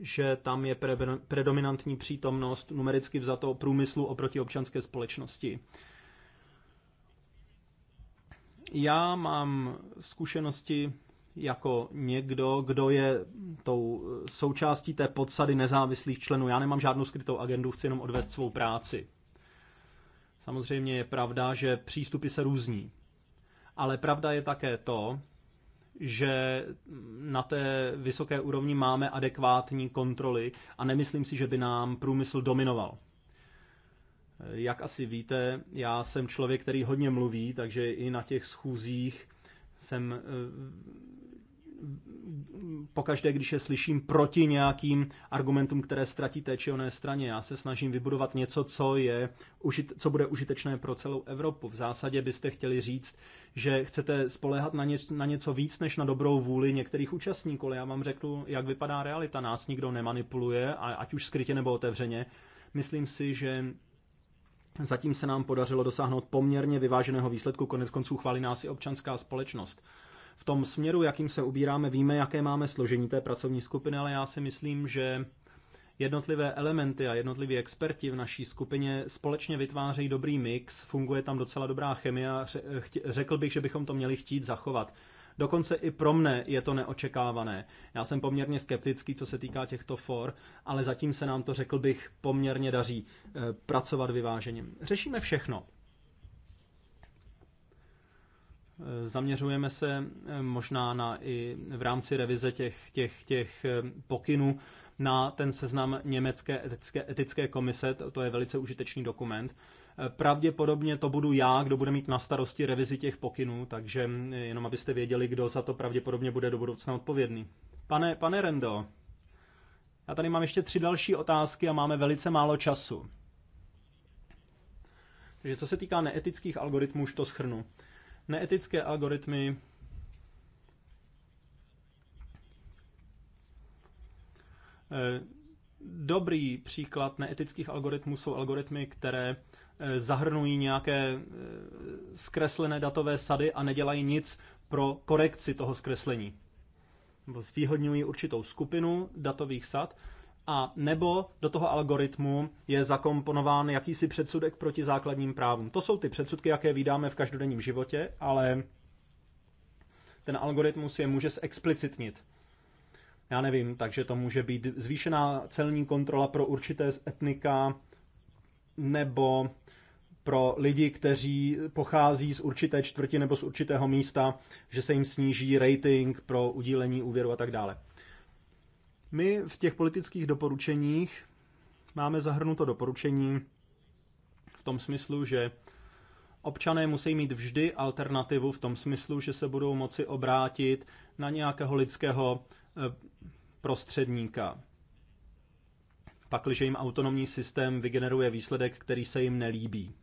že tam je predominantní přítomnost numericky vzato průmyslu oproti občanské společnosti. Já mám zkušenosti jako někdo, kdo je tou součástí té podsady nezávislých členů. Já nemám žádnou skrytou agendu, chci jenom odvést svou práci. Samozřejmě je pravda, že přístupy se různí. Ale pravda je také to, že na té vysoké úrovni máme adekvátní kontroly a nemyslím si, že by nám průmysl dominoval. Jak asi víte, já jsem člověk, který hodně mluví, takže i na těch schůzích jsem eh, pokaždé, když je slyším proti nějakým argumentům, které ztratí té či oné straně. Já se snažím vybudovat něco, co, je, co bude užitečné pro celou Evropu. V zásadě byste chtěli říct, že chcete spolehat na, ně, na něco víc, než na dobrou vůli některých účastníků. já vám řeknu, jak vypadá realita. Nás nikdo nemanipuluje, ať už skrytě nebo otevřeně. Myslím si, že Zatím se nám podařilo dosáhnout poměrně vyváženého výsledku, konec konců chválí nás i občanská společnost. V tom směru, jakým se ubíráme, víme, jaké máme složení té pracovní skupiny, ale já si myslím, že jednotlivé elementy a jednotliví experti v naší skupině společně vytvářejí dobrý mix, funguje tam docela dobrá chemie a řekl bych, že bychom to měli chtít zachovat. Dokonce i pro mne je to neočekávané. Já jsem poměrně skeptický, co se týká těchto for, ale zatím se nám to, řekl bych, poměrně daří eh, pracovat vyvážením. Řešíme všechno. Eh, zaměřujeme se eh, možná na i v rámci revize těch, těch, těch pokynů na ten seznam Německé etické, etické komise, to, to je velice užitečný dokument. Pravděpodobně to budu já, kdo bude mít na starosti revizi těch pokynů, takže jenom abyste věděli, kdo za to pravděpodobně bude do budoucna odpovědný. Pane, pane Rendo, já tady mám ještě tři další otázky a máme velice málo času. Takže co se týká neetických algoritmů, už to schrnu. Neetické algoritmy eh, Dobrý příklad neetických algoritmů jsou algoritmy, které Eh, zahrnují nějaké eh, zkreslené datové sady a nedělají nic pro korekci toho zkreslení. zvýhodňují určitou skupinu datových sad a nebo do toho algoritmu je zakomponován jakýsi předsudek proti základním právům. To jsou ty předsudky, jaké vydáme v každodenním životě, ale ten algoritmus je může zexplicitnit. Já nevím, takže to může být zvýšená celní kontrola pro určité etnika, nebo pro lidi, kteří pochází z určité čtvrti nebo z určitého místa, že se jim sníží rating pro udílení úvěru a tak dále. My v těch politických doporučeních máme zahrnuto doporučení v tom smyslu, že občané musí mít vždy alternativu v tom smyslu, že se budou moci obrátit na nějakého lidského eh, prostředníka. Pakliže jim autonomní systém vygeneruje výsledek, který se jim nelíbí.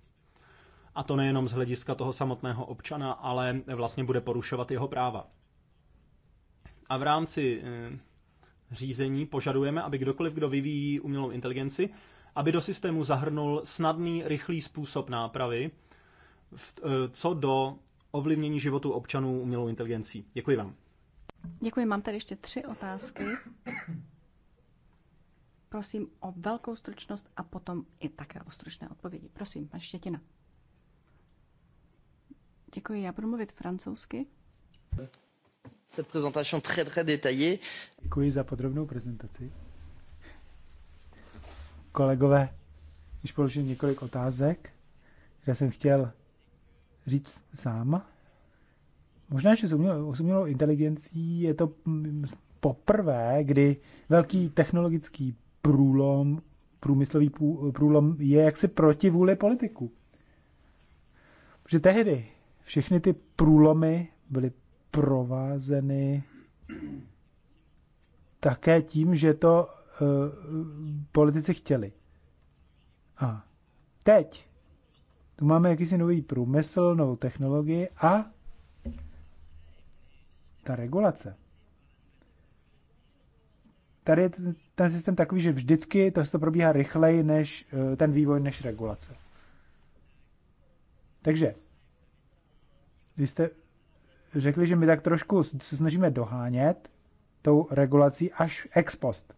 A to nejenom z hlediska toho samotného občana, ale vlastně bude porušovat jeho práva. A v rámci eh, řízení požadujeme, aby kdokoliv, kdo vyvíjí umělou inteligenci, aby do systému zahrnul snadný, rychlý způsob nápravy, eh, co do ovlivnění životu občanů umělou inteligencí. Děkuji vám. Děkuji, mám tady ještě tři otázky. Prosím o velkou stručnost a potom i také o stručné odpovědi. Prosím, pan Štětina. Děkuji, já budu mluvit francouzsky. Cette présentation très très détaillée. Děkuji za podrobnou prezentaci. Kolegové, když položím několik otázek, které jsem chtěl říct sám, možná, že s umělou inteligencí je to poprvé, kdy velký technologický průlom, průmyslový průlom je jaksi proti vůli politiku. Protože tehdy všechny ty průlomy byly provázeny také tím, že to uh, politici chtěli. A teď tu máme jakýsi nový průmysl, novou technologii a ta regulace. Tady je ten systém takový, že vždycky to, to probíhá rychleji než eh, ten vývoj, než regulace. Takže vy jste řekli, že my tak trošku se snažíme dohánět tou regulací až ex post.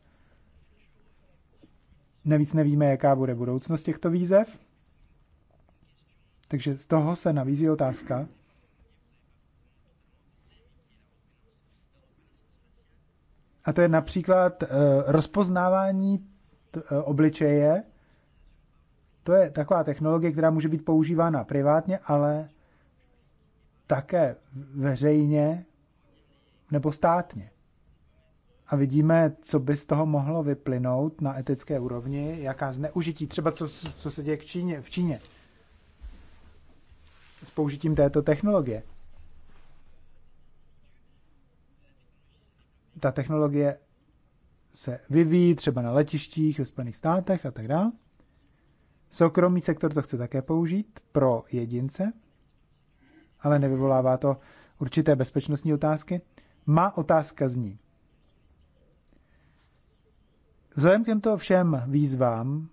Navíc nevíme, jaká bude budoucnost těchto výzev. Takže z toho se navízí otázka, A to je například eh, rozpoznávání eh, obličeje. To je taková technologie, která může být používána privátně, ale také veřejně nebo státně. A vidíme, co by z toho mohlo vyplynout na etické úrovni, jaká zneužití, třeba co, co se děje k Číně, v Číně s použitím této technologie. Ta technologie se vyvíjí třeba na letištích ve Spojených státech a tak dále. Soukromý sektor to chce také použít pro jedince – ale nevyvolává to určité bezpečnostní otázky? Má otázka zní. Vzhledem k těmto všem výzvám,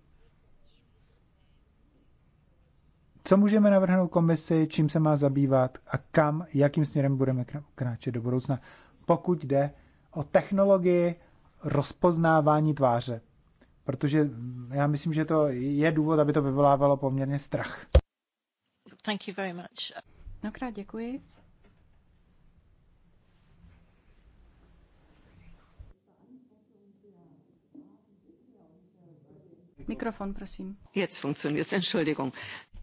co můžeme navrhnout komisi, čím se má zabývat a kam, jakým směrem budeme kráčet do budoucna, pokud jde o technologii rozpoznávání tváře. Protože já myslím, že to je důvod, aby to vyvolávalo poměrně strach. Thank you very much. Mnohokrát děkuji. Mikrofon, prosím. Jetzt funktioniert Entschuldigung.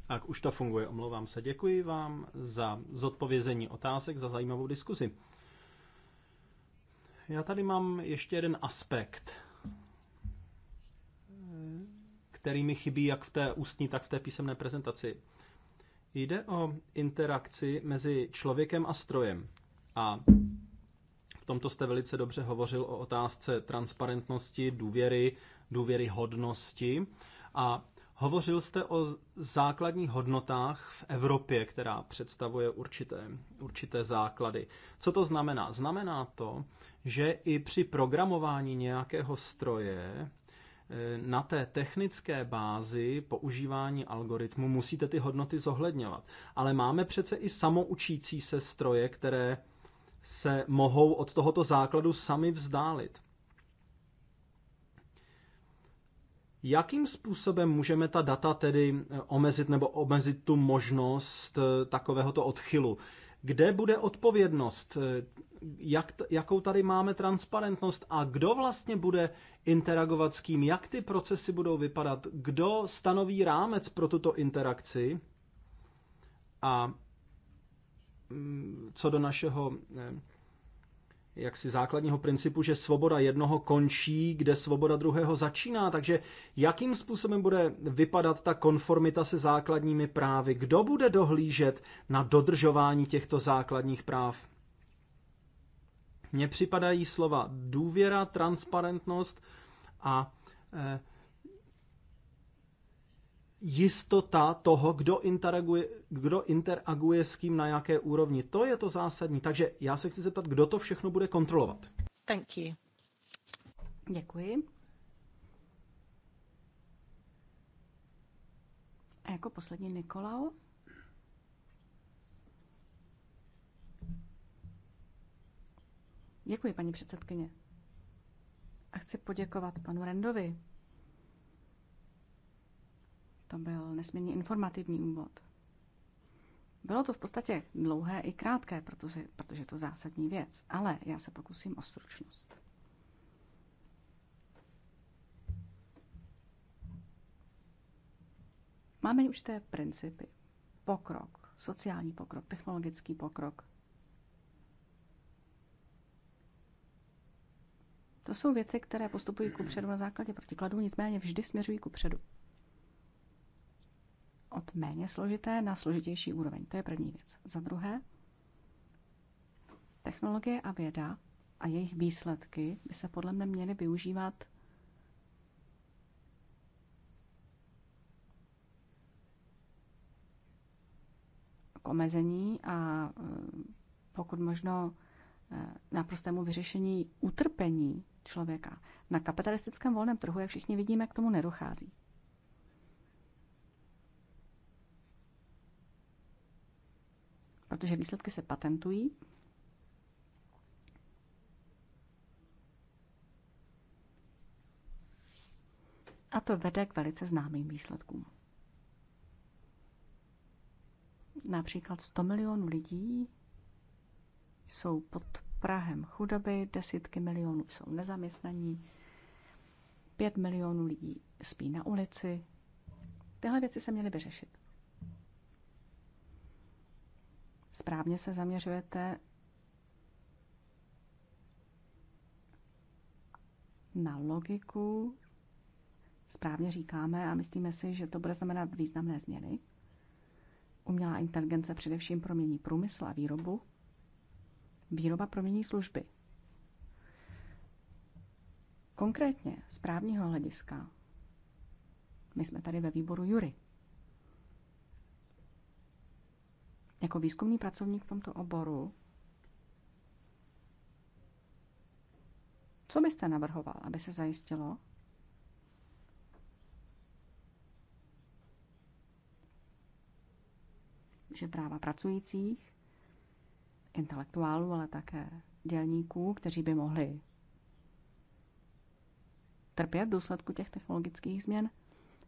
Tak už to funguje, omlouvám se. Děkuji vám za zodpovězení otázek, za zajímavou diskuzi. Já tady mám ještě jeden aspekt, který mi chybí jak v té ústní, tak v té písemné prezentaci. Jde o interakci mezi člověkem a strojem. A v tomto jste velice dobře hovořil o otázce transparentnosti, důvěry, důvěryhodnosti. A hovořil jste o základních hodnotách v Evropě, která představuje určité, určité základy. Co to znamená? Znamená to, že i při programování nějakého stroje na té technické bázi používání algoritmu musíte ty hodnoty zohledňovat. Ale máme přece i samoučící se stroje, které se mohou od tohoto základu sami vzdálit. Jakým způsobem můžeme ta data tedy omezit nebo omezit tu možnost takovéhoto odchylu? Kde bude odpovědnost? Jak, jakou tady máme transparentnost? A kdo vlastně bude interagovat s kým? Jak ty procesy budou vypadat? Kdo stanoví rámec pro tuto interakci? A mm, co do našeho eh, jaksi základního principu, že svoboda jednoho končí, kde svoboda druhého začíná. Takže jakým způsobem bude vypadat ta konformita se základními právy? Kdo bude dohlížet na dodržování těchto základních práv? Mně připadají slova důvěra, transparentnost a eh, jistota toho, kdo interaguje, kdo interaguje s kým na jaké úrovni. To je to zásadní. Takže já se chci zeptat, kdo to všechno bude kontrolovat. Thank you. Děkuji. A jako poslední Nikolao. Děkuji, paní předsedkyně. A chci poděkovat panu Rendovi, to byl nesmírně informativní úvod. Bylo to v podstatě dlouhé i krátké, protože, protože to zásadní věc, ale já se pokusím o stručnost. Máme té principy. Pokrok, sociální pokrok, technologický pokrok. To jsou věci, které postupují ku předu na základě protikladů, nicméně vždy směřují ku předu od méně složité na složitější úroveň. To je první věc. Za druhé, technologie a věda a jejich výsledky by se podle mě měly využívat k omezení a eh, pokud možno eh, naprostému vyřešení utrpení člověka. Na kapitalistickém volném trhu, jak všichni vidíme, k tomu nedochází. protože výsledky se patentují. A to vede k velice známým výsledkům. Například 100 milionů lidí jsou pod Prahem chudoby, desítky milionů jsou nezaměstnaní, 5 milionů lidí spí na ulici. Tyhle věci se měly vyřešit. Správně se zaměřujete na logiku. Správně říkáme a myslíme si, že to bude znamenat významné změny. Umělá inteligence především promění průmysl a výrobu. Výroba promění služby. Konkrétně z právního hlediska, my jsme tady ve výboru Jury. Jako výzkumný pracovník v tomto oboru, co byste navrhoval, aby se zajistilo, že práva pracujících, intelektuálů, ale také dělníků, kteří by mohli trpět v důsledku těch technologických změn,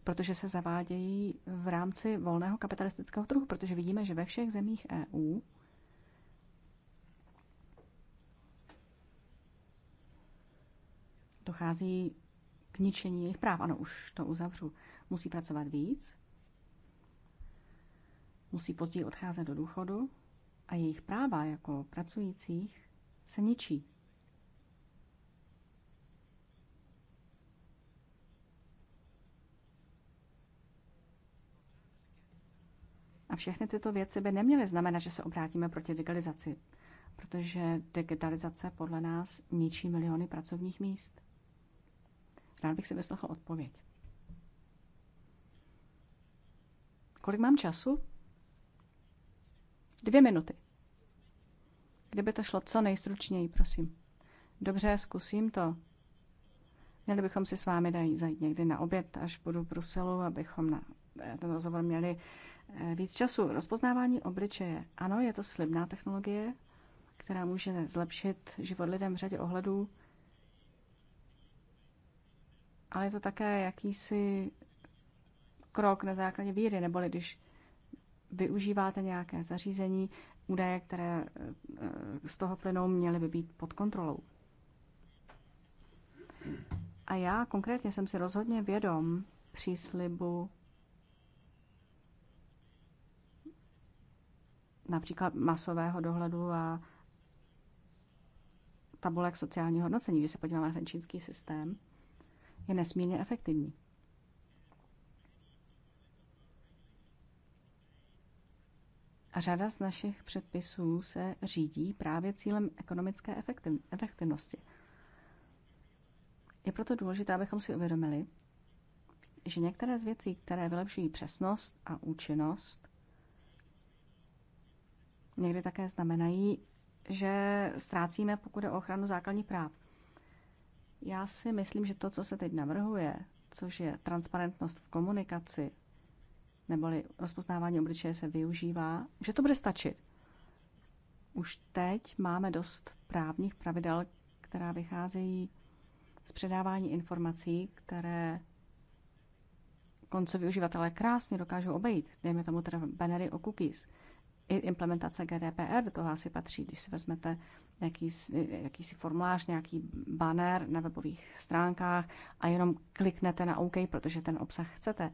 protože se zavádějí v rámci volného kapitalistického trhu, protože vidíme, že ve všech zemích EU dochází k ničení jejich práv. Ano, už to uzavřu. Musí pracovat víc, musí později odcházet do důchodu a jejich práva jako pracujících se ničí. A všechny tyto věci by neměly znamenat, že se obrátíme proti digitalizaci, protože digitalizace podle nás ničí miliony pracovních míst. Rád bych si vyslechl odpověď. Kolik mám času? Dvě minuty. Kdyby to šlo co nejstručněji, prosím. Dobře, zkusím to. Měli bychom si s vámi dajít zajít někdy na oběd, až budu v Bruselu, abychom na ten rozhovor měli Eh, víc času. Rozpoznávání obličeje. Ano, je to slibná technologie, která může zlepšit život lidem v řadě ohledů, ale je to také jakýsi krok na základě víry, neboli když využíváte nějaké zařízení, údaje, které eh, z toho plynou, měly by být pod kontrolou. A já konkrétně jsem si rozhodně vědom příslibu například masového dohledu a tabulek sociálního hodnocení, když se podíváme na ten čínský systém, je nesmírně efektivní. A řada z našich předpisů se řídí právě cílem ekonomické efektiv efektivnosti. Je proto důležité, abychom si uvědomili, že některé z věcí, které vylepšují přesnost a účinnost, někdy také znamenají, že ztrácíme, pokud je o ochranu základních práv. Já si myslím, že to, co se teď navrhuje, což je transparentnost v komunikaci, neboli rozpoznávání obličeje se využívá, že to bude stačit. Už teď máme dost právních pravidel, která vycházejí z předávání informací, které koncoví uživatelé krásně dokážou obejít. Dejme tomu teda bannery o cookies – i implementace GDPR, do toho asi patří, když si vezmete jakýsi, jakýsi formulář, nějaký banner na webových stránkách a jenom kliknete na OK, protože ten obsah chcete.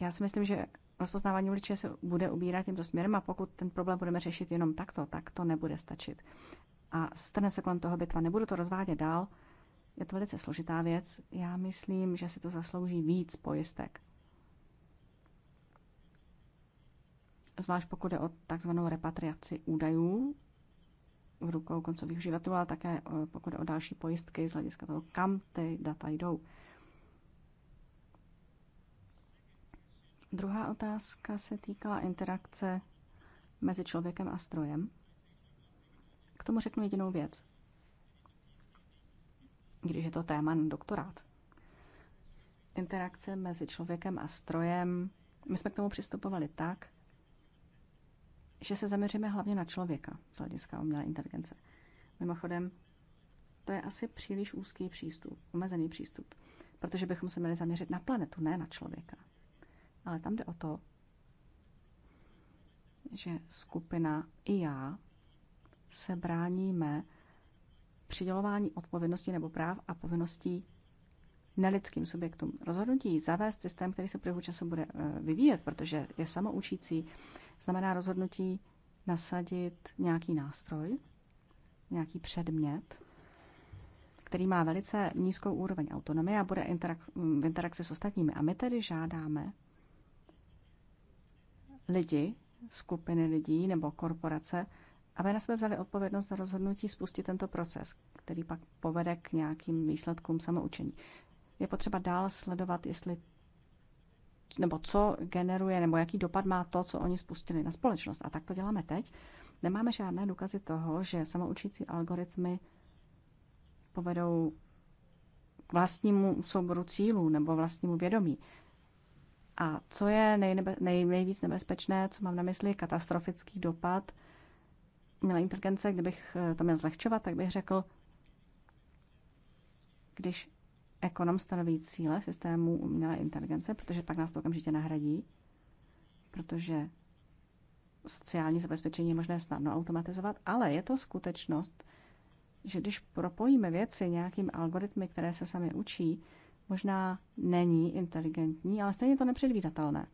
Já si myslím, že rozpoznávání uliče se bude ubírat tímto směrem a pokud ten problém budeme řešit jenom takto, tak to nebude stačit. A strne se kolem toho bitva. Nebudu to rozvádět dál, je to velice složitá věc. Já myslím, že si to zaslouží víc pojistek. zvlášť pokud je o takzvanou repatriaci údajů v rukou koncových uživatelů, ale také eh, pokud je o další pojistky z hlediska toho, kam ty data jdou. Druhá otázka se týkala interakce mezi člověkem a strojem. K tomu řeknu jedinou věc, když je to téma na doktorát. Interakce mezi člověkem a strojem, my jsme k tomu přistupovali tak, že se zaměříme hlavně na člověka z hlediska umělé inteligence. Mimochodem, to je asi příliš úzký přístup, omezený přístup, protože bychom se měli zaměřit na planetu, ne na člověka. Ale tam jde o to, že skupina i já se bráníme přidělování odpovědnosti nebo práv a povinností nelidským subjektům. Rozhodnutí zavést systém, který se průběhu času bude eh, vyvíjet, protože je samoučící, znamená rozhodnutí nasadit nějaký nástroj, nějaký předmět, který má velice nízkou úroveň autonomie a bude interak- v interakci s ostatními. A my tedy žádáme lidi, skupiny lidí nebo korporace, aby na sebe vzali odpovědnost za rozhodnutí spustit tento proces, který pak povede k nějakým výsledkům samoučení. Je potřeba dál sledovat, jestli nebo co generuje, nebo jaký dopad má to, co oni spustili na společnost. A tak to děláme teď. Nemáme žádné důkazy toho, že samoučící algoritmy povedou k vlastnímu souboru cílů nebo vlastnímu vědomí. A co je nejnebe, nej, nejvíc nebezpečné, co mám na mysli, katastrofický dopad umělé inteligence, kdybych eh, to měl zlehčovat, tak bych řekl, když ekonom stanoví cíle systému umělé inteligence, protože pak nás to okamžitě nahradí, protože sociální zabezpečení je možné snadno automatizovat, ale je to skutečnost, že když propojíme věci nějakým algoritmy, které se sami učí, možná není inteligentní, ale stejně to nepředvídatelné.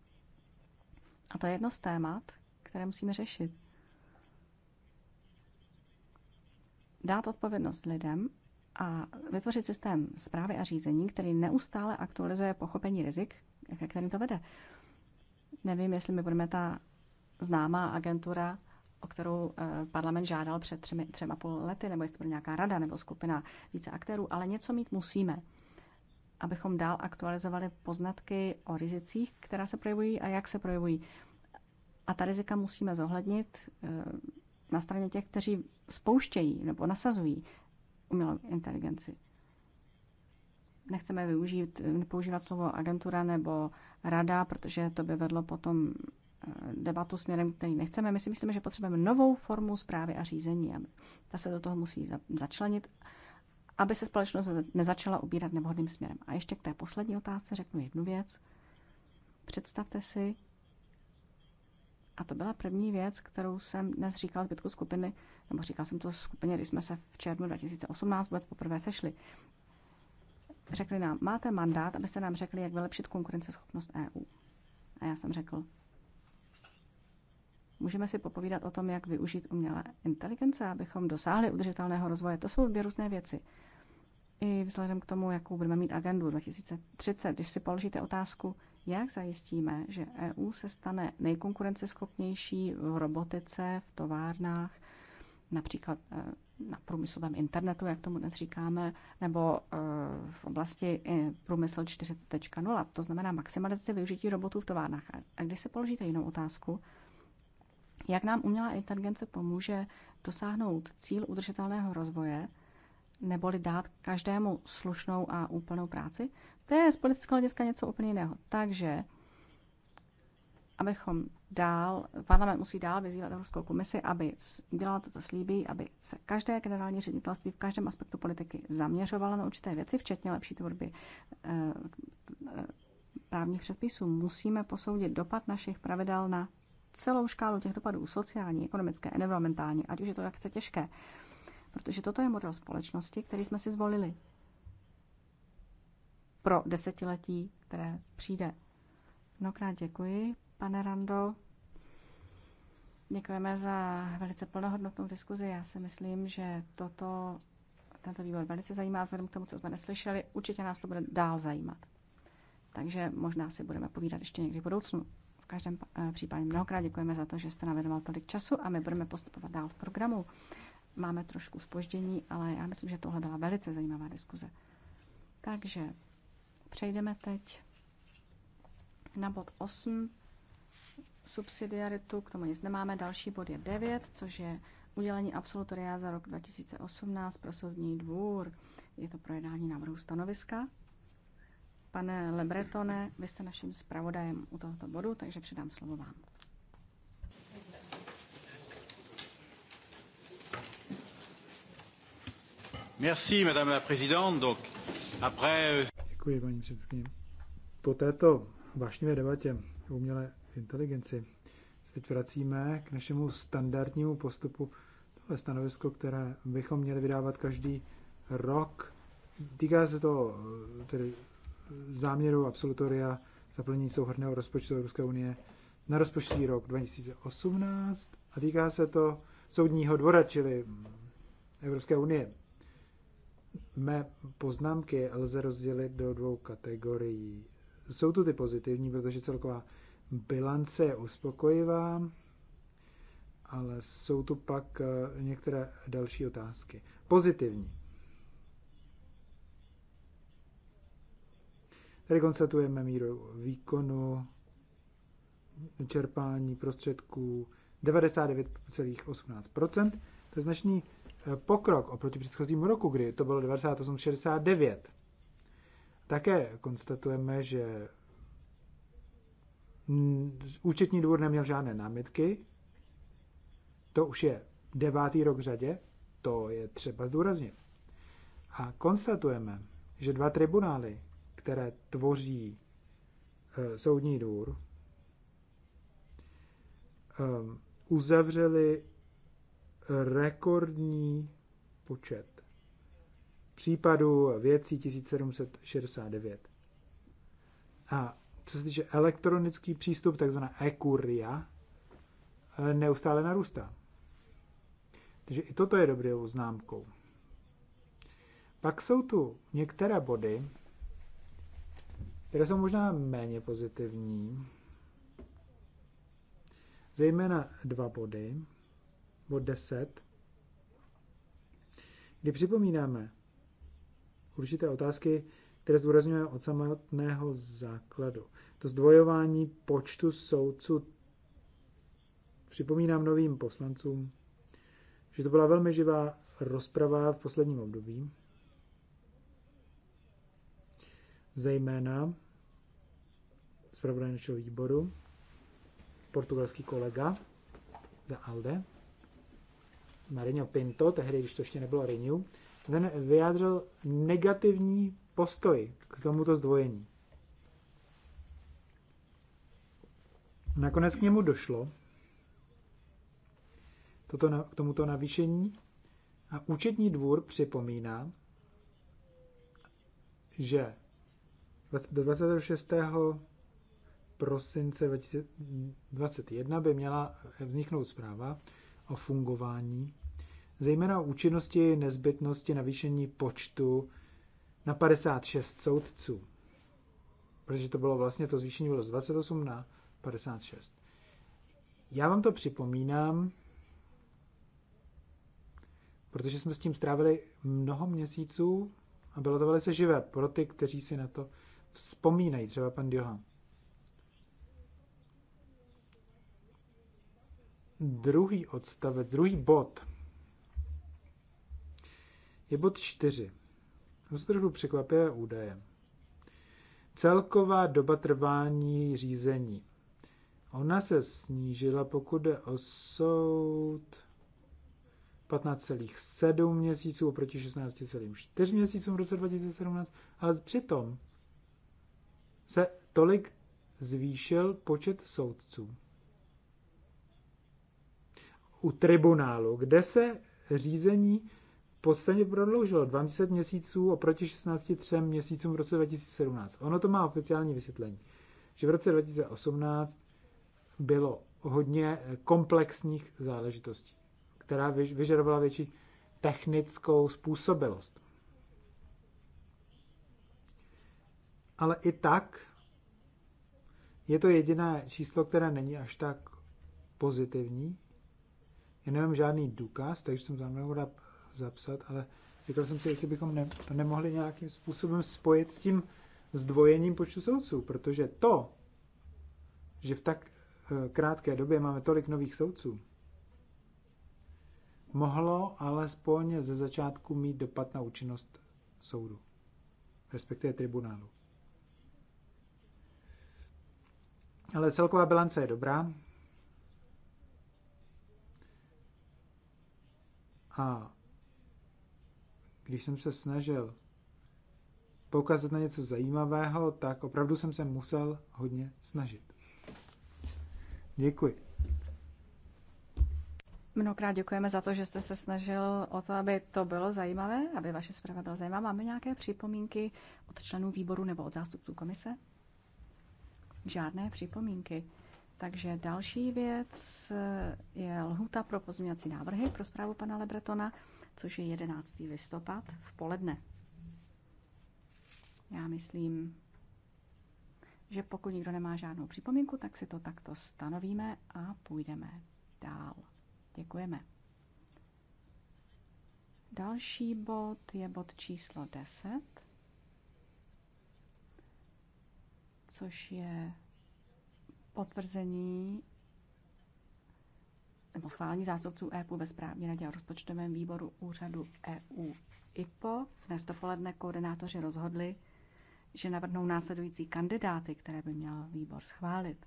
A to je jedno z témat, které musíme řešit. Dát odpovědnost lidem a vytvořit systém zprávy a řízení, který neustále aktualizuje pochopení rizik, ke kterým to vede. Nevím, jestli my budeme ta známá agentura, o kterou eh, parlament žádal před třemi, třema půl lety, nebo jestli bude nějaká rada nebo skupina více aktérů, ale něco mít musíme, abychom dál aktualizovali poznatky o rizicích, která se projevují a jak se projevují. A ta rizika musíme zohlednit eh, na straně těch, kteří spouštějí nebo nasazují umělou inteligenci. Nechceme využít, používat slovo agentura nebo rada, protože to by vedlo potom eh, debatu směrem, který nechceme. My si myslíme, že potřebujeme novou formu zprávy a řízení. Aby ta se do toho musí začlenit, aby se společnost nezačala ubírat nevhodným směrem. A ještě k té poslední otázce řeknu jednu věc. Představte si, a to byla první věc, kterou jsem dnes říkal zbytku skupiny, nebo říkal jsem to skupině, když jsme se v červnu 2018 vůbec poprvé sešli. Řekli nám, máte mandát, abyste nám řekli, jak vylepšit konkurenceschopnost EU. A já jsem řekl, můžeme si popovídat o tom, jak využít umělé inteligence, abychom dosáhli udržitelného rozvoje. To jsou dvě různé věci. I vzhledem k tomu, jakou budeme mít agendu 2030, když si položíte otázku, jak zajistíme, že EU se stane nejkonkurenceschopnější v robotice, v továrnách, například eh, na průmyslovém internetu, jak tomu dnes říkáme, nebo eh, v oblasti eh, průmysl 4.0, to znamená maximalizace využití robotů v továrnách. A když se položíte jinou otázku, jak nám umělá inteligence pomůže dosáhnout cíl udržitelného rozvoje, neboli dát každému slušnou a úplnou práci, to je z politického hlediska něco úplně jiného. Takže, abychom dál, parlament musí dál vyzývat Evropskou komisi, aby dělala to, co slíbí, aby se každé generální ředitelství v každém aspektu politiky zaměřovalo na určité věci, včetně lepší tvorby eh, eh, právních předpisů. Musíme posoudit dopad našich pravidel na celou škálu těch dopadů, sociální, ekonomické, environmentální, ať už je to jak chce těžké. Protože toto je model společnosti, který jsme si zvolili pro desetiletí, které přijde. Mnohokrát děkuji, pane Rando. Děkujeme za velice plnohodnotnou diskuzi. Já si myslím, že toto, tento výbor velice zajímá, vzhledem k tomu, co jsme neslyšeli. Určitě nás to bude dál zajímat. Takže možná si budeme povídat ještě někdy v budoucnu. V každém eh, případě mnohokrát děkujeme za to, že jste navěnoval tolik času a my budeme postupovat dál v programu. Máme trošku spoždění, ale já myslím, že tohle byla velice zajímavá diskuze. Takže přejdeme teď na bod 8, subsidiaritu, k tomu nic nemáme. Další bod je 9, což je udělení absolutoria za rok 2018 pro soudní dvůr. Je to projednání návrhu stanoviska. Pane Lebretone, vy jste naším zpravodajem u tohoto bodu, takže předám slovo vám. Merci, madame la présidente. Donc, après... Euh, Děkuji, paní předsedkyně. Po této vášnivé debatě o umělé inteligenci se teď vracíme k našemu standardnímu postupu. Tohle stanovisko, které bychom měli vydávat každý rok. Týká se to eh, tedy záměru absolutoria zaplnění souhrného rozpočtu Evropské unie na rozpočtový rok 2018 a týká se to soudního dvora, čili mm, Evropské unie mé poznámky lze rozdělit do dvou kategorií. Jsou tu ty pozitivní, protože celková bilance je uspokojivá, ale jsou tu pak eh, některé další otázky. Pozitivní. Tady konstatujeme míru výkonu, čerpání prostředků 99,18%. To je značný pokrok oproti předchozímu roku, kdy to bylo 98,69. Také konstatujeme, že účetní dvůr neměl žádné námitky. To už je devátý rok v řadě, to je třeba zdůraznit. A konstatujeme, že dva tribunály, které tvoří e, soudní dvůr, e, uzavřeli rekordní počet případů věcí 1769. A co se týče elektronický přístup, takzvaná e-kuria, eh, neustále narůstá. Takže i toto je dobrou známkou. Pak jsou tu některé body, které jsou možná méně pozitivní. Zejména dva body bod 10, kdy připomínáme určité otázky, které zdůrazňuje od samotného základu. To zdvojování počtu soudců připomínám novým poslancům, že to byla velmi živá rozprava v posledním období. Zejména z výboru, portugalský kolega za ALDE, Marinho Pinto, tehdy, když to ještě nebylo Renew, ten vyjádřil negativní postoj k tomuto zdvojení. Nakonec k němu došlo, toto, k tomuto navýšení, a účetní dvůr připomíná, že do 26. prosince 2021 by měla vzniknout zpráva o fungování zejména o účinnosti nezbytnosti navýšení počtu na 56 soudců. Protože to bylo vlastně, to zvýšení bylo z 28 na 56. Já vám to připomínám, protože jsme s tím strávili mnoho měsíců a bylo to velice živé pro ty, kteří si na to vzpomínají, třeba pan Johan. Druhý odstavec, druhý bod je bod 4. To jsou trochu překvapivé údaje. Celková doba trvání řízení. Ona se snížila, pokud jde o soud, 15,7 měsíců oproti 16,4 měsícům v roce 2017, ale přitom se tolik zvýšil počet soudců. U tribunálu, kde se řízení podstatně prodloužilo 20 měsíců oproti 16 třem měsícům v roce 2017. Ono to má oficiální vysvětlení, že v roce 2018 bylo hodně eh, komplexních záležitostí, která vyžadovala větší technickou způsobilost. Ale i tak je to jediné číslo, které není až tak pozitivní. Já nemám žádný důkaz, takže jsem zároveň zapsat, ale říkal jsem si, jestli bychom ne, to nemohli nějakým způsobem spojit s tím zdvojením počtu soudců, protože to, že v tak eh, krátké době máme tolik nových soudců, mohlo alespoň ze začátku mít dopad na účinnost soudu, respektive tribunálu. Ale celková bilance je dobrá. A když jsem se snažil poukázat na něco zajímavého, tak opravdu jsem se musel hodně snažit. Děkuji. Mnohokrát děkujeme za to, že jste se snažil o to, aby to bylo zajímavé, aby vaše zpráva byla zajímavá. Máme nějaké připomínky od členů výboru nebo od zástupců komise? Žádné připomínky. Takže další věc je lhuta pro pozměňovací návrhy pro zprávu pana Lebretona což je 11. listopad v poledne. Já myslím, že pokud nikdo nemá žádnou připomínku, tak si to takto stanovíme a půjdeme dál. Děkujeme. Další bod je bod číslo 10, což je potvrzení nebo schválení zástupců EU ve správní radě a rozpočtovém výboru úřadu EU IPO. Dnes dopoledne koordinátoři rozhodli, že navrhnou následující kandidáty, které by měl výbor schválit.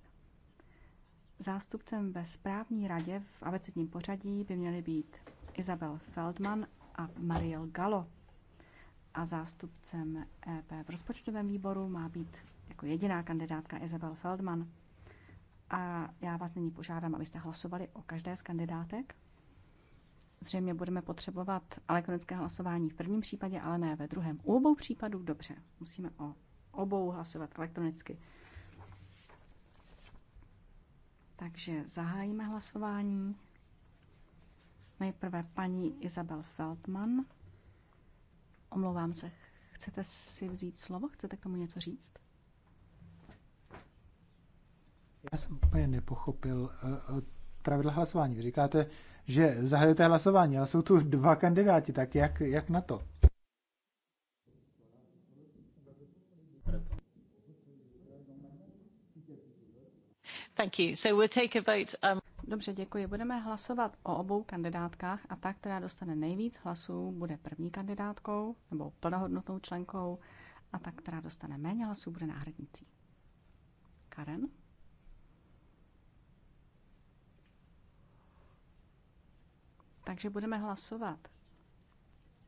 Zástupcem ve správní radě v abecedním pořadí by měly být Isabel Feldman a Mariel Gallo. A zástupcem EP v rozpočtovém výboru má být jako jediná kandidátka Isabel Feldman. A já vás nyní požádám, abyste hlasovali o každé z kandidátek. Zřejmě budeme potřebovat elektronické hlasování v prvním případě, ale ne ve druhém. U obou případů dobře. Musíme o obou hlasovat elektronicky. Takže zahájíme hlasování. Nejprve paní Isabel Feldman. Omlouvám se, chcete si vzít slovo? Chcete k tomu něco říct? Já jsem úplně nepochopil eh, eh, pravidla hlasování. Vy říkáte, že zahajujete hlasování, ale jsou tu dva kandidáti, tak jak, jak na to? Thank you. So we'll take a vote, um... Dobře, děkuji. Budeme hlasovat o obou kandidátkách a ta, která dostane nejvíc hlasů, bude první kandidátkou nebo plnohodnotnou členkou a ta, která dostane méně hlasů, bude náhradnicí. Karen? Takže budeme hlasovat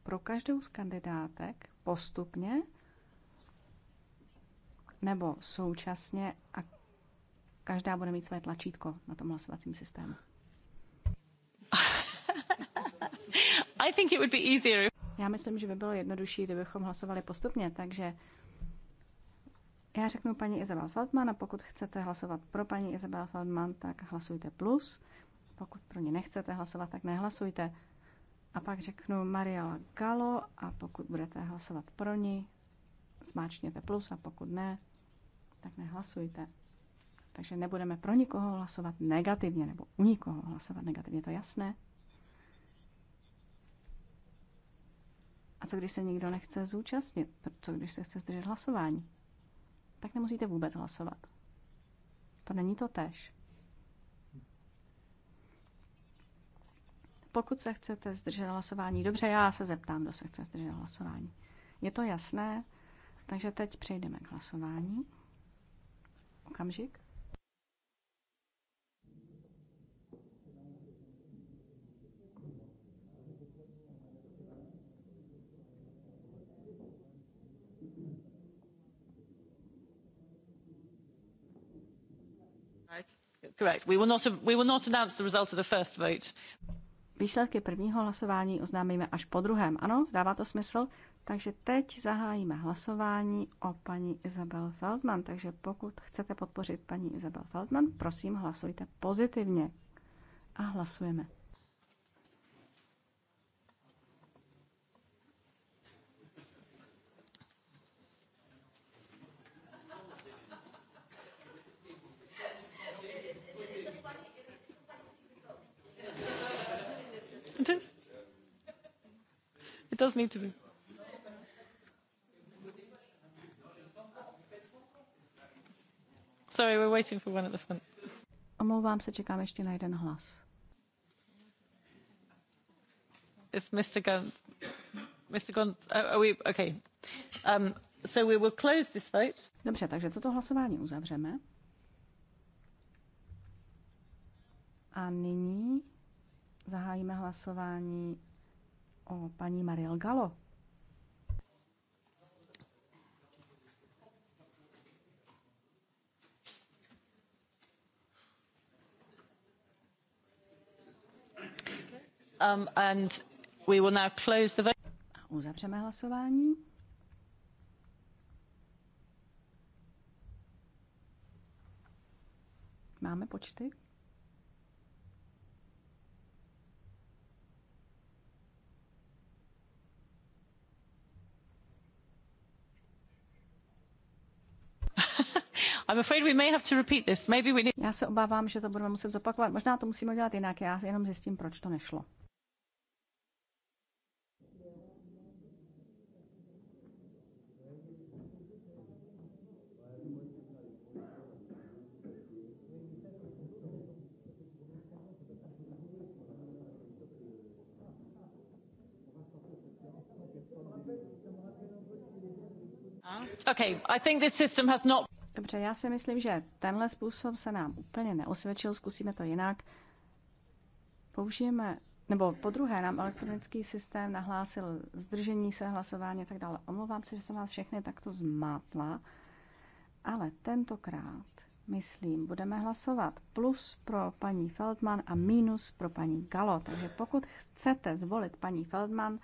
pro každou z kandidátek postupně nebo současně a každá bude mít své tlačítko na tom hlasovacím systému. I think it would be easier. Já myslím, že by bylo jednodušší, kdybychom hlasovali postupně, takže já řeknu paní Izabel Feldman a pokud chcete hlasovat pro paní Izabel Feldman, tak hlasujte plus. Pokud pro ně nechcete hlasovat, tak nehlasujte. A pak řeknu Mariela Galo a pokud budete hlasovat pro ní, zmáčkněte plus a pokud ne, tak nehlasujte. Takže nebudeme pro nikoho hlasovat negativně nebo u nikoho hlasovat negativně, to je jasné. A co když se nikdo nechce zúčastnit? Co když se chce zdržet hlasování? Tak nemusíte vůbec hlasovat. To není to tež. Pokud se chcete zdržet hlasování, dobře, já se zeptám, kdo se chce zdržet hlasování. Je to jasné? Takže teď přejdeme k hlasování. Okamžik. Correct. We will not we will not announce the result of the first vote. Výsledky prvního hlasování oznámíme až po druhém. Ano, dává to smysl? Takže teď zahájíme hlasování o paní Isabel Feldman. Takže pokud chcete podpořit paní Isabel Feldman, prosím hlasujte pozitivně. A hlasujeme. us need to do. Sorry, we're waiting for one at the front. Omlouvám se, čekám ještě na jeden hlas. It's Mr. Gunn. Mr. Gunn, are we, okay. Um, so we will close this vote. Dobře, takže toto hlasování uzavřeme. A nyní zahájíme hlasování o paní Mariel Galo. Um, and we will now close the... A uzavřeme hlasování. Máme počty? I'm afraid we may have to repeat this. Maybe we need... Já se obávám, že to budeme muset zopakovat. Možná to musíme dělat jinak. Já jenom zjistím, proč to nešlo. Okay, I think this system has not... Dobře, já si myslím, že tenhle způsob se nám úplně neosvědčil, zkusíme to jinak. Použijeme, nebo po druhé nám elektronický systém nahlásil zdržení se, hlasování a tak dále. Omlouvám se, že jsem vás všechny takto zmátla, ale tentokrát, myslím, budeme hlasovat plus pro paní Feldman a minus pro paní Galo. Takže pokud chcete zvolit paní Feldman,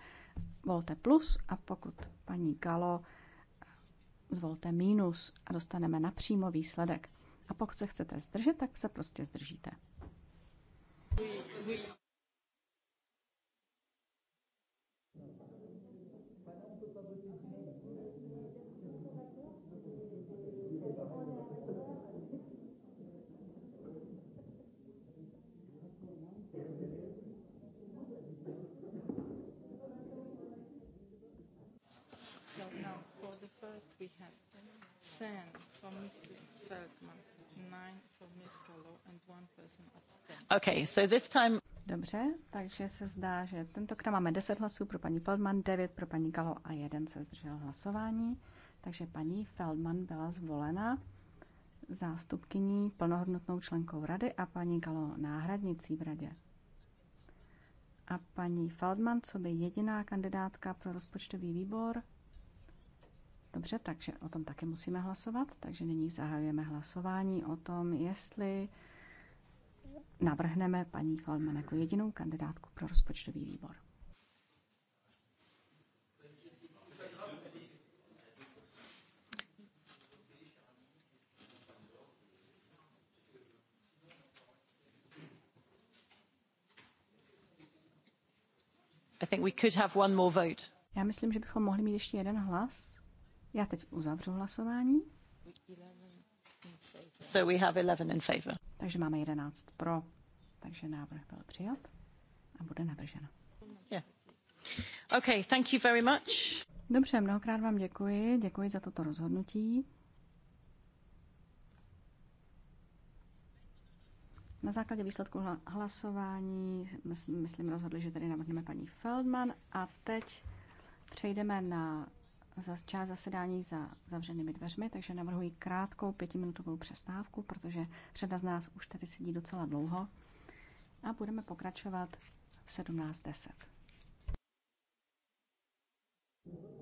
volte plus a pokud paní Galo, zvolte mínus a dostaneme napřímo výsledek. A pokud se chcete zdržet, tak se prostě zdržíte. we have 10 for Mrs. Feldman, 9 for Ms. Polo and one person abstained. Okay, so this time... Dobře, takže se zdá, že tentokrát máme 10 hlasů pro paní Feldman, 9 pro paní Kalo a jeden se zdržel hlasování. Takže paní Feldman byla zvolena zástupkyní plnohodnotnou členkou rady a paní Kalo náhradnicí v radě. A paní Feldman, co by jediná kandidátka pro rozpočtový výbor, Dobře, takže o tom také musíme hlasovat. Takže nyní zahajujeme hlasování o tom, jestli navrhneme paní Falman jako jedinou kandidátku pro rozpočtový výbor. I think we could have one more vote. Já myslím, že bychom mohli mít ještě jeden hlas. Já teď uzavřu hlasování. So we have 11 in favor. Takže máme 11 pro, takže návrh byl přijat a bude navržena. Yeah. Okay, thank you very much. Dobře, mnohokrát vám děkuji. Děkuji za toto rozhodnutí. Na základě výsledku hlasování myslím rozhodli, že tady navrhneme paní Feldman a teď přejdeme na za část zasedání za zavřenými dveřmi, takže navrhuji krátkou pětiminutovou přestávku, protože řada z nás už tady sedí docela dlouho a budeme pokračovat v 17.10.